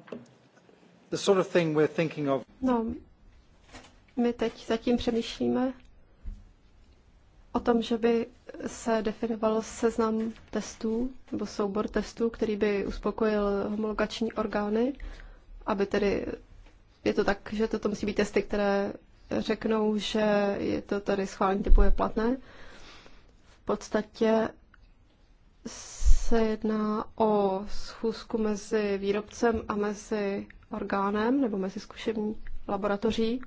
no, my teď zatím přemýšlíme o tom, že by se definoval seznam testů nebo soubor testů, který by uspokojil homologační orgány, aby tedy je to tak, že toto musí být testy, které řeknou, že je to tady schválení typu je platné. V podstatě se jedná o schůzku mezi výrobcem a mezi orgánem nebo mezi zkušební laboratoří.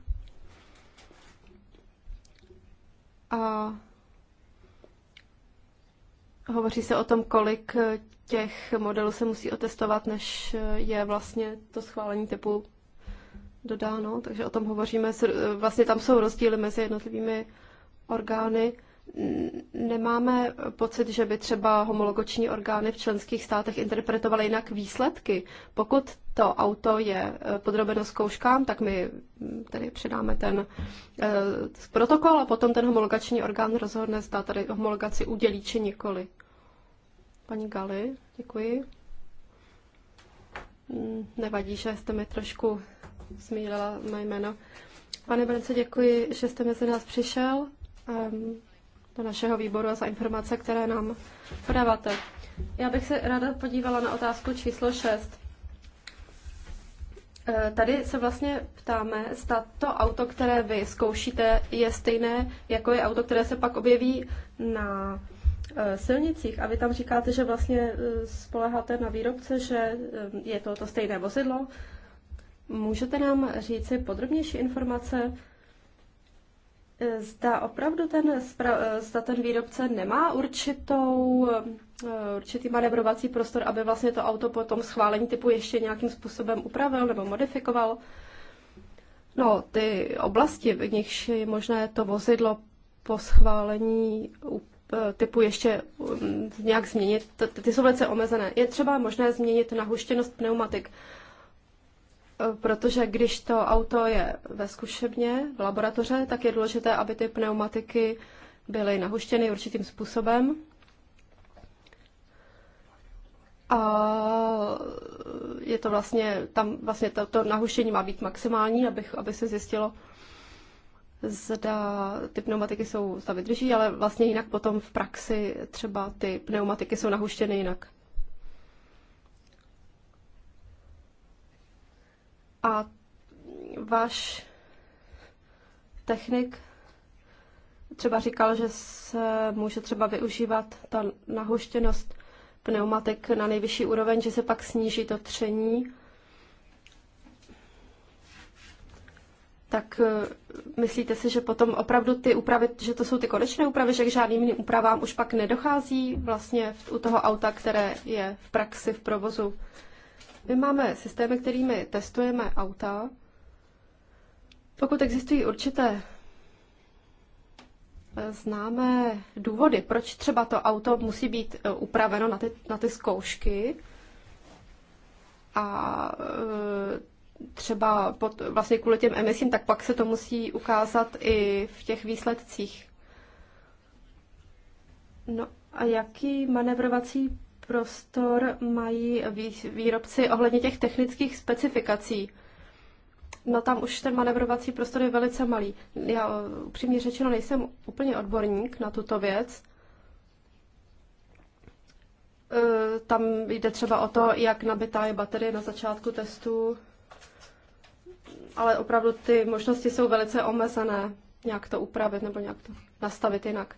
A hovoří se o tom, kolik těch modelů se musí otestovat, než je vlastně to schválení typu dodáno, takže o tom hovoříme. Eh, vlastně tam jsou rozdíly mezi jednotlivými orgány. Nemáme pocit, že by třeba homologoční orgány v členských státech interpretovaly jinak výsledky. Pokud to auto je eh, podrobeno zkouškám, tak my hm, tady předáme ten eh, protokol a potom ten homologační orgán rozhodne, zda tady homologaci udělí či nikoli. Paní Gali, děkuji. Hm, nevadí, že jste mi trošku zmínila mé jméno. Pane Brance, děkuji, že jste mezi nás přišel ehm, do našeho výboru a za informace, které nám podáváte. Já bych se ráda podívala na otázku číslo 6. Eh, tady se vlastně ptáme, zda to auto, které vy zkoušíte, je stejné, jako je auto, které se pak objeví na eh, silnicích. A vy tam říkáte, že vlastně eh, spoleháte na výrobce, že ehm, je to to stejné vozidlo, Můžete nám říci podrobnější informace? E, zda opravdu ten, e, zda ten výrobce nemá určitou, e, určitý manevrovací prostor, aby vlastně to auto po tom schválení typu ještě nějakým způsobem upravil nebo modifikoval? No, ty oblasti, v nichž je možné to vozidlo po schválení typu ještě um, nějak změnit, ty jsou velice omezené. Je třeba možné změnit nahuštěnost pneumatik protože když to auto je ve zkušebně, v laboratoře, tak je důležité, aby ty pneumatiky byly nahuštěny určitým způsobem. A je to vlastně, tam vlastně to, to nahuštění má být maximální, abych, aby se zjistilo, zda ty pneumatiky jsou, zda vydrží, ale vlastně jinak potom v praxi třeba ty pneumatiky jsou nahuštěny jinak. A váš technik třeba říkal, že se může třeba využívat ta nahuštěnost pneumatik na nejvyšší úroveň, že se pak sníží to tření. tak e, myslíte si, že potom opravdu ty úpravy, že to jsou ty konečné úpravy, že k žádným jiným úpravám už pak nedochází vlastně u toho auta, které je v praxi, v provozu? My máme systémy, kterými testujeme auta. Pokud existují určité eh, známé důvody, proč třeba to auto musí být eh, upraveno na ty, na ty zkoušky a eh, třeba pod, vlastně kvůli těm emisím, tak pak se to musí ukázat i v těch výsledcích. No a jaký manevrovací prostor mají výrobci ohledně těch technických specifikací. No tam už ten manevrovací prostor je velice malý. Já eh, upřímně řečeno nejsem úplně odborník na tuto věc. Eh, tam jde třeba o to, jak nabitá je baterie na začátku testu, ale opravdu ty možnosti jsou velice omezené, nějak to upravit nebo nějak to nastavit jinak.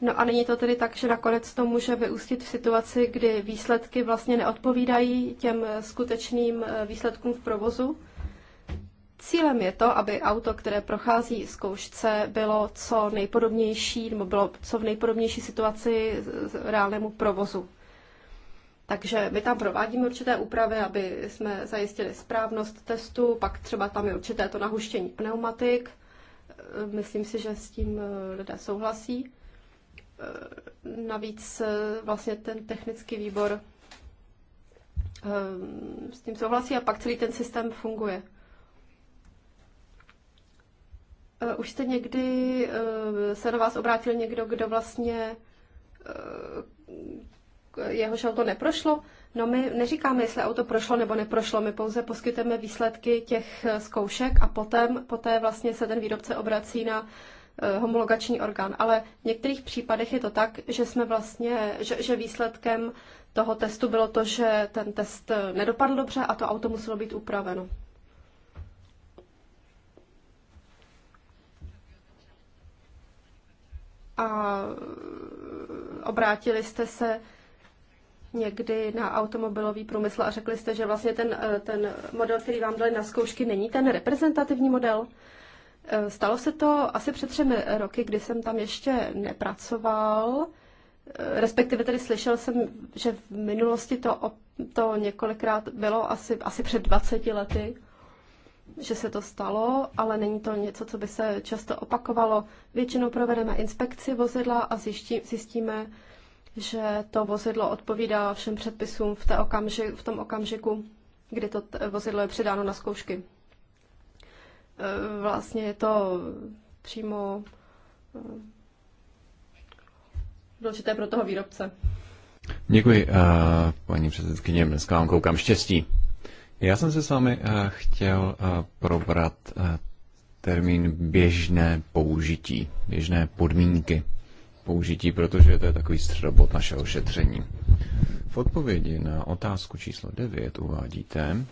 No a není to tedy tak, že nakonec to může vyústit v situaci, kdy výsledky vlastně neodpovídají těm skutečným eh, výsledkům v provozu? Cílem je to, aby auto, které prochází zkoušce, bylo co nejpodobnější, nebo bylo co v nejpodobnější situaci reálnému provozu. Takže my tam provádíme určité úpravy, aby jsme zajistili správnost testu, pak třeba tam je určité to nahuštění pneumatik. Eh, myslím si, že s tím eh, lidé souhlasí. Eh, navíc eh, vlastně ten technický výbor eh, s tím souhlasí a pak celý ten systém funguje. Už jste někdy se na vás obrátil někdo, kdo vlastně jeho auto neprošlo? No my neříkáme, jestli auto prošlo nebo neprošlo, my pouze poskytujeme výsledky těch zkoušek a potom, poté vlastně se ten výrobce obrací na Eh, homologační orgán, ale v některých případech je to tak, že jsme vlastně, že, že výsledkem toho testu bylo to, že ten test eh, nedopadl dobře a to auto muselo být upraveno. A eh, obrátili jste se někdy na automobilový průmysl a řekli jste, že vlastně ten, ten model, který vám dali na zkoušky, není ten reprezentativní model? Eh, stalo se to asi před třemi roky, kdy jsem tam ještě nepracoval, eh, respektive tedy slyšel jsem, že v minulosti to, to několikrát bylo asi, asi před 20 lety, že se to stalo, ale není to něco, co by se často opakovalo. Většinou provedeme inspekci vozidla a zjistí, zjistíme, že to vozidlo odpovídá všem předpisům v, té okamži, v tom okamžiku, kdy to vozidlo je předáno na zkoušky. Eh, vlastně je to přímo eh, důležité pro toho výrobce. Děkuji, eh, paní předsedkyně, dneska vám koukám štěstí. Já jsem se s vámi chtěl probrat termín běžné použití, běžné podmínky použití, protože to je takový středobod našeho šetření. V odpovědi na otázku číslo 9 uvádíte,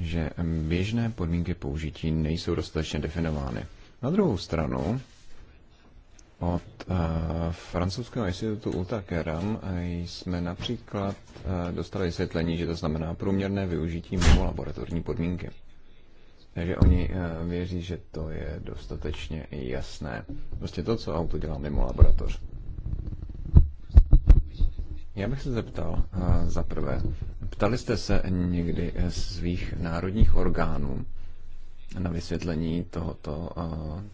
že běžné podmínky použití nejsou dostatečně definovány. Na druhou stranu, od uh, francouzského institutu Ulta Keram eh, jsme například uh, dostali vysvětlení, že to znamená průměrné využití mimo laboratorní podmínky. Takže oni uh, věří, že to je dostatečně jasné. Prostě to, co auto dělá mimo laboratoř. Já bych se zeptal uh, za prvé, Ptali jste se někdy svých národních orgánů na vysvětlení tohoto eh,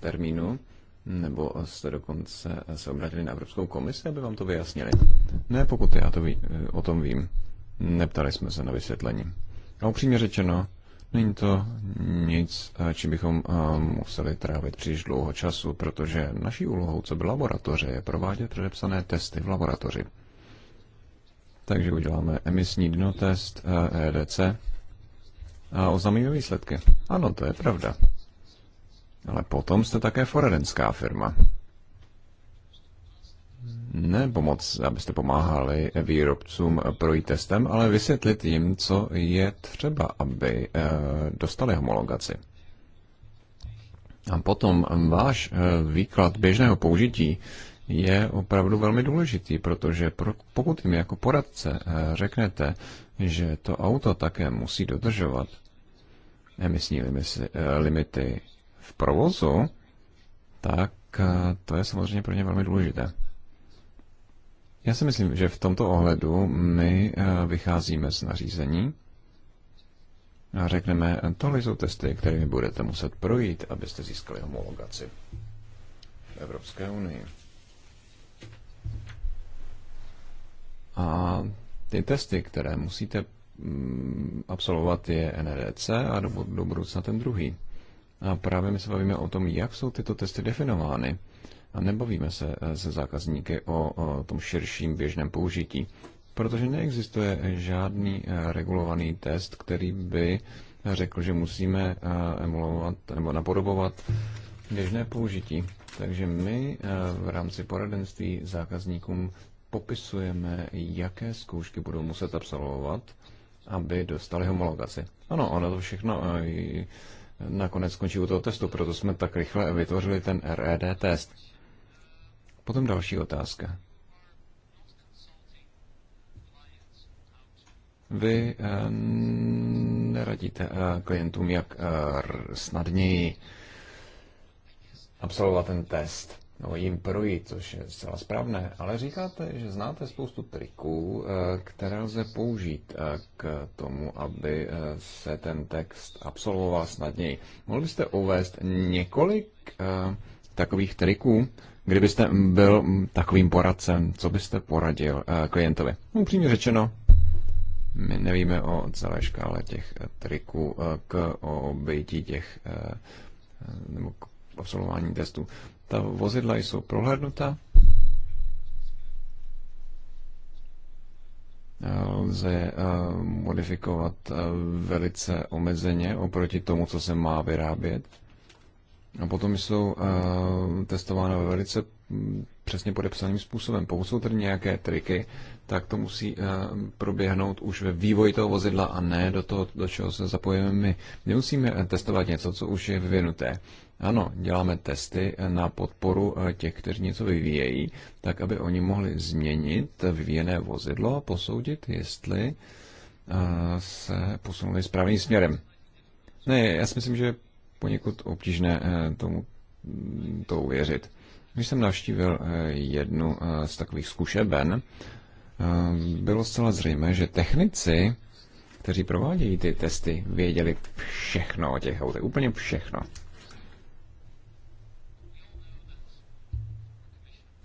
termínu? Nebo jste dokonce se obrátili na Evropskou komisi, aby vám to vyjasnili? Ne, pokud já to ví, eh, o tom vím. Neptali jsme se na vysvětlení. A upřímně řečeno, není to nic, eh, či bychom museli trávit příliš dlouho času, protože naší úlohou, co by laboratoře, je provádět předepsané testy v laboratoři. Takže uděláme emisní dno test EDC eh, e a oznamíme výsledky. Ano, to je pravda. Ale potom jste také forenská firma. Ne pomoc, abyste pomáhali výrobcům projít testem, ale vysvětlit jim, co je třeba, aby eh, dostali homologaci. A potom váš eh, výklad běžného použití je opravdu velmi důležitý, protože pro, pokud jim jako poradce eh, řeknete, že to auto také musí dodržovat emisní limity, eh, limity v provozu, tak eh, to je samozřejmě pro ně velmi důležité. Já si myslím, že v tomto ohledu my vycházíme z nařízení a řekneme, tohle jsou testy, kterými budete muset projít, abyste získali homologaci v Evropské unii. A ty testy, které musíte mm, absolvovat, je NRDC a do, do budoucna ten druhý. A právě my se bavíme o tom, jak jsou tyto testy definovány. A nebavíme se e, se zákazníky o, o tom širším běžném použití. Protože neexistuje žádný e, regulovaný test, který by řekl, že musíme e, emulovat nebo napodobovat běžné použití. Takže my v rámci poradenství zákazníkům popisujeme, jaké zkoušky budou muset absolvovat, aby dostali homologaci. Ano, ono to všechno eh, nakonec skončí u toho testu, proto jsme tak rychle vytvořili ten RED test. Potom další otázka. Vy eh, neradíte eh, klientům, jak snadněji absolvovat ten test nebo jim projít, což je zcela správné, ale říkáte, že znáte spoustu triků, eh, které lze použít eh, k tomu, aby eh, se ten text absolvoval snadněji. Mohl byste uvést několik takových triků, kdybyste byl takovým poradcem, co byste poradil klientovi? No, upřímně řečeno, my nevíme o celé škále těch triků k obejití těch nebo k absolvování testů. Ta vozidla jsou prohlédnuta. Lze e, modifikovat e, velice omezeně oproti tomu, co se má vyrábět. A potom jsou e, testována velice přesně podepsaným způsobem. Pokud jsou tedy nějaké triky, tak to musí proběhnout už ve vývoji toho vozidla a ne do toho, do čeho se zapojíme my. Nemusíme musíme testovat něco, co už je vyvinuté. Ano, děláme testy na podporu eh, těch, kteří něco vyvíjejí, tak aby oni mohli změnit vyvíjené vozidlo a posoudit, jestli eh, se posunuli správným směrem. Ne, já si myslím, že je poněkud obtížné eh, tomu to uvěřit. Když jsem navštívil jednu z takových zkušeben, bylo zcela zřejmé, že technici, kteří provádějí ty testy, věděli všechno o těch autech, úplně všechno.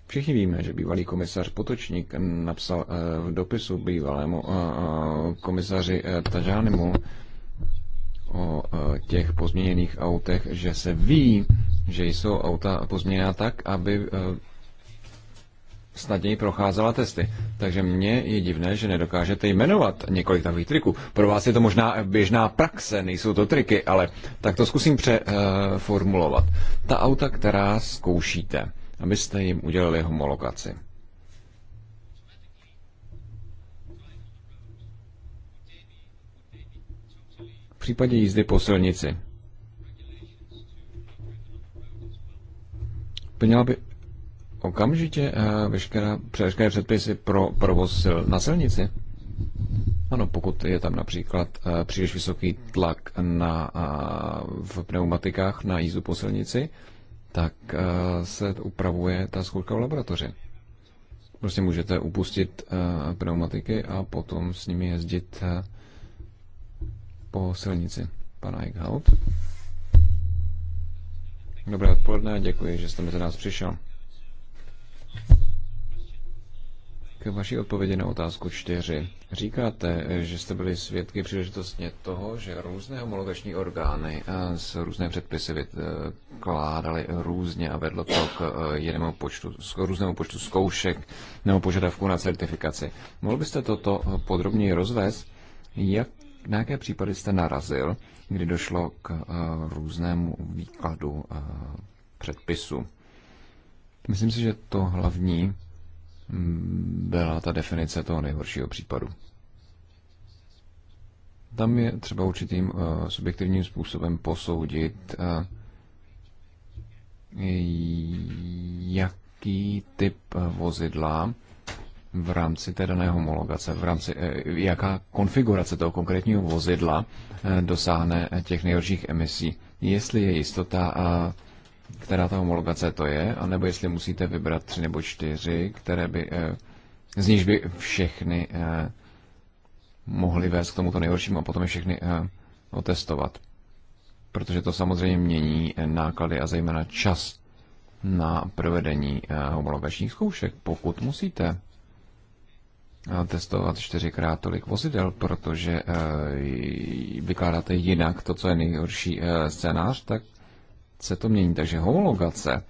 Všichni víme, že bývalý komisař Potočník napsal eh, v dopisu bývalému eh, eh, komisaři Tajánemu o těch pozměněných autech, že se ví, že jsou auta pozměněná tak, aby snadněji procházela testy. Takže mně je divné, že nedokážete jmenovat několik takových triků. Pro vás je to možná běžná praxe, nejsou to triky, ale tak to zkusím přeformulovat. Ta auta, která zkoušíte, abyste jim udělali homologaci. V případě jízdy po silnici Měla by okamžitě eh, veškeré veškeré předpisy pro provoz sil na silnici? Ano, pokud je tam například eh, příliš vysoký tlak na, eh, v pneumatikách na jízdu po silnici, tak eh, se upravuje ta zkouška v laboratoři. Prostě můžete upustit eh, pneumatiky a potom s nimi jezdit eh, po silnici. Pan Eichhout. Dobré odpoledne, děkuji, že jste mezi nás přišel. vaší odpovědi na otázku 4. Říkáte, že jste byli svědky příležitostně toho, že různé homologační orgány eh, s různé předpisy vykládaly různě a vedlo to k eh, jednému počtu, k různému počtu zkoušek nebo požadavků na certifikaci. Mohl byste toto podrobněji rozvést? Jak, na jaké případy jste narazil, kdy došlo k eh, různému výkladu předpisu? Myslím si, že to hlavní byla ta definice toho nejhoršího případu. Tam je třeba určitým eh, subjektivním způsobem posoudit, eh, jaký typ vozidla v rámci té dané homologace, v rámci, eh, jaká konfigurace toho konkrétního vozidla dosáhne těch nejhorších emisí. Jestli je jistota která ta homologace to je, anebo jestli musíte vybrat tři nebo čtyři, které by, eh, z níž by všechny eh, mohly vést k tomuto nejhoršímu a potom je všechny eh, otestovat. Protože to samozřejmě mění náklady a zejména čas na provedení homologačních zkoušek, pokud musíte testovat čtyřikrát tolik vozidel, protože vykládáte jinak to, co je nejhorší scénář, tak se to mění. Takže homologace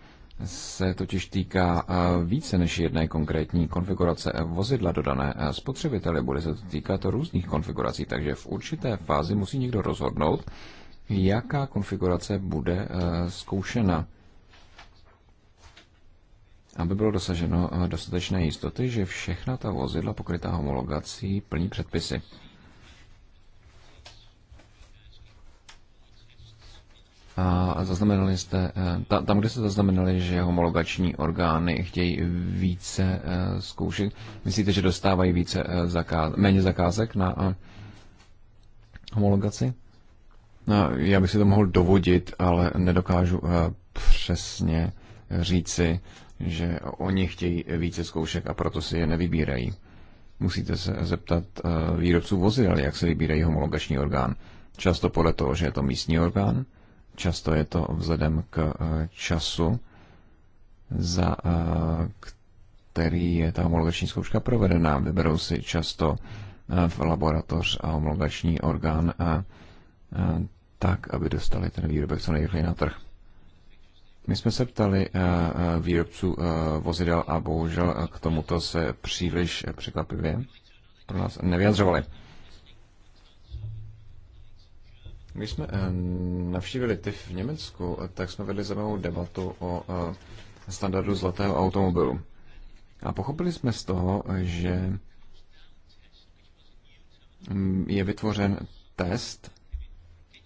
se totiž týká eh, více než jedné konkrétní konfigurace vozidla dodané eh, spotřebiteli. Bude se to týkat různých konfigurací, takže v určité fázi musí někdo rozhodnout, jaká konfigurace bude eh, zkoušena aby bylo dosaženo dostatečné jistoty, že všechna ta vozidla pokrytá homologací plní předpisy. A zaznamenali jste, eh, tam, kde jste zaznamenali, že homologační orgány chtějí více eh, zkoušet, myslíte, že dostávají více eh, zakáz, méně zakázek na homologaci? No, já bych si to mohl dovodit, ale nedokážu přesně říci, že oni chtějí více zkoušek a proto si je nevybírají. Musíte se zeptat výrobců vozidel, jak se vybírají homologační orgán. Často podle toho, že je to místní orgán, Často je to vzhledem k eh, času, za eh, který je ta homologační zkouška provedená. Vyberou si často eh, v laboratoř a homologační orgán a tak, aby dostali ten výrobek co nejrychleji na trh. My jsme se ptali výrobců vozidel a bohužel k tomuto se příliš překvapivě pro nás nevyjadřovali. Když jsme eh, navštívili TIF v Německu, eh, tak jsme vedli zajímavou debatu o eh, standardu zlatého automobilu. A pochopili jsme z toho, že mm, je vytvořen test,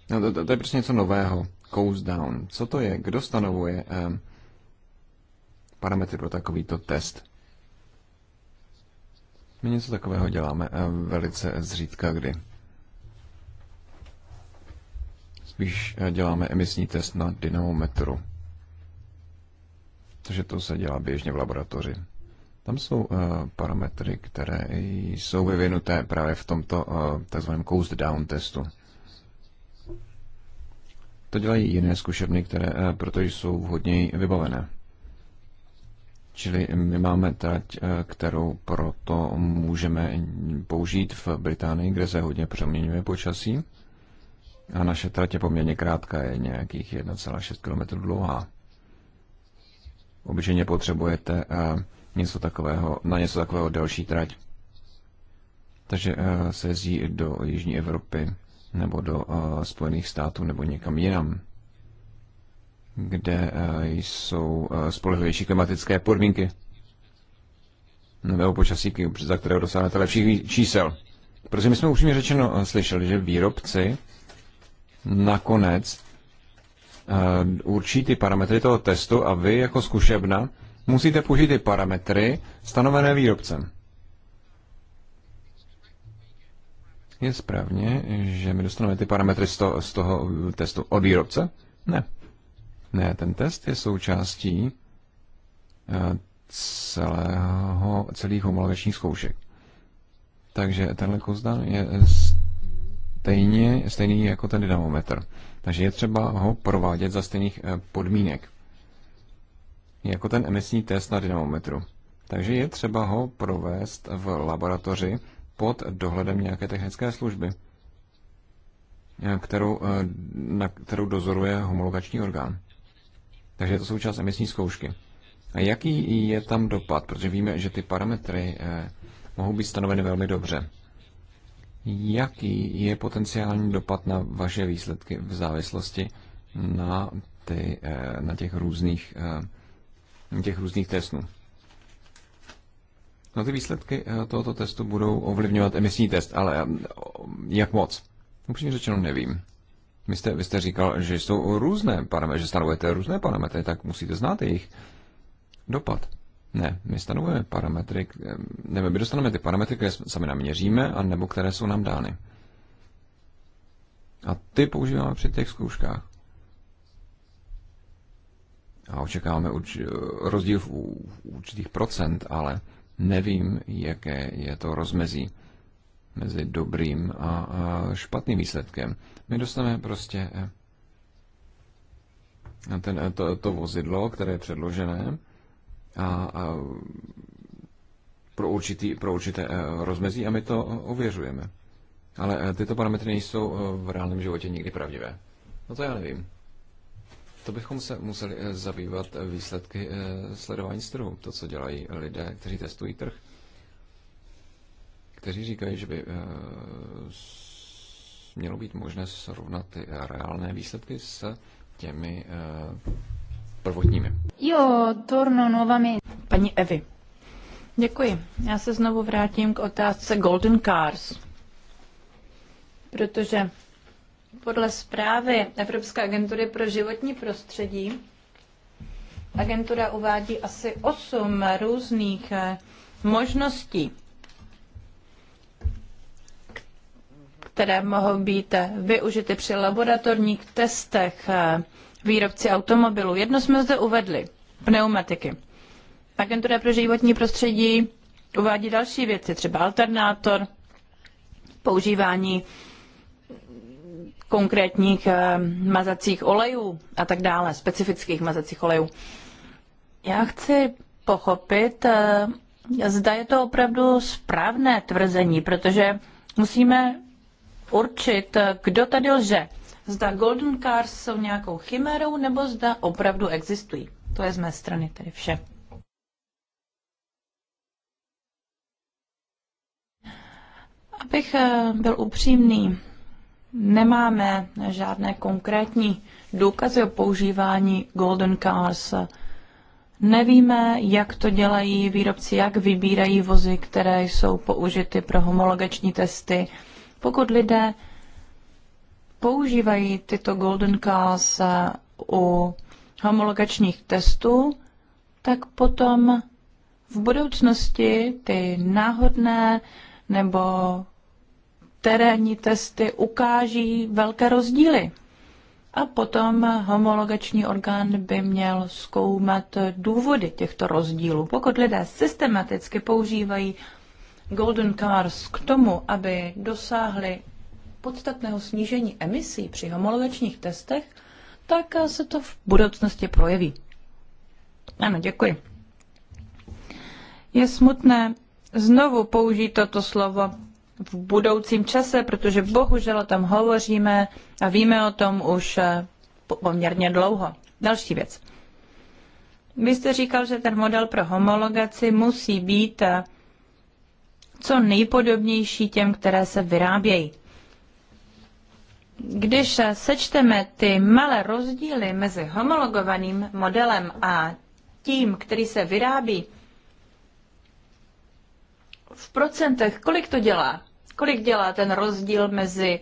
no, to, to, to je prostě něco nového, Coast down. Co to je? Kdo stanovuje eh, parametry pro takovýto test? My něco takového děláme eh, velice zřídka kdy spíš eh, děláme emisní test na dynamometru. Takže to se dělá běžně v laboratoři. Tam jsou eh, parametry, které jsou vyvinuté právě v tomto eh, takzvaném coast down testu. To dělají jiné zkušebny, které protože jsou vhodněji vybavené. Čili my máme trať, kterou proto můžeme použít v Británii, kde se hodně přeměňuje počasí. A naše tratě poměrně krátká, je nějakých 1,6 km dlouhá. Obyčejně potřebujete eh, něco takového, na něco takového delší trať. Takže eh, se jezdí do Jižní Evropy nebo do eh, Spojených států nebo někam jinam, kde jsou spolehlivější klimatické podmínky nebo počasí, za kterého dosáhnete lepších čísel. Protože my jsme upřímně řečeno slyšeli, že výrobci nakonec eh, určí ty parametry toho testu a vy jako zkušebna musíte použít ty parametry stanovené výrobcem. Je správně, že my dostaneme ty parametry z toho, z toho testu od výrobce? Ne. Ne, ten test je součástí eh, celého, celých homologačních zkoušek. Takže tenhle kouzdan je stejně, stejný jako ten dynamometr. Takže je třeba ho provádět za stejných eh, podmínek. Jako ten emisní test na dynamometru. Takže je třeba ho provést v laboratoři pod dohledem nějaké technické služby, eh, kterou, eh, na kterou dozoruje homologační orgán. Takže je to součást emisní zkoušky. A jaký je tam dopad? Protože víme, že ty parametry mohou být stanoveny velmi dobře. Jaký je potenciální dopad na vaše výsledky v závislosti na, ty, eh, na těch, různých, eh, těch různých testů? No ty výsledky eh, tohoto testu budou ovlivňovat emisní test, ale jak moc? Upřímně řečeno nevím. Vy jste, vy jste říkal, že jsou různé parametry, že stanovujete různé parametry, tak musíte znát jejich dopad. Ne, my stanovujeme parametry, nebo my dostaneme ty parametry, které sami naměříme, a nebo které jsou nám dány. A ty používáme při těch zkouškách. A očekáváme urč- rozdíl v určitých procent, ale nevím, jaké je to rozmezí mezi dobrým a špatným výsledkem. My dostaneme prostě eh, ten, to, to vozidlo, které je předložené, a, a pro, určitý, pro určité e, rozmezí a my to ověřujeme. Ale e, tyto parametry nejsou e, v reálném životě nikdy pravdivé. No to já nevím. To bychom se museli zabývat výsledky sledování z trhu, to, co dělají lidé, kteří testují trh, kteří říkají, že by mělo být možné srovnat ty reálné výsledky s těmi prvotními. Jo, torno novami. Paní Evi. Děkuji. Já se znovu vrátím k otázce Golden Cars. Protože podle zprávy Evropské agentury pro životní prostředí agentura uvádí asi osm různých eh, možností, které mohou být eh, využity při laboratorních testech eh, výrobci automobilů. Jedno jsme zde uvedli, pneumatiky. Agentura pro životní prostředí uvádí další věci, třeba alternátor, používání konkrétních eh, mazacích olejů a tak dále, specifických mazacích olejů. Já chci pochopit, eh, zda je to opravdu správné tvrzení, protože musíme určit, eh, kdo tady lže zda Golden Cars jsou nějakou chimerou nebo zda opravdu existují. To je z mé strany tedy vše. Abych eh, byl upřímný, nemáme žádné konkrétní důkazy o používání Golden Cars. Nevíme, jak to dělají výrobci, jak vybírají vozy, které jsou použity pro homologační testy. Pokud lidé používají tyto golden cars eh, u homologačních testů, tak potom v budoucnosti ty náhodné nebo terénní testy ukáží velké rozdíly. A potom homologační orgán by měl zkoumat důvody těchto rozdílů. Pokud lidé systematicky používají Golden Cars k tomu, aby dosáhli podstatného snížení emisí při homologačních testech, tak se to v budoucnosti projeví. Ano, děkuji. Je smutné znovu použít toto slovo v budoucím čase, protože bohužel o tom hovoříme a víme o tom už eh, poměrně dlouho. Další věc. Vy jste říkal, že ten model pro homologaci musí být eh, co nejpodobnější těm, které se vyrábějí. Když sečteme ty malé rozdíly mezi homologovaným modelem a tím, který se vyrábí, v procentech, kolik to dělá? Kolik dělá ten rozdíl mezi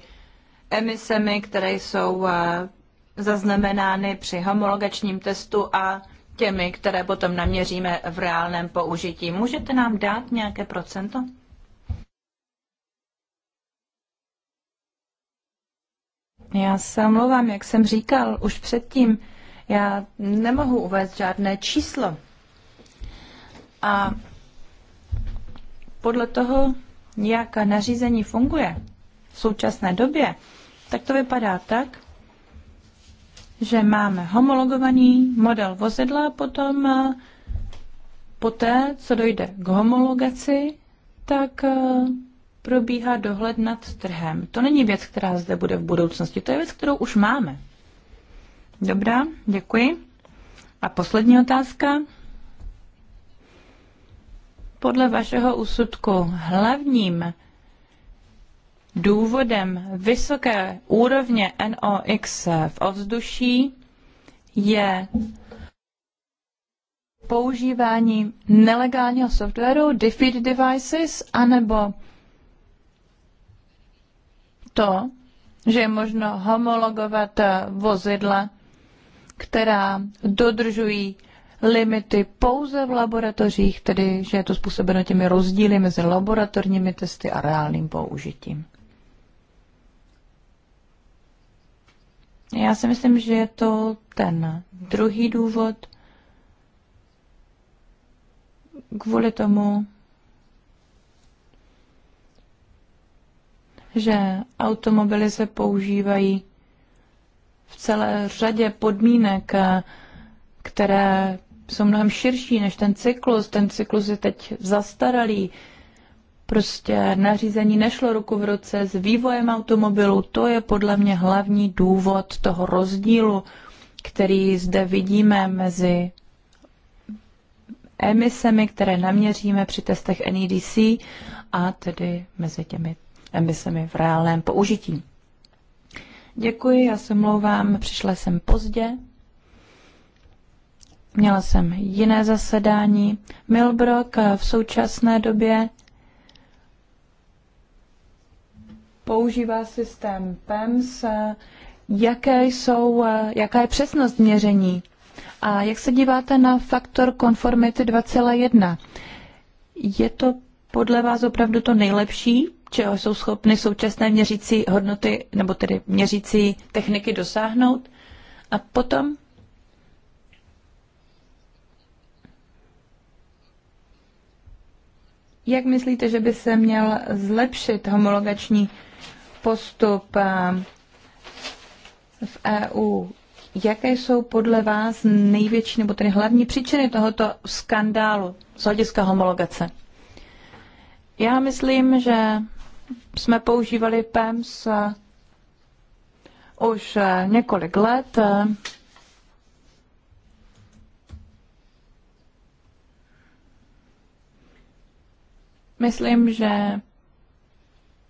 emisemi, které jsou eh, zaznamenány při homologačním testu a těmi, které potom naměříme v reálném použití. Můžete nám dát nějaké procento? Já se omlouvám, jak jsem říkal už předtím, já nemohu uvést žádné číslo. A podle toho, jak nařízení funguje v současné době, tak to vypadá tak, že máme homologovaný model vozidla, potom eh, poté, co dojde k homologaci, tak eh, probíhá dohled nad trhem. To není věc, která zde bude v budoucnosti, to je věc, kterou už máme. Dobrá, děkuji. A poslední otázka. Podle vašeho úsudku hlavním důvodem vysoké úrovně NOx v ovzduší je používání nelegálního softwaru, defeat devices, anebo to, že je možno homologovat vozidla, která dodržují limity pouze v laboratořích, tedy že je to způsobeno těmi rozdíly mezi laboratorními testy a reálným použitím. Já si myslím, že je to ten druhý důvod, kvůli tomu že automobily se používají v celé řadě podmínek, které jsou mnohem širší než ten cyklus. Ten cyklus je teď zastaralý. Prostě nařízení nešlo ruku v ruce s vývojem automobilu. To je podle mě hlavní důvod toho rozdílu, který zde vidíme mezi emisemi, které naměříme při testech NEDC a tedy mezi těmi emisemi v reálném použití. Děkuji, já se mlouvám, přišla jsem pozdě. Měla jsem jiné zasedání. Milbrok v současné době používá systém PEMS. Jaké jsou, jaká je přesnost měření? A jak se díváte na faktor konformity 2,1? Je to podle vás opravdu to nejlepší čeho jsou schopny současné měřící hodnoty, nebo tedy měřící techniky dosáhnout. A potom Jak myslíte, že by se měl zlepšit homologační postup eh, v EU? Jaké jsou podle vás největší nebo tedy hlavní příčiny tohoto skandálu z hlediska homologace? Já myslím, že jsme používali PEMS eh, už eh, několik let. Eh, myslím, že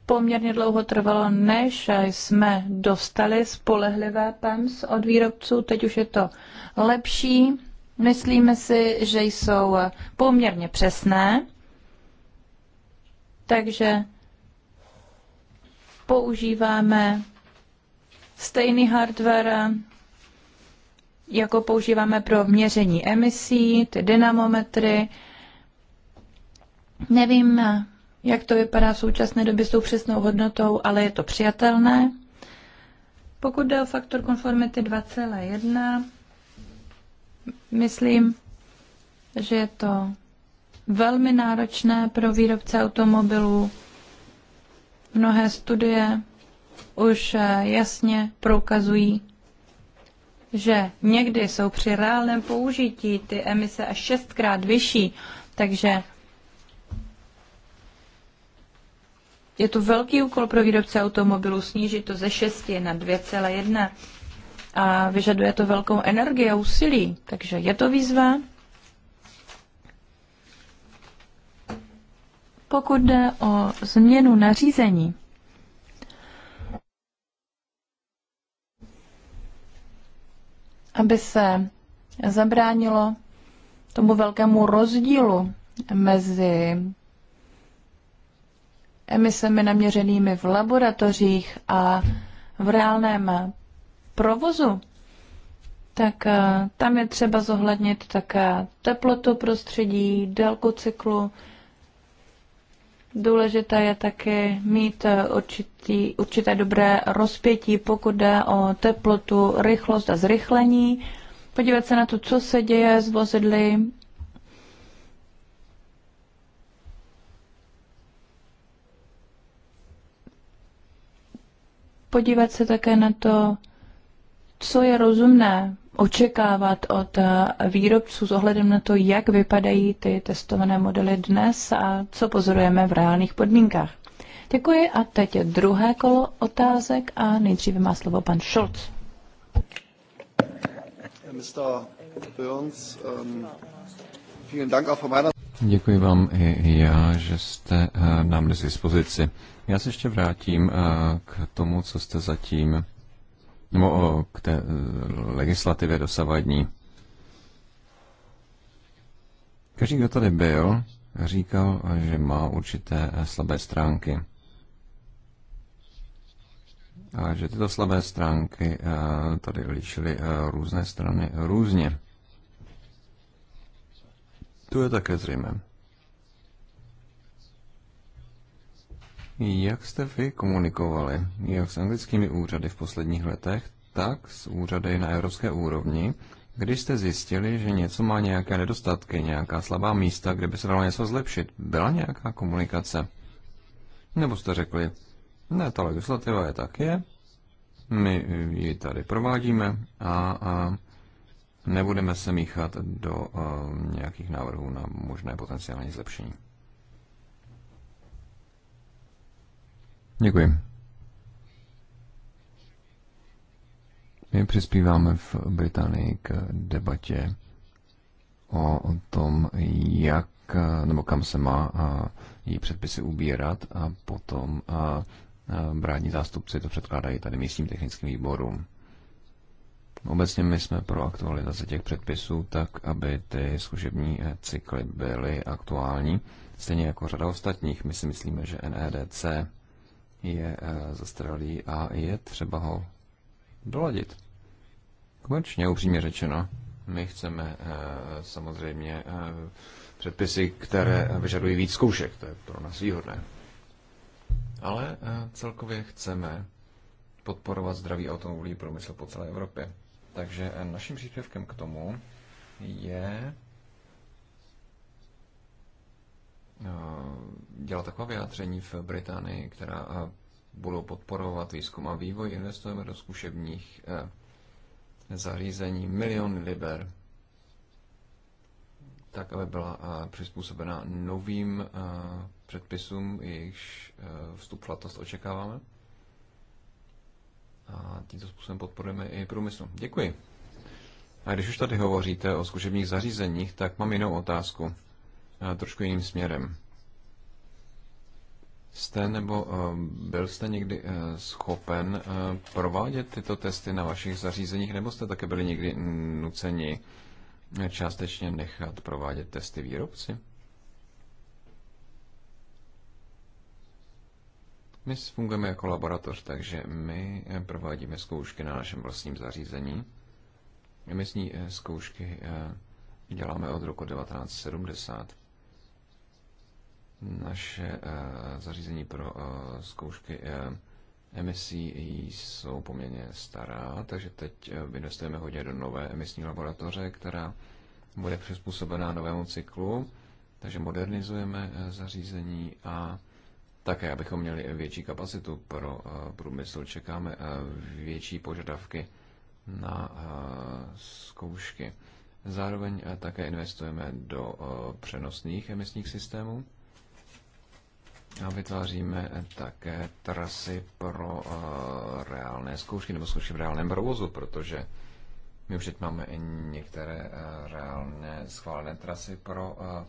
poměrně dlouho trvalo, než jsme dostali spolehlivé PEMS od výrobců. Teď už je to lepší. Myslíme si, že jsou poměrně přesné, takže používáme stejný hardware, jako používáme pro měření emisí, ty dynamometry. Nevím, jak to vypadá v současné době s tou přesnou hodnotou, ale je to přijatelné. Pokud jde o faktor konformity 2,1, myslím, že je to velmi náročné pro výrobce automobilů. Mnohé studie už eh, jasně proukazují, že někdy jsou při reálném použití ty emise až šestkrát vyšší, takže je to velký úkol pro výrobce automobilů snížit to ze 6 na 2,1 a vyžaduje to velkou energii a úsilí, takže je to výzva, Pokud jde o změnu nařízení, aby se zabránilo tomu velkému rozdílu mezi emisemi naměřenými v laboratořích a v reálném provozu, tak eh, tam je třeba zohlednit také teplotu prostředí, délku cyklu Důležité je taky mít eh, určitý, určité dobré rozpětí, pokud jde o teplotu, rychlost a zrychlení. Podívat se na to, co se děje s vozidly. Podívat se také na to, co je rozumné očekávat od eh, výrobců s ohledem na to, jak vypadají ty testované modely dnes a co pozorujeme v reálných podmínkách. Děkuji a teď je druhé kolo otázek a nejdříve má slovo pan Schulz. Ähm, Děkuji vám i já, že jste eh, nám dnes dispozici. Já se ještě vrátím eh, k tomu, co jste zatím o k té e, legislativě dosavadní. Každý, kdo tady byl, říkal, že má určité e, slabé stránky. A že tyto slabé stránky e, tady líšily různé strany různě. To je také zřejmé. Jak jste vy komunikovali, jak s anglickými úřady v posledních letech, tak s úřady na evropské úrovni, když jste zjistili, že něco má nějaké nedostatky, nějaká slabá místa, kde by se dalo něco zlepšit, byla nějaká komunikace? Nebo jste řekli, ne, ta legislativa je tak je, my ji tady provádíme a, a nebudeme se míchat do a, eh, nějakých návrhů na možné potenciální zlepšení. Děkuji. My přispíváme v Británii k debatě o tom, jak nebo kam se má její předpisy ubírat a potom brání zástupci to předkládají tady místním technickým výborům. Obecně my jsme pro aktualizaci těch předpisů tak, aby ty služební eh, cykly byly aktuální, stejně jako řada ostatních. My si myslíme, že NEDC je eh, zastaralý a je třeba ho doladit. Komerčně, upřímně řečeno, my chceme eh, samozřejmě eh, předpisy, které vyžadují víc zkoušek, to je pro nás výhodné. Ale celkově chceme podporovat zdravý automobilový průmysl po celé Evropě. Takže naším příspěvkem k tomu je Eh, dělat taková vyjádření v Británii, která eh, budou podporovat výzkum a vývoj. Investujeme do zkušebních eh, zařízení milion liber, tak aby byla přizpůsobena novým předpisům, jejichž vstup platnost očekáváme. A tímto způsobem podporujeme i průmysl. Děkuji. A když už tady hovoříte o zkušebních zařízeních, tak mám jinou otázku trošku jiným směrem. Jste nebo eh, byl jste někdy eh, schopen eh, provádět tyto testy na vašich zařízeních, nebo jste také byli někdy nuceni částečně nechat provádět testy výrobci? My fungujeme jako laboratoř, takže my provádíme zkoušky na našem vlastním zařízení. My ní zkoušky děláme od roku 1970. Naše eh, zařízení pro eh, zkoušky eh, emisí jsou poměrně stará, takže teď investujeme hodně do nové emisní laboratoře, která bude přizpůsobená novému cyklu, takže modernizujeme zařízení a také, abychom měli větší kapacitu pro průmysl, čekáme větší požadavky na zkoušky. Zároveň také investujeme do přenosných emisních systémů. A vytváříme také trasy pro eh, reálné zkoušky nebo zkoušky v reálném provozu, protože my už teď máme některé eh, reálné schválené trasy pro eh,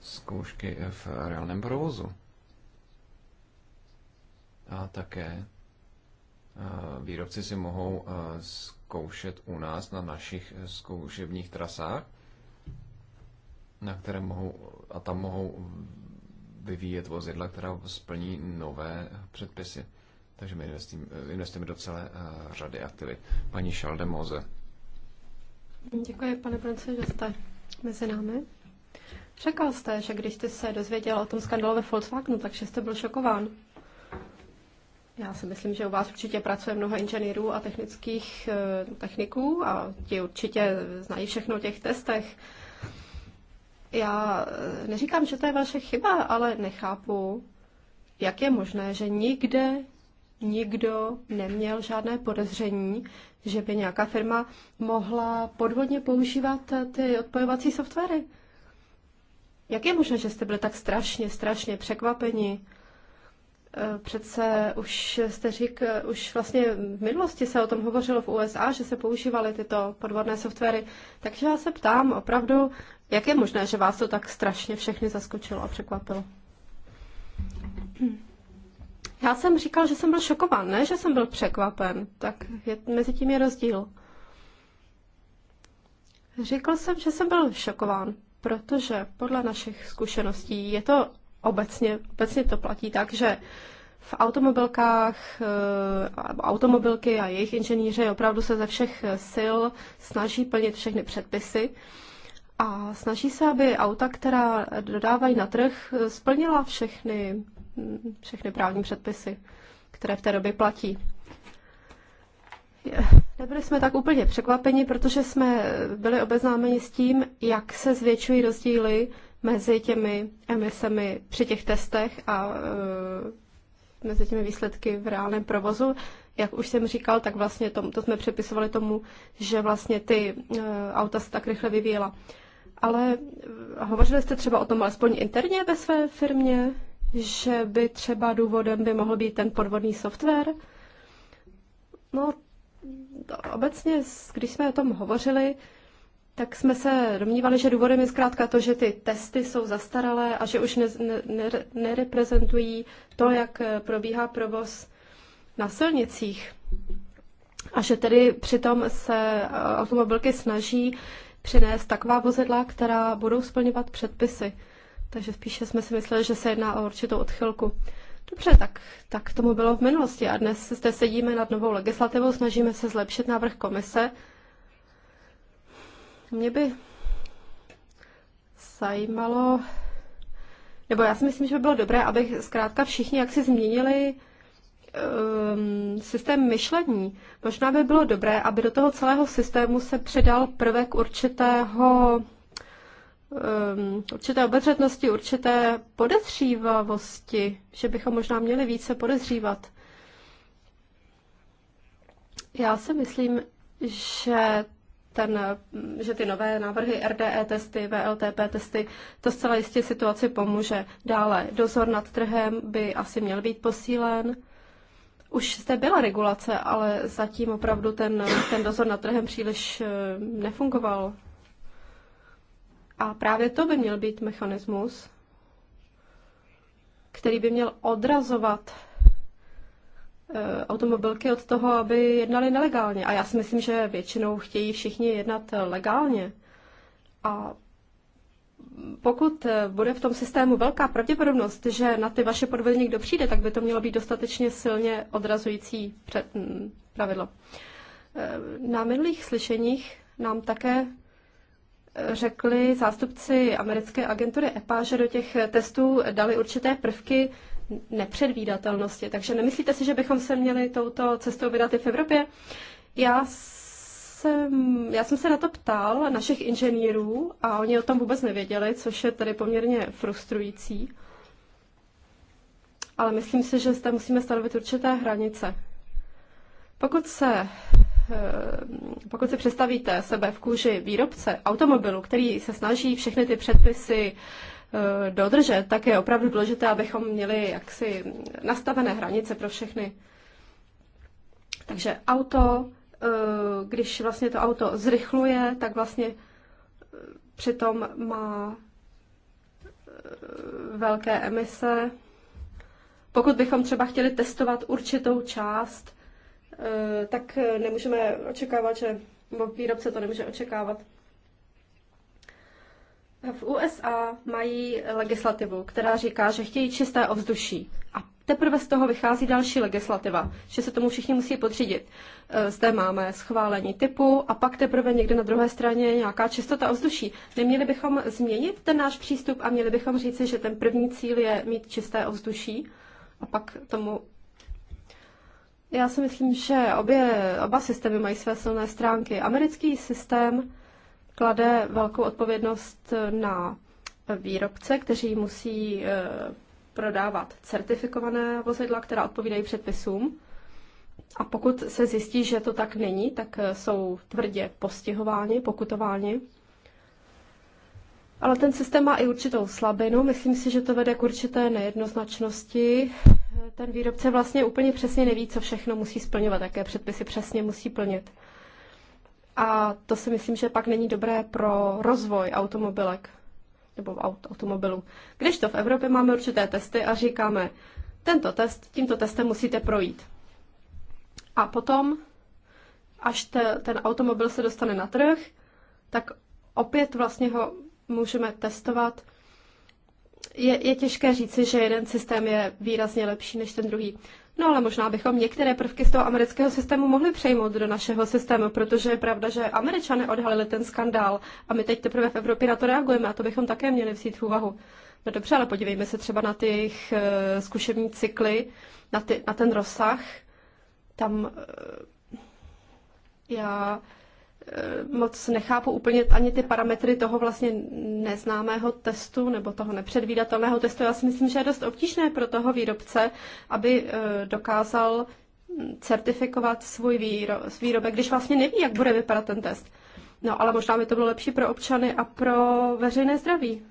zkoušky v reálném provozu. A také výrobci si mohou zkoušet u nás na našich zkoušebních trasách na které mohou, a tam mohou vyvíjet vozidla, která splní nové předpisy. Takže my investujeme, investujeme do celé eh, řady aktivit. Paní Šaldemoze. Děkuji, pane Prince, že jste mezi námi. Řekl jste, že když jste se dozvěděl o tom skandalu ve Volkswagenu, takže jste byl šokován. Já si myslím, že u vás určitě pracuje mnoho inženýrů a technických eh, techniků a ti určitě znají všechno o těch testech. Já eh, neříkám, že to je vaše chyba, ale nechápu, jak je možné, že nikde nikdo neměl žádné podezření, že by nějaká firma mohla podvodně používat eh, ty odpojovací softwary. Jak je možné, že jste byli tak strašně, strašně překvapeni? Eh, přece už jste řík, už vlastně v minulosti se o tom hovořilo v USA, že se používaly tyto podvodné softwary. Takže já se ptám opravdu, jak je možné, že vás to tak strašně všechny zaskočilo a překvapilo? Já jsem říkal, že jsem byl šokovan, ne, že jsem byl překvapen. Tak je, mezi tím je rozdíl. Říkal jsem, že jsem byl šokován, protože podle našich zkušeností je to obecně, obecně to platí tak, že v automobilkách, eh, automobilky a jejich inženýři opravdu se ze všech sil snaží plnit všechny předpisy, a snaží se, aby auta, která dodávají na trh, splnila všechny, všechny právní předpisy, které v té době platí. Nebyli jsme tak úplně překvapeni, protože jsme byli obeznámeni s tím, jak se zvětšují rozdíly mezi těmi emisemi při těch testech a e, mezi těmi výsledky v reálném provozu. Jak už jsem říkal, tak vlastně to, to jsme přepisovali tomu, že vlastně ty e, auta se tak rychle vyvíjela. E, ale eh, hovořili jste třeba o tom alespoň interně ve své firmě, že by třeba důvodem by mohl být ten podvodný software? No, obecně, když jsme o tom hovořili, tak jsme se domnívali, že důvodem je zkrátka to, že ty testy jsou zastaralé a že už ne, ne, nereprezentují to, jak eh, probíhá provoz na silnicích. A že tedy přitom se eh, automobilky snaží přinést taková vozidla, která budou splňovat předpisy. Takže spíše jsme si mysleli, že se jedná o určitou odchylku. Dobře, tak, tak tomu bylo v minulosti a dnes zde sedíme nad novou legislativou, snažíme se zlepšit návrh komise. Mě by zajímalo, nebo já si myslím, že by bylo dobré, aby zkrátka všichni jak si změnili um, systém myšlení. Možná by bylo dobré, aby do toho celého systému se přidal prvek určitého um, určité obezřetnosti, určité podezřívavosti, že bychom možná měli více podezřívat. Já si myslím, že, ten, že ty nové návrhy RDE testy, VLTP testy, to zcela jistě situaci pomůže. Dále dozor nad trhem by asi měl být posílen. Už zde byla regulace, ale zatím opravdu ten, ten dozor nad trhem příliš eh, nefungoval. A právě to by měl být mechanismus, který by měl odrazovat eh, automobilky od toho, aby jednali nelegálně. A já si myslím, že většinou chtějí všichni jednat eh, legálně. A pokud eh, bude v tom systému velká pravděpodobnost, že na ty vaše podvody někdo přijde, tak by to mělo být dostatečně silně odrazující před, mm, pravidlo. Eh, na minulých slyšeních nám také eh, řekli zástupci americké agentury EPA, že do těch testů dali určité prvky nepředvídatelnosti. Takže nemyslíte si, že bychom se měli touto cestou vydat i v Evropě? Já jsem, já jsem se na to ptal našich inženýrů a oni o tom vůbec nevěděli, což je tedy poměrně frustrující. Ale myslím si, že zde musíme stanovit určité hranice. Pokud se, eh, pokud se představíte sebe v kůži výrobce automobilu, který se snaží všechny ty předpisy eh, dodržet, tak je opravdu důležité, abychom měli jaksi nastavené hranice pro všechny. Takže auto, Eh, když vlastně to auto zrychluje, tak vlastně eh, přitom má eh, velké emise. Pokud bychom třeba chtěli testovat určitou část, tak nemůžeme očekávat, že výrobce to nemůže očekávat. V USA mají legislativu, která říká, že chtějí čisté ovzduší a teprve z toho vychází další legislativa, že se tomu všichni musí podřídit. E, zde máme schválení typu a pak teprve někde na druhé straně nějaká čistota ovzduší. Neměli bychom změnit ten náš přístup a měli bychom říci, že ten první cíl je mít čisté ovzduší a pak tomu já si myslím, že obě, oba systémy mají své silné stránky. Americký systém klade velkou odpovědnost na výrobce, kteří musí e, prodávat certifikované vozidla, která odpovídají předpisům. A pokud se zjistí, že to tak není, tak eh, jsou tvrdě postihováni, pokutováni. Ale ten systém má i určitou slabinu. Myslím si, že to vede k určité nejednoznačnosti. Ten výrobce vlastně úplně přesně neví, co všechno musí splňovat, jaké předpisy přesně musí plnit. A to si myslím, že pak není dobré pro rozvoj automobilek nebo aut, automobilu. Když to v Evropě máme určité testy a říkáme, tento test, tímto testem musíte projít. A potom, až te, ten automobil se dostane na trh, tak opět vlastně ho můžeme testovat. Je, je těžké říci, že jeden systém je výrazně lepší než ten druhý. No ale možná bychom některé prvky z toho amerického systému mohli přejmout do našeho systému, protože je pravda, že američané odhalili ten skandál a my teď teprve v Evropě na to reagujeme a to bychom také měli vzít v úvahu. No dobře, ale podívejme se třeba na ty jejich eh, zkušební cykly, na, ty, na ten rozsah. Tam eh, já Eh, moc nechápu úplně ani ty parametry toho vlastně neznámého testu nebo toho nepředvídatelného testu. Já si myslím, že je dost obtížné pro toho výrobce, aby eh, dokázal hm, certifikovat svůj výrobek, když vlastně neví, jak bude vypadat ten test. No ale možná by to bylo lepší pro občany a pro veřejné zdraví.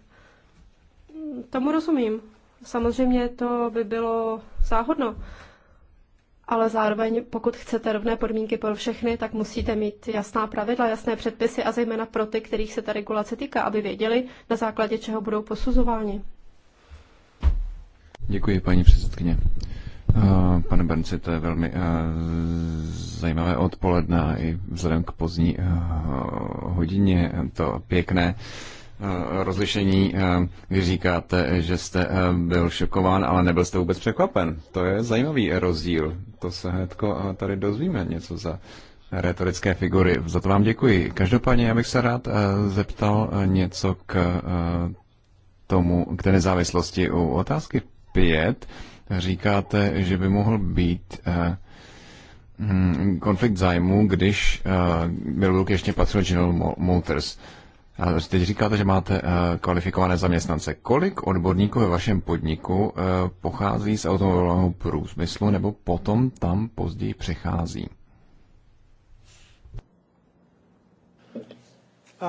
Hm, tomu rozumím. Samozřejmě to by bylo záhodno ale zároveň pokud chcete rovné podmínky pro všechny, tak musíte mít jasná pravidla, jasné předpisy a zejména pro ty, kterých se ta regulace týká, aby věděli, na základě čeho budou posuzováni. Děkuji, paní předsedkyně. Eh, pane Bernci, to je velmi eh, zajímavé odpoledne i vzhledem k pozdní eh, hodině, to pěkné Eh, rozlišení, eh, kdy říkáte, že jste eh, byl šokován, ale nebyl jste vůbec překvapen. To je zajímavý rozdíl. To se hnedko tady dozvíme něco za retorické figury. Za to vám děkuji. Každopádně já bych se rád zeptal něco k tomu, k té nezávislosti. U otázky 5 říkáte, že by mohl být hm, konflikt zájmu, když byl ještě patřil General Motors. Teď říkáte, že máte eh, kvalifikované zaměstnance. Kolik odborníků ve vašem podniku eh, pochází z automobilového průmyslu nebo potom tam později přechází?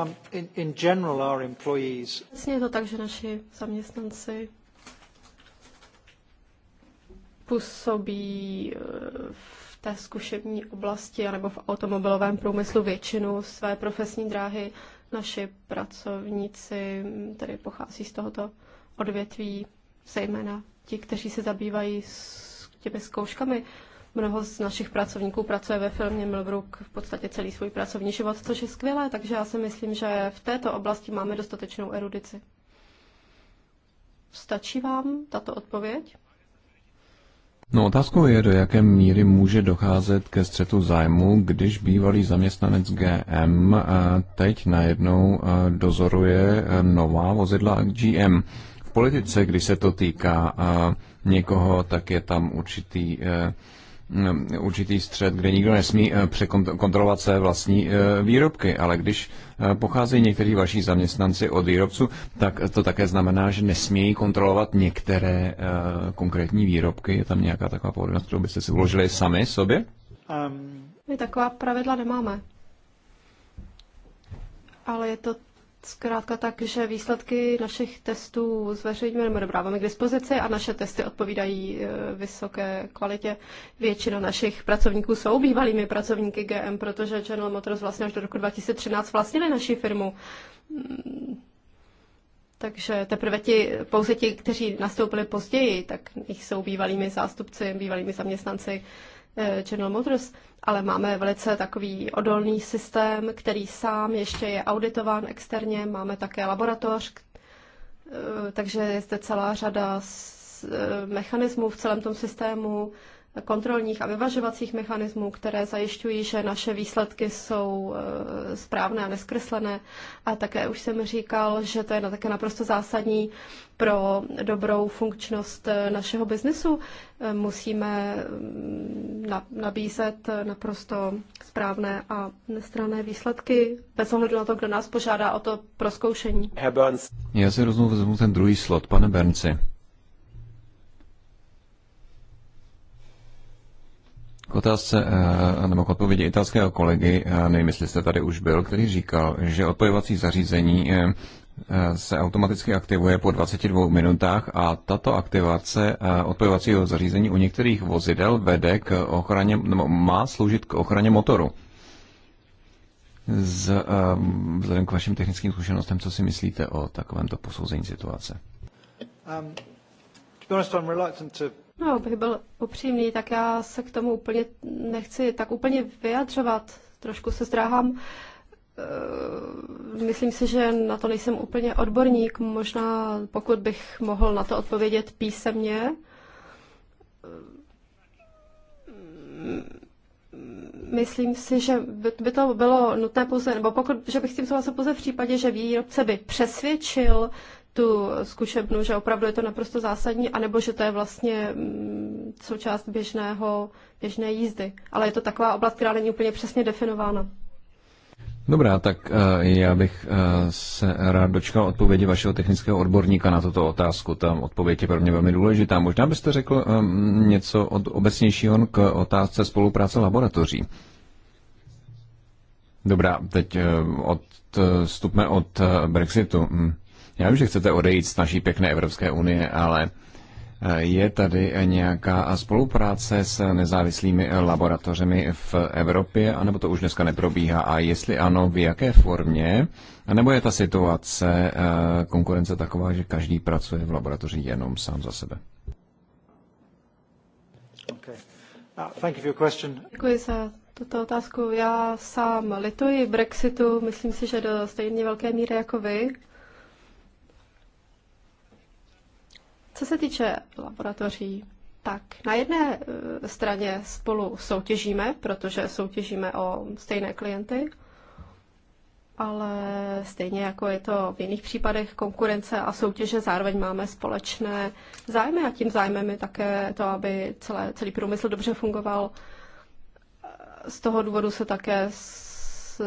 Um, vlastně je to tak, že naši zaměstnanci působí eh, v té zkušební oblasti nebo v automobilovém průmyslu většinu své profesní dráhy Naši pracovníci mm, tedy pochází z tohoto odvětví, zejména ti, kteří se zabývají s těmi zkouškami. Mnoho z našich pracovníků pracuje ve firmě Milbrook v podstatě celý svůj pracovní život, což je skvělé, takže já si myslím, že v této oblasti máme dostatečnou erudici. Stačí vám tato odpověď? No otázkou je, do jaké míry může docházet ke střetu zájmu, když bývalý zaměstnanec GM eh, teď najednou eh, dozoruje eh, nová vozidla GM. V politice, když se to týká někoho, tak je tam určitý Mm, určitý střed, kde nikdo nesmí eh, překontrolovat své vlastní eh, výrobky, ale když eh, pocházejí někteří vaši zaměstnanci od výrobců, tak to také znamená, že nesmějí kontrolovat některé konkrétní výrobky. Je tam nějaká taková povinnost, kterou byste si uložili sami sobě? Um, My taková pravidla nemáme. Ale je to zkrátka tak, že výsledky našich testů zveřejňujeme nebo dobráváme k dispozici a naše testy odpovídají e, vysoké kvalitě. Většina našich pracovníků jsou bývalými pracovníky GM, protože General Motors vlastně až do roku 2013 vlastnili naši firmu. Mm, takže teprve ti, pouze ti, kteří nastoupili později, tak jich jsou bývalými zástupci, bývalými zaměstnanci eh, General Motors, ale máme velice takový odolný systém, který sám ještě je auditován externě, máme také laboratoř, eh, takže je zde celá řada eh, mechanismů v celém tom systému, kontrolních a vyvažovacích mechanismů, které zajišťují, že naše výsledky jsou e, správné a neskreslené. A také už jsem říkal, že to je také naprosto zásadní pro dobrou funkčnost e, našeho biznesu. E, musíme mm, nabízet naprosto správné a nestranné výsledky, bez ohledu na to, kdo nás požádá o to proskoušení. Já si rozumím, ten druhý slot. Pane Bernci, K otázce, eh, nebo k odpovědi italského kolegy, eh, nevím, jestli jste tady už byl, který říkal, že odpojovací zařízení eh, se automaticky aktivuje po 22 minutách a tato aktivace odpojovacího zařízení u některých vozidel vede k ochraně, nebo má sloužit k ochraně motoru. Z, vzhledem k vašim technickým zkušenostem, co si myslíte o takovémto posouzení situace? Um, to be honest, I'm reluctant to No, abych byl upřímný, tak já se k tomu úplně nechci tak úplně vyjadřovat. Trošku se zdráhám. Eh, myslím si, že na to nejsem úplně odborník. Možná pokud bych mohl na to odpovědět písemně. Eh, myslím si, že by to bylo nutné pouze, nebo pokud, že bych s tím souhlasil pouze v případě, že výrobce by přesvědčil tu zkušebnu, že opravdu je to naprosto zásadní, anebo že to je vlastně mm, součást běžného, běžné jízdy. Ale je to taková oblast, která není úplně přesně definována. Dobrá, tak eh, já bych eh, se rád dočkal odpovědi vašeho technického odborníka na tuto otázku. Ta odpověď je pro mě velmi důležitá. Možná byste řekl eh, něco od obecnějšího k otázce spolupráce laboratoří. Dobrá, teď odstupme od Brexitu. Hm. Já vím, že chcete odejít z naší pěkné Evropské unie, ale eh, je tady nějaká spolupráce s nezávislými laboratořemi v Evropě, anebo to už dneska neprobíhá? A jestli ano, v jaké formě? A nebo je ta situace eh, konkurence taková, že každý pracuje v laboratoři jenom sám za sebe? Uh, Děkuji za tuto otázku. Já sám lituji Brexitu, myslím si, že do stejně velké míry jako vy. Co se týče laboratoří, tak na jedné e, straně spolu soutěžíme, protože soutěžíme o stejné klienty, ale stejně jako je to v jiných případech konkurence a soutěže, zároveň máme společné zájmy a tím zájmem je také to, aby celé, celý průmysl dobře fungoval. Z toho důvodu se také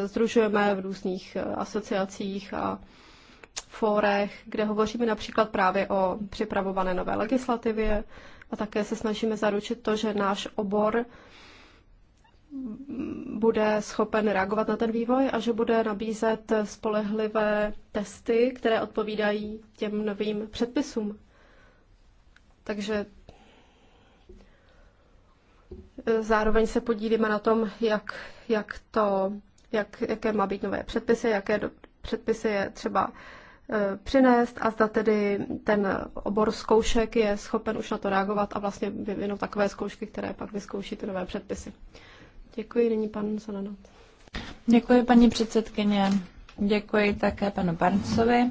združujeme v různých e, asociacích a fórech, kde hovoříme například právě o připravované nové legislativě a také se snažíme zaručit to, že náš obor bude schopen reagovat na ten vývoj a že bude nabízet spolehlivé testy, které odpovídají těm novým předpisům. Takže e, zároveň se podílíme na tom, jak, jak to, jak, jaké má být nové předpisy, jaké do, předpisy je třeba Eh, přinést a zda tedy ten obor zkoušek je schopen už na to reagovat a vlastně vyvinout takové zkoušky, které pak vyzkouší ty nové předpisy. Děkuji, nyní pan Zananot. Děkuji, paní předsedkyně. Děkuji také panu Barncovi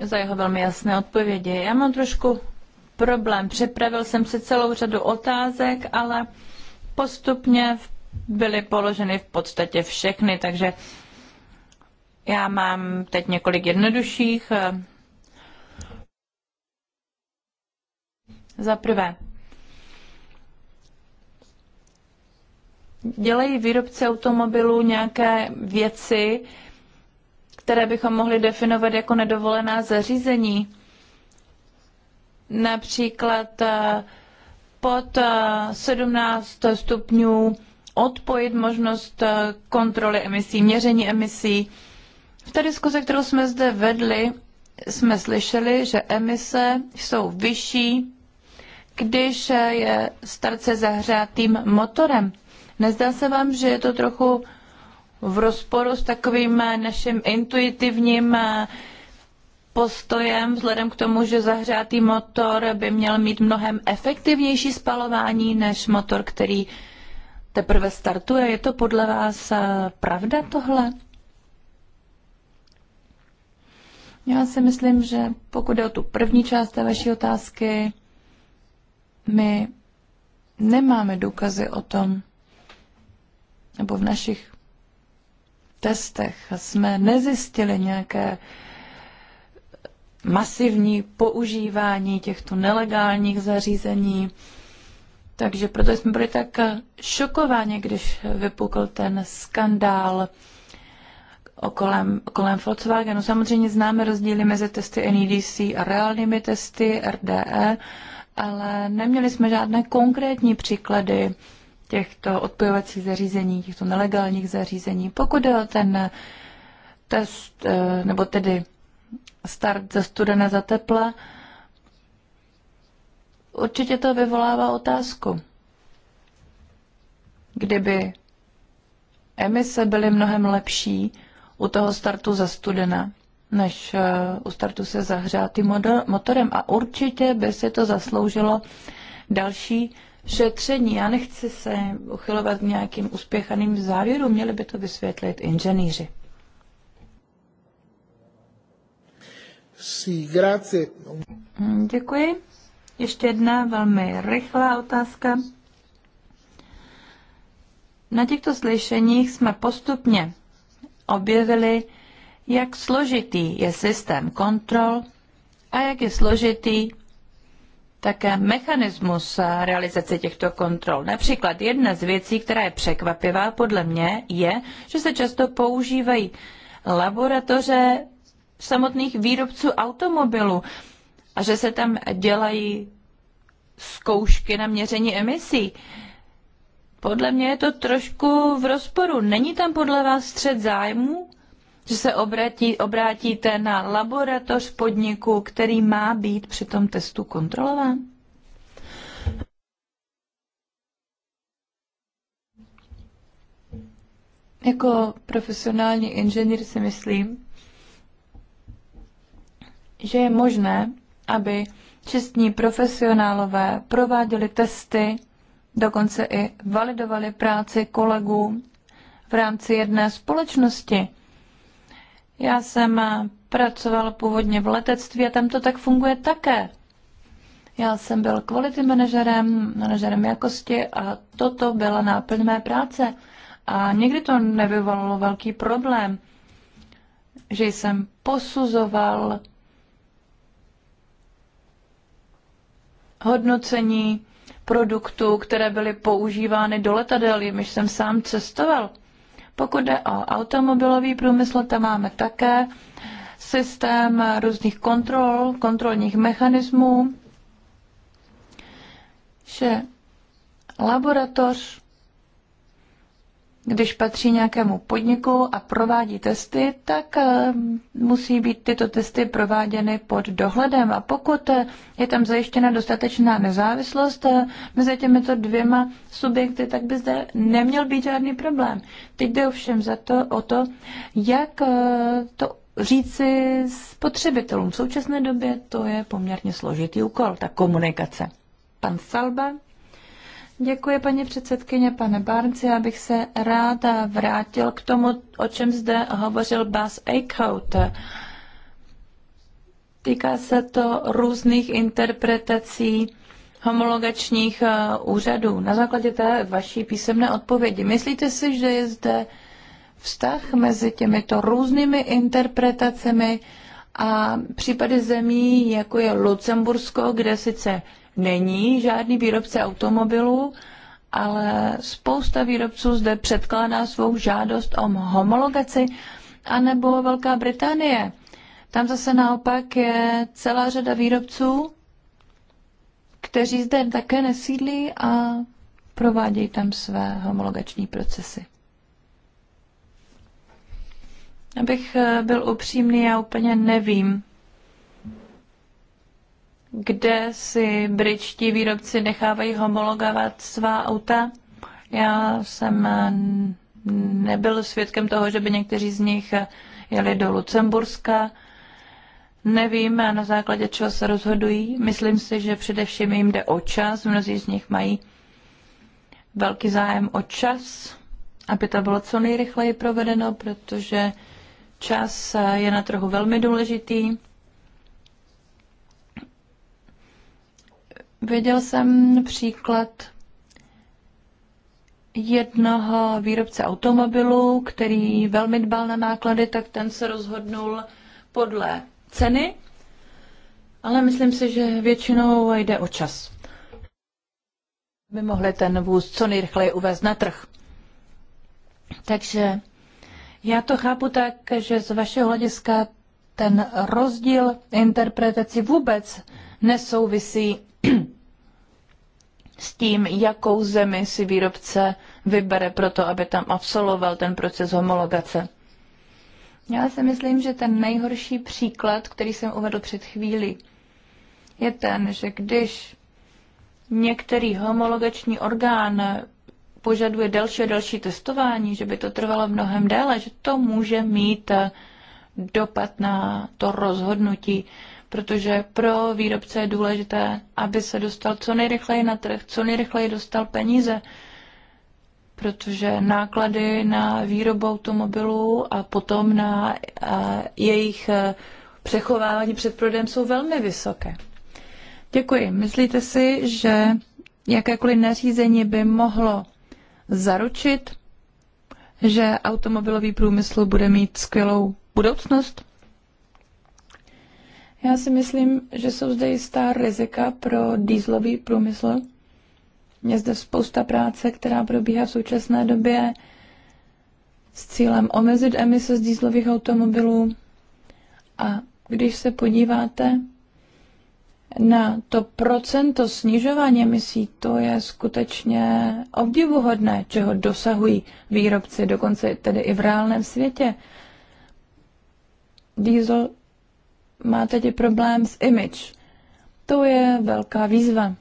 za jeho velmi jasné odpovědi. Já mám trošku problém. Připravil jsem si celou řadu otázek, ale postupně byly položeny v podstatě všechny, takže já mám teď několik jednodušších. Za prvé, dělají výrobci automobilů nějaké věci, které bychom mohli definovat jako nedovolená zařízení. Například eh, pod 17 eh, stupňů odpojit možnost eh, kontroly emisí, měření emisí. V té diskuzi, kterou jsme zde vedli, jsme slyšeli, že emise jsou vyšší, když je starce zahřátým motorem. Nezdá se vám, že je to trochu v rozporu s takovým naším intuitivním eh, postojem, vzhledem k tomu, že zahřátý motor by měl mít mnohem efektivnější spalování než motor, který teprve startuje. Je to podle vás eh, pravda tohle? Já si myslím, že pokud jde o tu první část té vaší otázky, my nemáme důkazy o tom, nebo v našich testech jsme nezjistili nějaké masivní používání těchto nelegálních zařízení. Takže proto jsme byli tak šokováni, když vypukl ten skandál kolem, kolem Volkswagenu. Samozřejmě známe rozdíly mezi testy NEDC a reálnými testy RDE, ale neměli jsme žádné konkrétní příklady těchto odpojovacích zařízení, těchto nelegálních zařízení. Pokud je ten test, eh, nebo tedy start ze studena za tepla, určitě to vyvolává otázku. Kdyby emise byly mnohem lepší, u toho startu za studena, než eh, u startu se zahřátým motorem. A určitě by si to zasloužilo další šetření. Já nechci se uchylovat k nějakým uspěchaným závěrům, měli by to vysvětlit inženýři. Hm, děkuji. Ještě jedna velmi rychlá otázka. Na těchto slyšeních jsme postupně objevili, jak složitý je systém kontrol a jak je složitý také mechanismus realizace těchto kontrol. Například jedna z věcí, která je překvapivá podle mě, je, že se často používají laboratoře samotných výrobců automobilů a že se tam dělají zkoušky na měření emisí. Podle mě je to trošku v rozporu. Není tam podle vás střed zájmu, že se obratí, obrátíte na laboratoř podniku, který má být při tom testu kontrolován? Jako profesionální inženýr si myslím, že je možné, aby čistní profesionálové prováděli testy dokonce i validovali práci kolegů v rámci jedné společnosti. Já jsem pracoval původně v letectví a tam to tak funguje také. Já jsem byl kvality manažerem, manažerem jakosti a toto byla náplň mé práce. A někdy to nevyvolalo velký problém, že jsem posuzoval hodnocení produktů, které byly používány do letadel, jimiž jsem sám cestoval. Pokud jde o automobilový průmysl, tam máme také systém různých kontrol, kontrolních mechanismů, že laboratoř když patří nějakému podniku a provádí testy, tak eh, musí být tyto testy prováděny pod dohledem. A pokud eh, je tam zajištěna dostatečná nezávislost eh, mezi těmito dvěma subjekty, tak by zde neměl být žádný problém. Teď jde ovšem za to, o to, jak to říci spotřebitelům. V současné době to je poměrně složitý úkol, ta komunikace. Pan Salba Děkuji, paní předsedkyně, pane Barnci. Já bych se ráda vrátil k tomu, o čem zde hovořil Bas Eichhout. Týká se to různých interpretací homologačních eh, úřadů. Na základě té vaší písemné odpovědi, myslíte si, že je zde vztah mezi těmito různými interpretacemi a případy zemí, jako je Lucembursko, kde sice není žádný výrobce automobilů, ale spousta výrobců zde předkládá svou žádost o homologaci, anebo Velká Británie. Tam zase naopak je celá řada výrobců, kteří zde také nesídlí a provádějí tam své homologační procesy. Abych eh, byl upřímný, já úplně nevím, kde si britští výrobci nechávají homologovat svá auta. Já jsem eh, nebyl svědkem toho, že by někteří z nich eh, jeli do Lucemburska. Nevím, na základě čeho se rozhodují. Myslím si, že především jim jde o čas. Mnozí z nich mají velký zájem o čas, aby to bylo co nejrychleji provedeno, protože čas eh, je na trhu velmi důležitý. Viděl jsem příklad jednoho výrobce automobilů, který velmi dbal na náklady, tak ten se rozhodnul podle ceny, ale myslím si, že většinou jde o čas. By mohli ten vůz co nejrychleji uvést na trh. Takže já to chápu tak, že z vašeho hlediska ten rozdíl interpretaci vůbec nesouvisí s tím, jakou zemi si výrobce vybere pro to, aby tam absolvoval ten proces homologace. Já si myslím, že ten nejhorší příklad, který jsem uvedl před chvíli, je ten, že když některý homologační orgán požaduje další a další testování, že by to trvalo mnohem déle, že to může mít dopad na to rozhodnutí protože pro výrobce je důležité, aby se dostal co nejrychleji na trh, co nejrychleji dostal peníze, protože náklady na výrobu automobilů a potom na a jejich e, přechovávání před prodejem jsou velmi vysoké. Děkuji. Myslíte si, že jakékoliv nařízení by mohlo zaručit, že automobilový průmysl bude mít skvělou budoucnost? Já si myslím, že jsou zde jistá rizika pro dýzlový průmysl. Je zde spousta práce, která probíhá v současné době s cílem omezit emise z dýzlových automobilů. A když se podíváte na to procento snižování emisí, to je skutečně obdivuhodné, čeho dosahují výrobci, dokonce tedy i v reálném světě. Diesel má teď problém s image. To je velká výzva,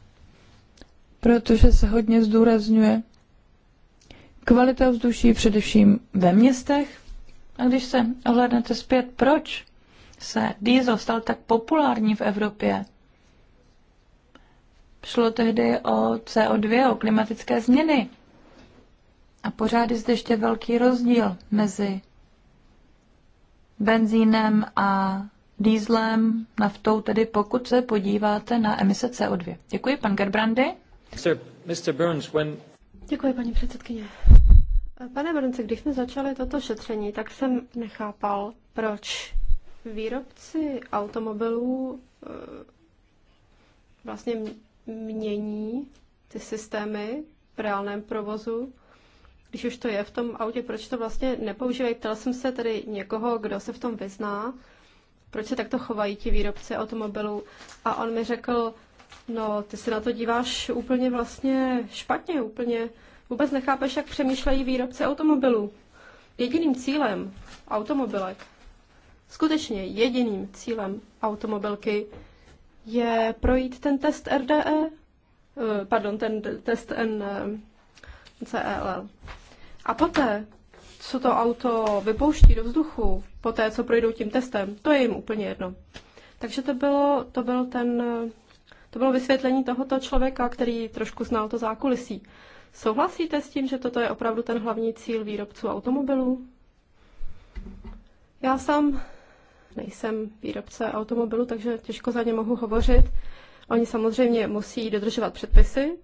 protože se hodně zdůrazňuje kvalita vzduší především ve městech. A když se ohlednete zpět, proč se diesel stal tak populární v Evropě, Šlo tehdy o CO2, o klimatické změny. A pořád je zde ještě velký rozdíl mezi benzínem a dýzlem, naftou, tedy pokud se podíváte na emise CO2. Děkuji, pan Gerbrandy. Mr. Burns, when... Děkuji, paní předsedkyně. Pane Brunce, když jsme začali toto šetření, tak jsem nechápal, proč výrobci automobilů eh, vlastně mění ty systémy v reálném provozu, když už to je v tom autě, proč to vlastně nepoužívají. Ptal jsem se tedy někoho, kdo se v tom vyzná proč se takto chovají ti výrobci automobilů. A on mi řekl, no ty se na to díváš úplně vlastně špatně, úplně vůbec nechápeš, jak přemýšlejí výrobci automobilů. Jediným cílem automobilek, skutečně jediným cílem automobilky je projít ten test RDE, eh, pardon, ten test N, eh, e A poté co to auto vypouští do vzduchu po té, co projdou tím testem, to je jim úplně jedno. Takže to bylo, to byl ten, to bylo vysvětlení tohoto člověka, který trošku znal to zákulisí. Souhlasíte s tím, že toto je opravdu ten hlavní cíl výrobců automobilů? Já sám nejsem výrobce automobilu, takže těžko za ně mohu hovořit. Oni samozřejmě musí dodržovat předpisy,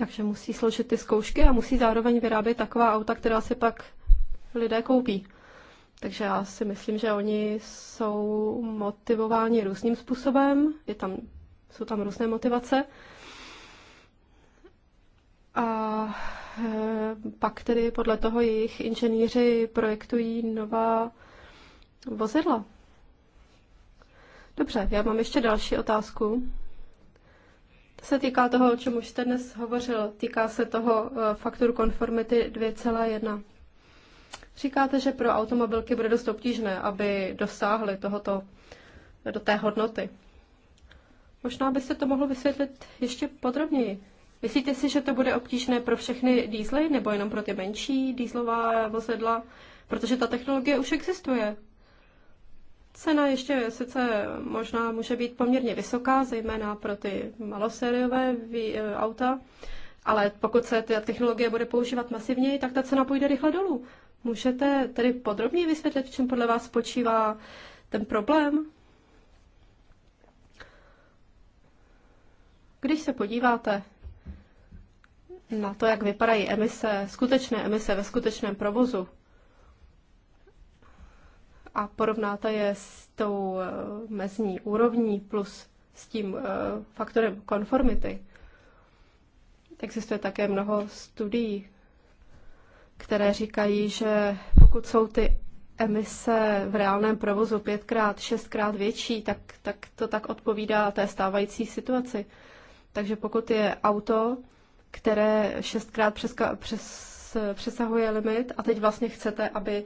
takže musí složit ty zkoušky a musí zároveň vyrábět taková auta, která si pak lidé koupí. Takže já si myslím, že oni jsou motivováni různým způsobem, je tam, jsou tam různé motivace. A eh, pak tedy podle toho jejich inženýři projektují nová vozidla. Dobře, já mám ještě další otázku se týká toho, o čem už jste dnes hovořil. Týká se toho eh, faktoru konformity 2,1. Říkáte, že pro automobilky bude dost obtížné, aby dosáhly tohoto, do té hodnoty. Možná byste to mohlo vysvětlit ještě podrobněji. Myslíte si, že to bude obtížné pro všechny dýzly nebo jenom pro ty menší dýzlová vozidla? Protože ta technologie už existuje. Cena ještě sice možná může být poměrně vysoká, zejména pro ty malosériové e, auta, ale pokud se ta technologie bude používat masivněji, tak ta cena půjde rychle dolů. Můžete tedy podrobně vysvětlit, v čem podle vás spočívá ten problém? Když se podíváte na to, jak vypadají emise, skutečné emise ve skutečném provozu, a porovnáte je s tou eh, mezní úrovní plus s tím eh, faktorem konformity. Existuje také mnoho studií, které říkají, že pokud jsou ty emise v reálném provozu pětkrát, šestkrát větší, tak, tak to tak odpovídá té stávající situaci. Takže pokud je auto, které šestkrát přes, přes, přesahuje limit a teď vlastně chcete, aby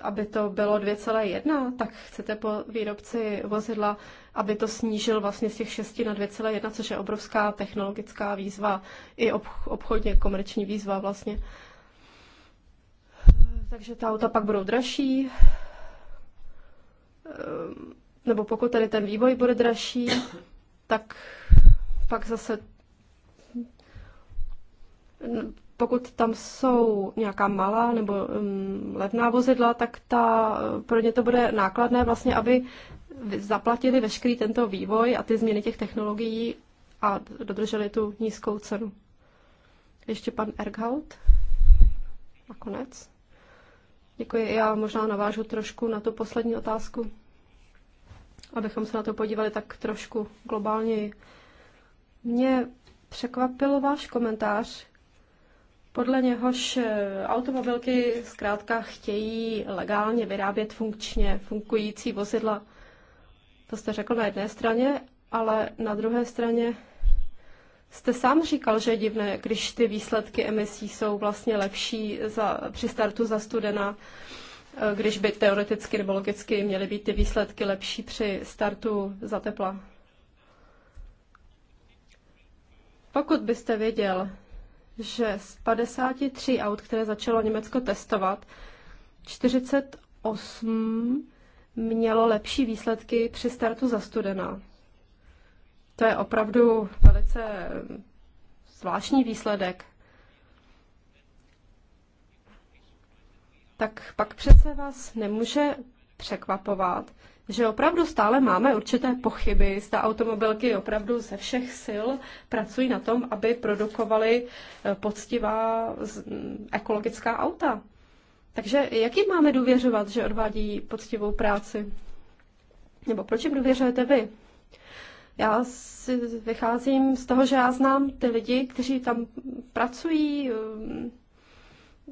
aby to bylo 2,1, tak chcete po výrobci vozidla, aby to snížil vlastně z těch 6 na 2,1, což je obrovská technologická výzva, i obchodně komerční výzva vlastně. Takže ta auta pak budou dražší, ehm, nebo pokud tady ten vývoj bude dražší, tak pak zase pokud tam jsou nějaká malá nebo um, levná vozidla, tak ta, pro ně to bude nákladné vlastně, aby zaplatili veškerý tento vývoj a ty změny těch technologií a dodrželi tu nízkou cenu. Ještě pan Erghout. konec. Děkuji. Já možná navážu trošku na tu poslední otázku, abychom se na to podívali tak trošku globálněji. Mě překvapil váš komentář, podle něhož eh, automobilky zkrátka chtějí legálně vyrábět funkčně fungující vozidla. To jste řekl na jedné straně, ale na druhé straně jste sám říkal, že je divné, když ty výsledky emisí jsou vlastně lepší za, při startu za studena, eh, když by teoreticky nebo logicky měly být ty výsledky lepší při startu za tepla. Pokud byste věděl, že z 53 aut, které začalo Německo testovat, 48 mělo lepší výsledky při startu za studena. To je opravdu velice zvláštní výsledek. Tak pak přece vás nemůže překvapovat, že opravdu stále máme určité pochyby, zda automobilky opravdu ze všech sil pracují na tom, aby produkovaly eh, poctivá ekologická auta. Takže jak jim máme důvěřovat, že odvádí poctivou práci? Nebo proč jim důvěřujete vy? Já si vycházím z toho, že já znám ty lidi, kteří tam pracují, eh,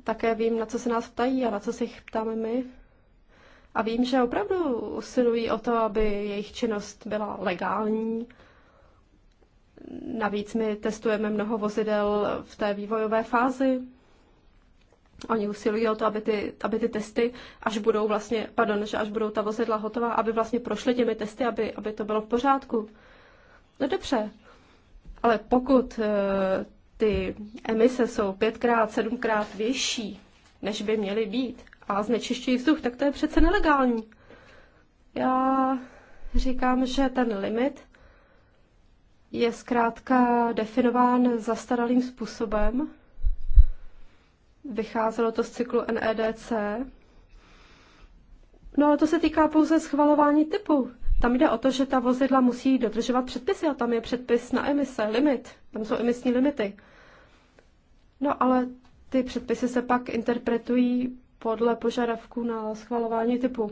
také vím, na co se nás ptají a na co se jich ptáme my. A vím, že opravdu usilují o to, aby jejich činnost byla legální. Navíc my testujeme mnoho vozidel v té vývojové fázi. Oni usilují o to, aby ty, aby ty testy, až budou vlastně, pardon, že až budou ta vozidla hotová, aby vlastně prošly těmi testy, aby, aby to bylo v pořádku. No dobře, ale pokud eh, ty emise jsou pětkrát, sedmkrát vyšší, než by měly být, a znečišťují vzduch, tak to je přece nelegální. Já říkám, že ten limit je zkrátka definován zastaralým způsobem. Vycházelo to z cyklu NEDC. No ale to se týká pouze schvalování typu. Tam jde o to, že ta vozidla musí dodržovat předpisy a tam je předpis na emise, limit. Tam jsou emisní limity. No ale ty předpisy se pak interpretují podle požadavků na schvalování typu.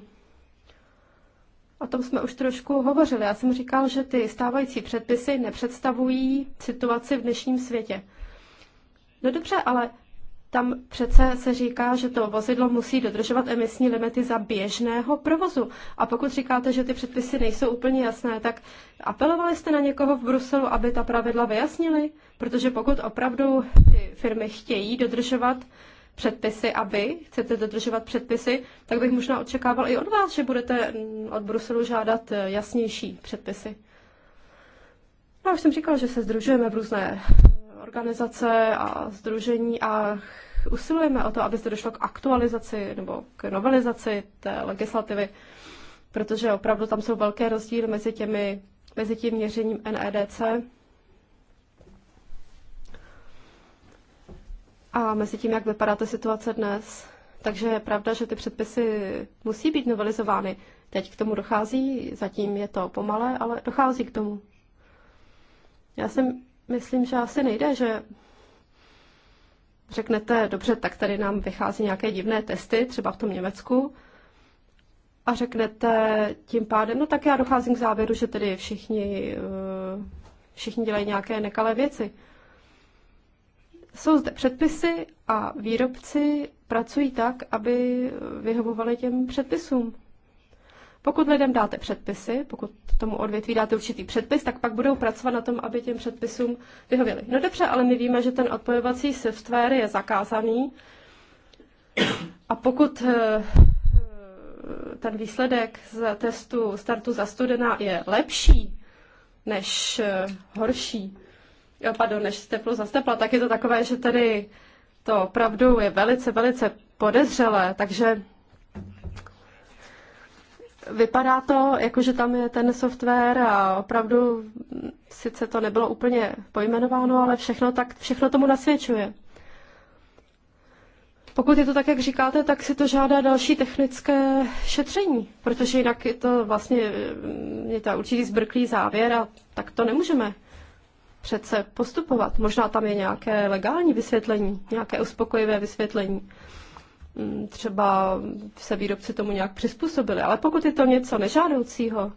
O tom jsme už trošku hovořili. Já jsem říkal, že ty stávající předpisy nepředstavují situaci v dnešním světě. No dobře, ale tam přece se říká, že to vozidlo musí dodržovat emisní limity za běžného provozu. A pokud říkáte, že ty předpisy nejsou úplně jasné, tak apelovali jste na někoho v Bruselu, aby ta pravidla vyjasnili? Protože pokud opravdu ty firmy chtějí dodržovat předpisy a vy chcete dodržovat předpisy, tak bych možná očekával i od vás, že budete mm, od Bruselu žádat eh, jasnější předpisy. Já no, už jsem říkal, že se združujeme v různé eh, organizace a združení a usilujeme o to, aby se došlo k aktualizaci nebo k novelizaci té legislativy, protože opravdu tam jsou velké rozdíly mezi těmi mezi tím měřením NEDC a mezi tím, jak vypadá ta situace dnes. Takže je pravda, že ty předpisy musí být novelizovány. Teď k tomu dochází, zatím je to pomalé, ale dochází k tomu. Já si myslím, že asi nejde, že řeknete, dobře, tak tady nám vychází nějaké divné testy, třeba v tom Německu, a řeknete tím pádem, no tak já docházím k závěru, že tedy všichni, eh, všichni dělají nějaké nekalé věci. Jsou zde předpisy a výrobci pracují tak, aby vyhovovali těm předpisům. Pokud lidem dáte předpisy, pokud tomu odvětví dáte určitý předpis, tak pak budou pracovat na tom, aby těm předpisům vyhověli. No dobře, ale my víme, že ten odpojovací software je zakázaný a pokud eh, ten výsledek z testu startu za studena je lepší než eh, horší, jo, pardon, než teplo zastepla, tak je to takové, že tedy to opravdu je velice, velice podezřelé, takže vypadá to, jako že tam je ten software a opravdu sice to nebylo úplně pojmenováno, ale všechno, tak, všechno tomu nasvědčuje. Pokud je to tak, jak říkáte, tak si to žádá další technické šetření, protože jinak je to vlastně je to určitý zbrklý závěr a tak to nemůžeme přece postupovat. Možná tam je nějaké legální vysvětlení, nějaké uspokojivé vysvětlení. Mm, Třeba se výrobci tomu nějak přizpůsobili, ale pokud je to něco nežádoucího,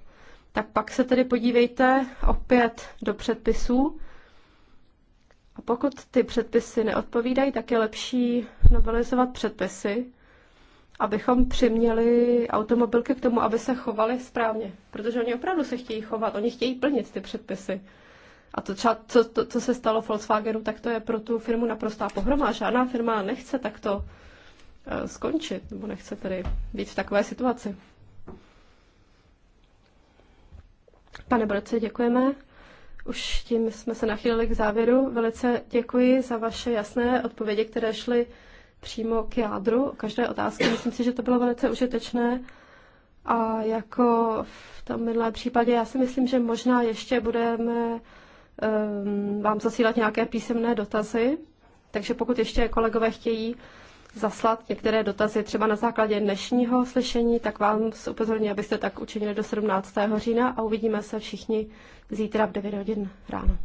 tak pak se tedy podívejte opět do předpisů. A pokud ty předpisy neodpovídají, tak je lepší novelizovat předpisy, abychom přiměli automobilky k tomu, aby se chovaly správně. Protože oni opravdu se chtějí chovat, oni chtějí plnit ty předpisy. A to třeba, co, to, co se stalo Volkswagenu, tak to je pro tu firmu naprostá pohroma. Žádná firma nechce takto eh, skončit, nebo nechce tedy být v takové situaci. Pane Brodce, děkujeme. Už tím jsme se nachýlili k závěru. Velice děkuji za vaše jasné odpovědi, které šly přímo k jádru každé otázky. Myslím si, že to bylo velice užitečné. A jako v tom minulém případě, já si myslím, že možná ještě budeme vám ehm, zasílat nějaké písemné dotazy, takže pokud ještě kolegové chtějí zaslat některé dotazy třeba na základě dnešního slyšení, tak vám upozorňuji, abyste tak učinili do 17. října a uvidíme se všichni zítra v 9 hodin ráno.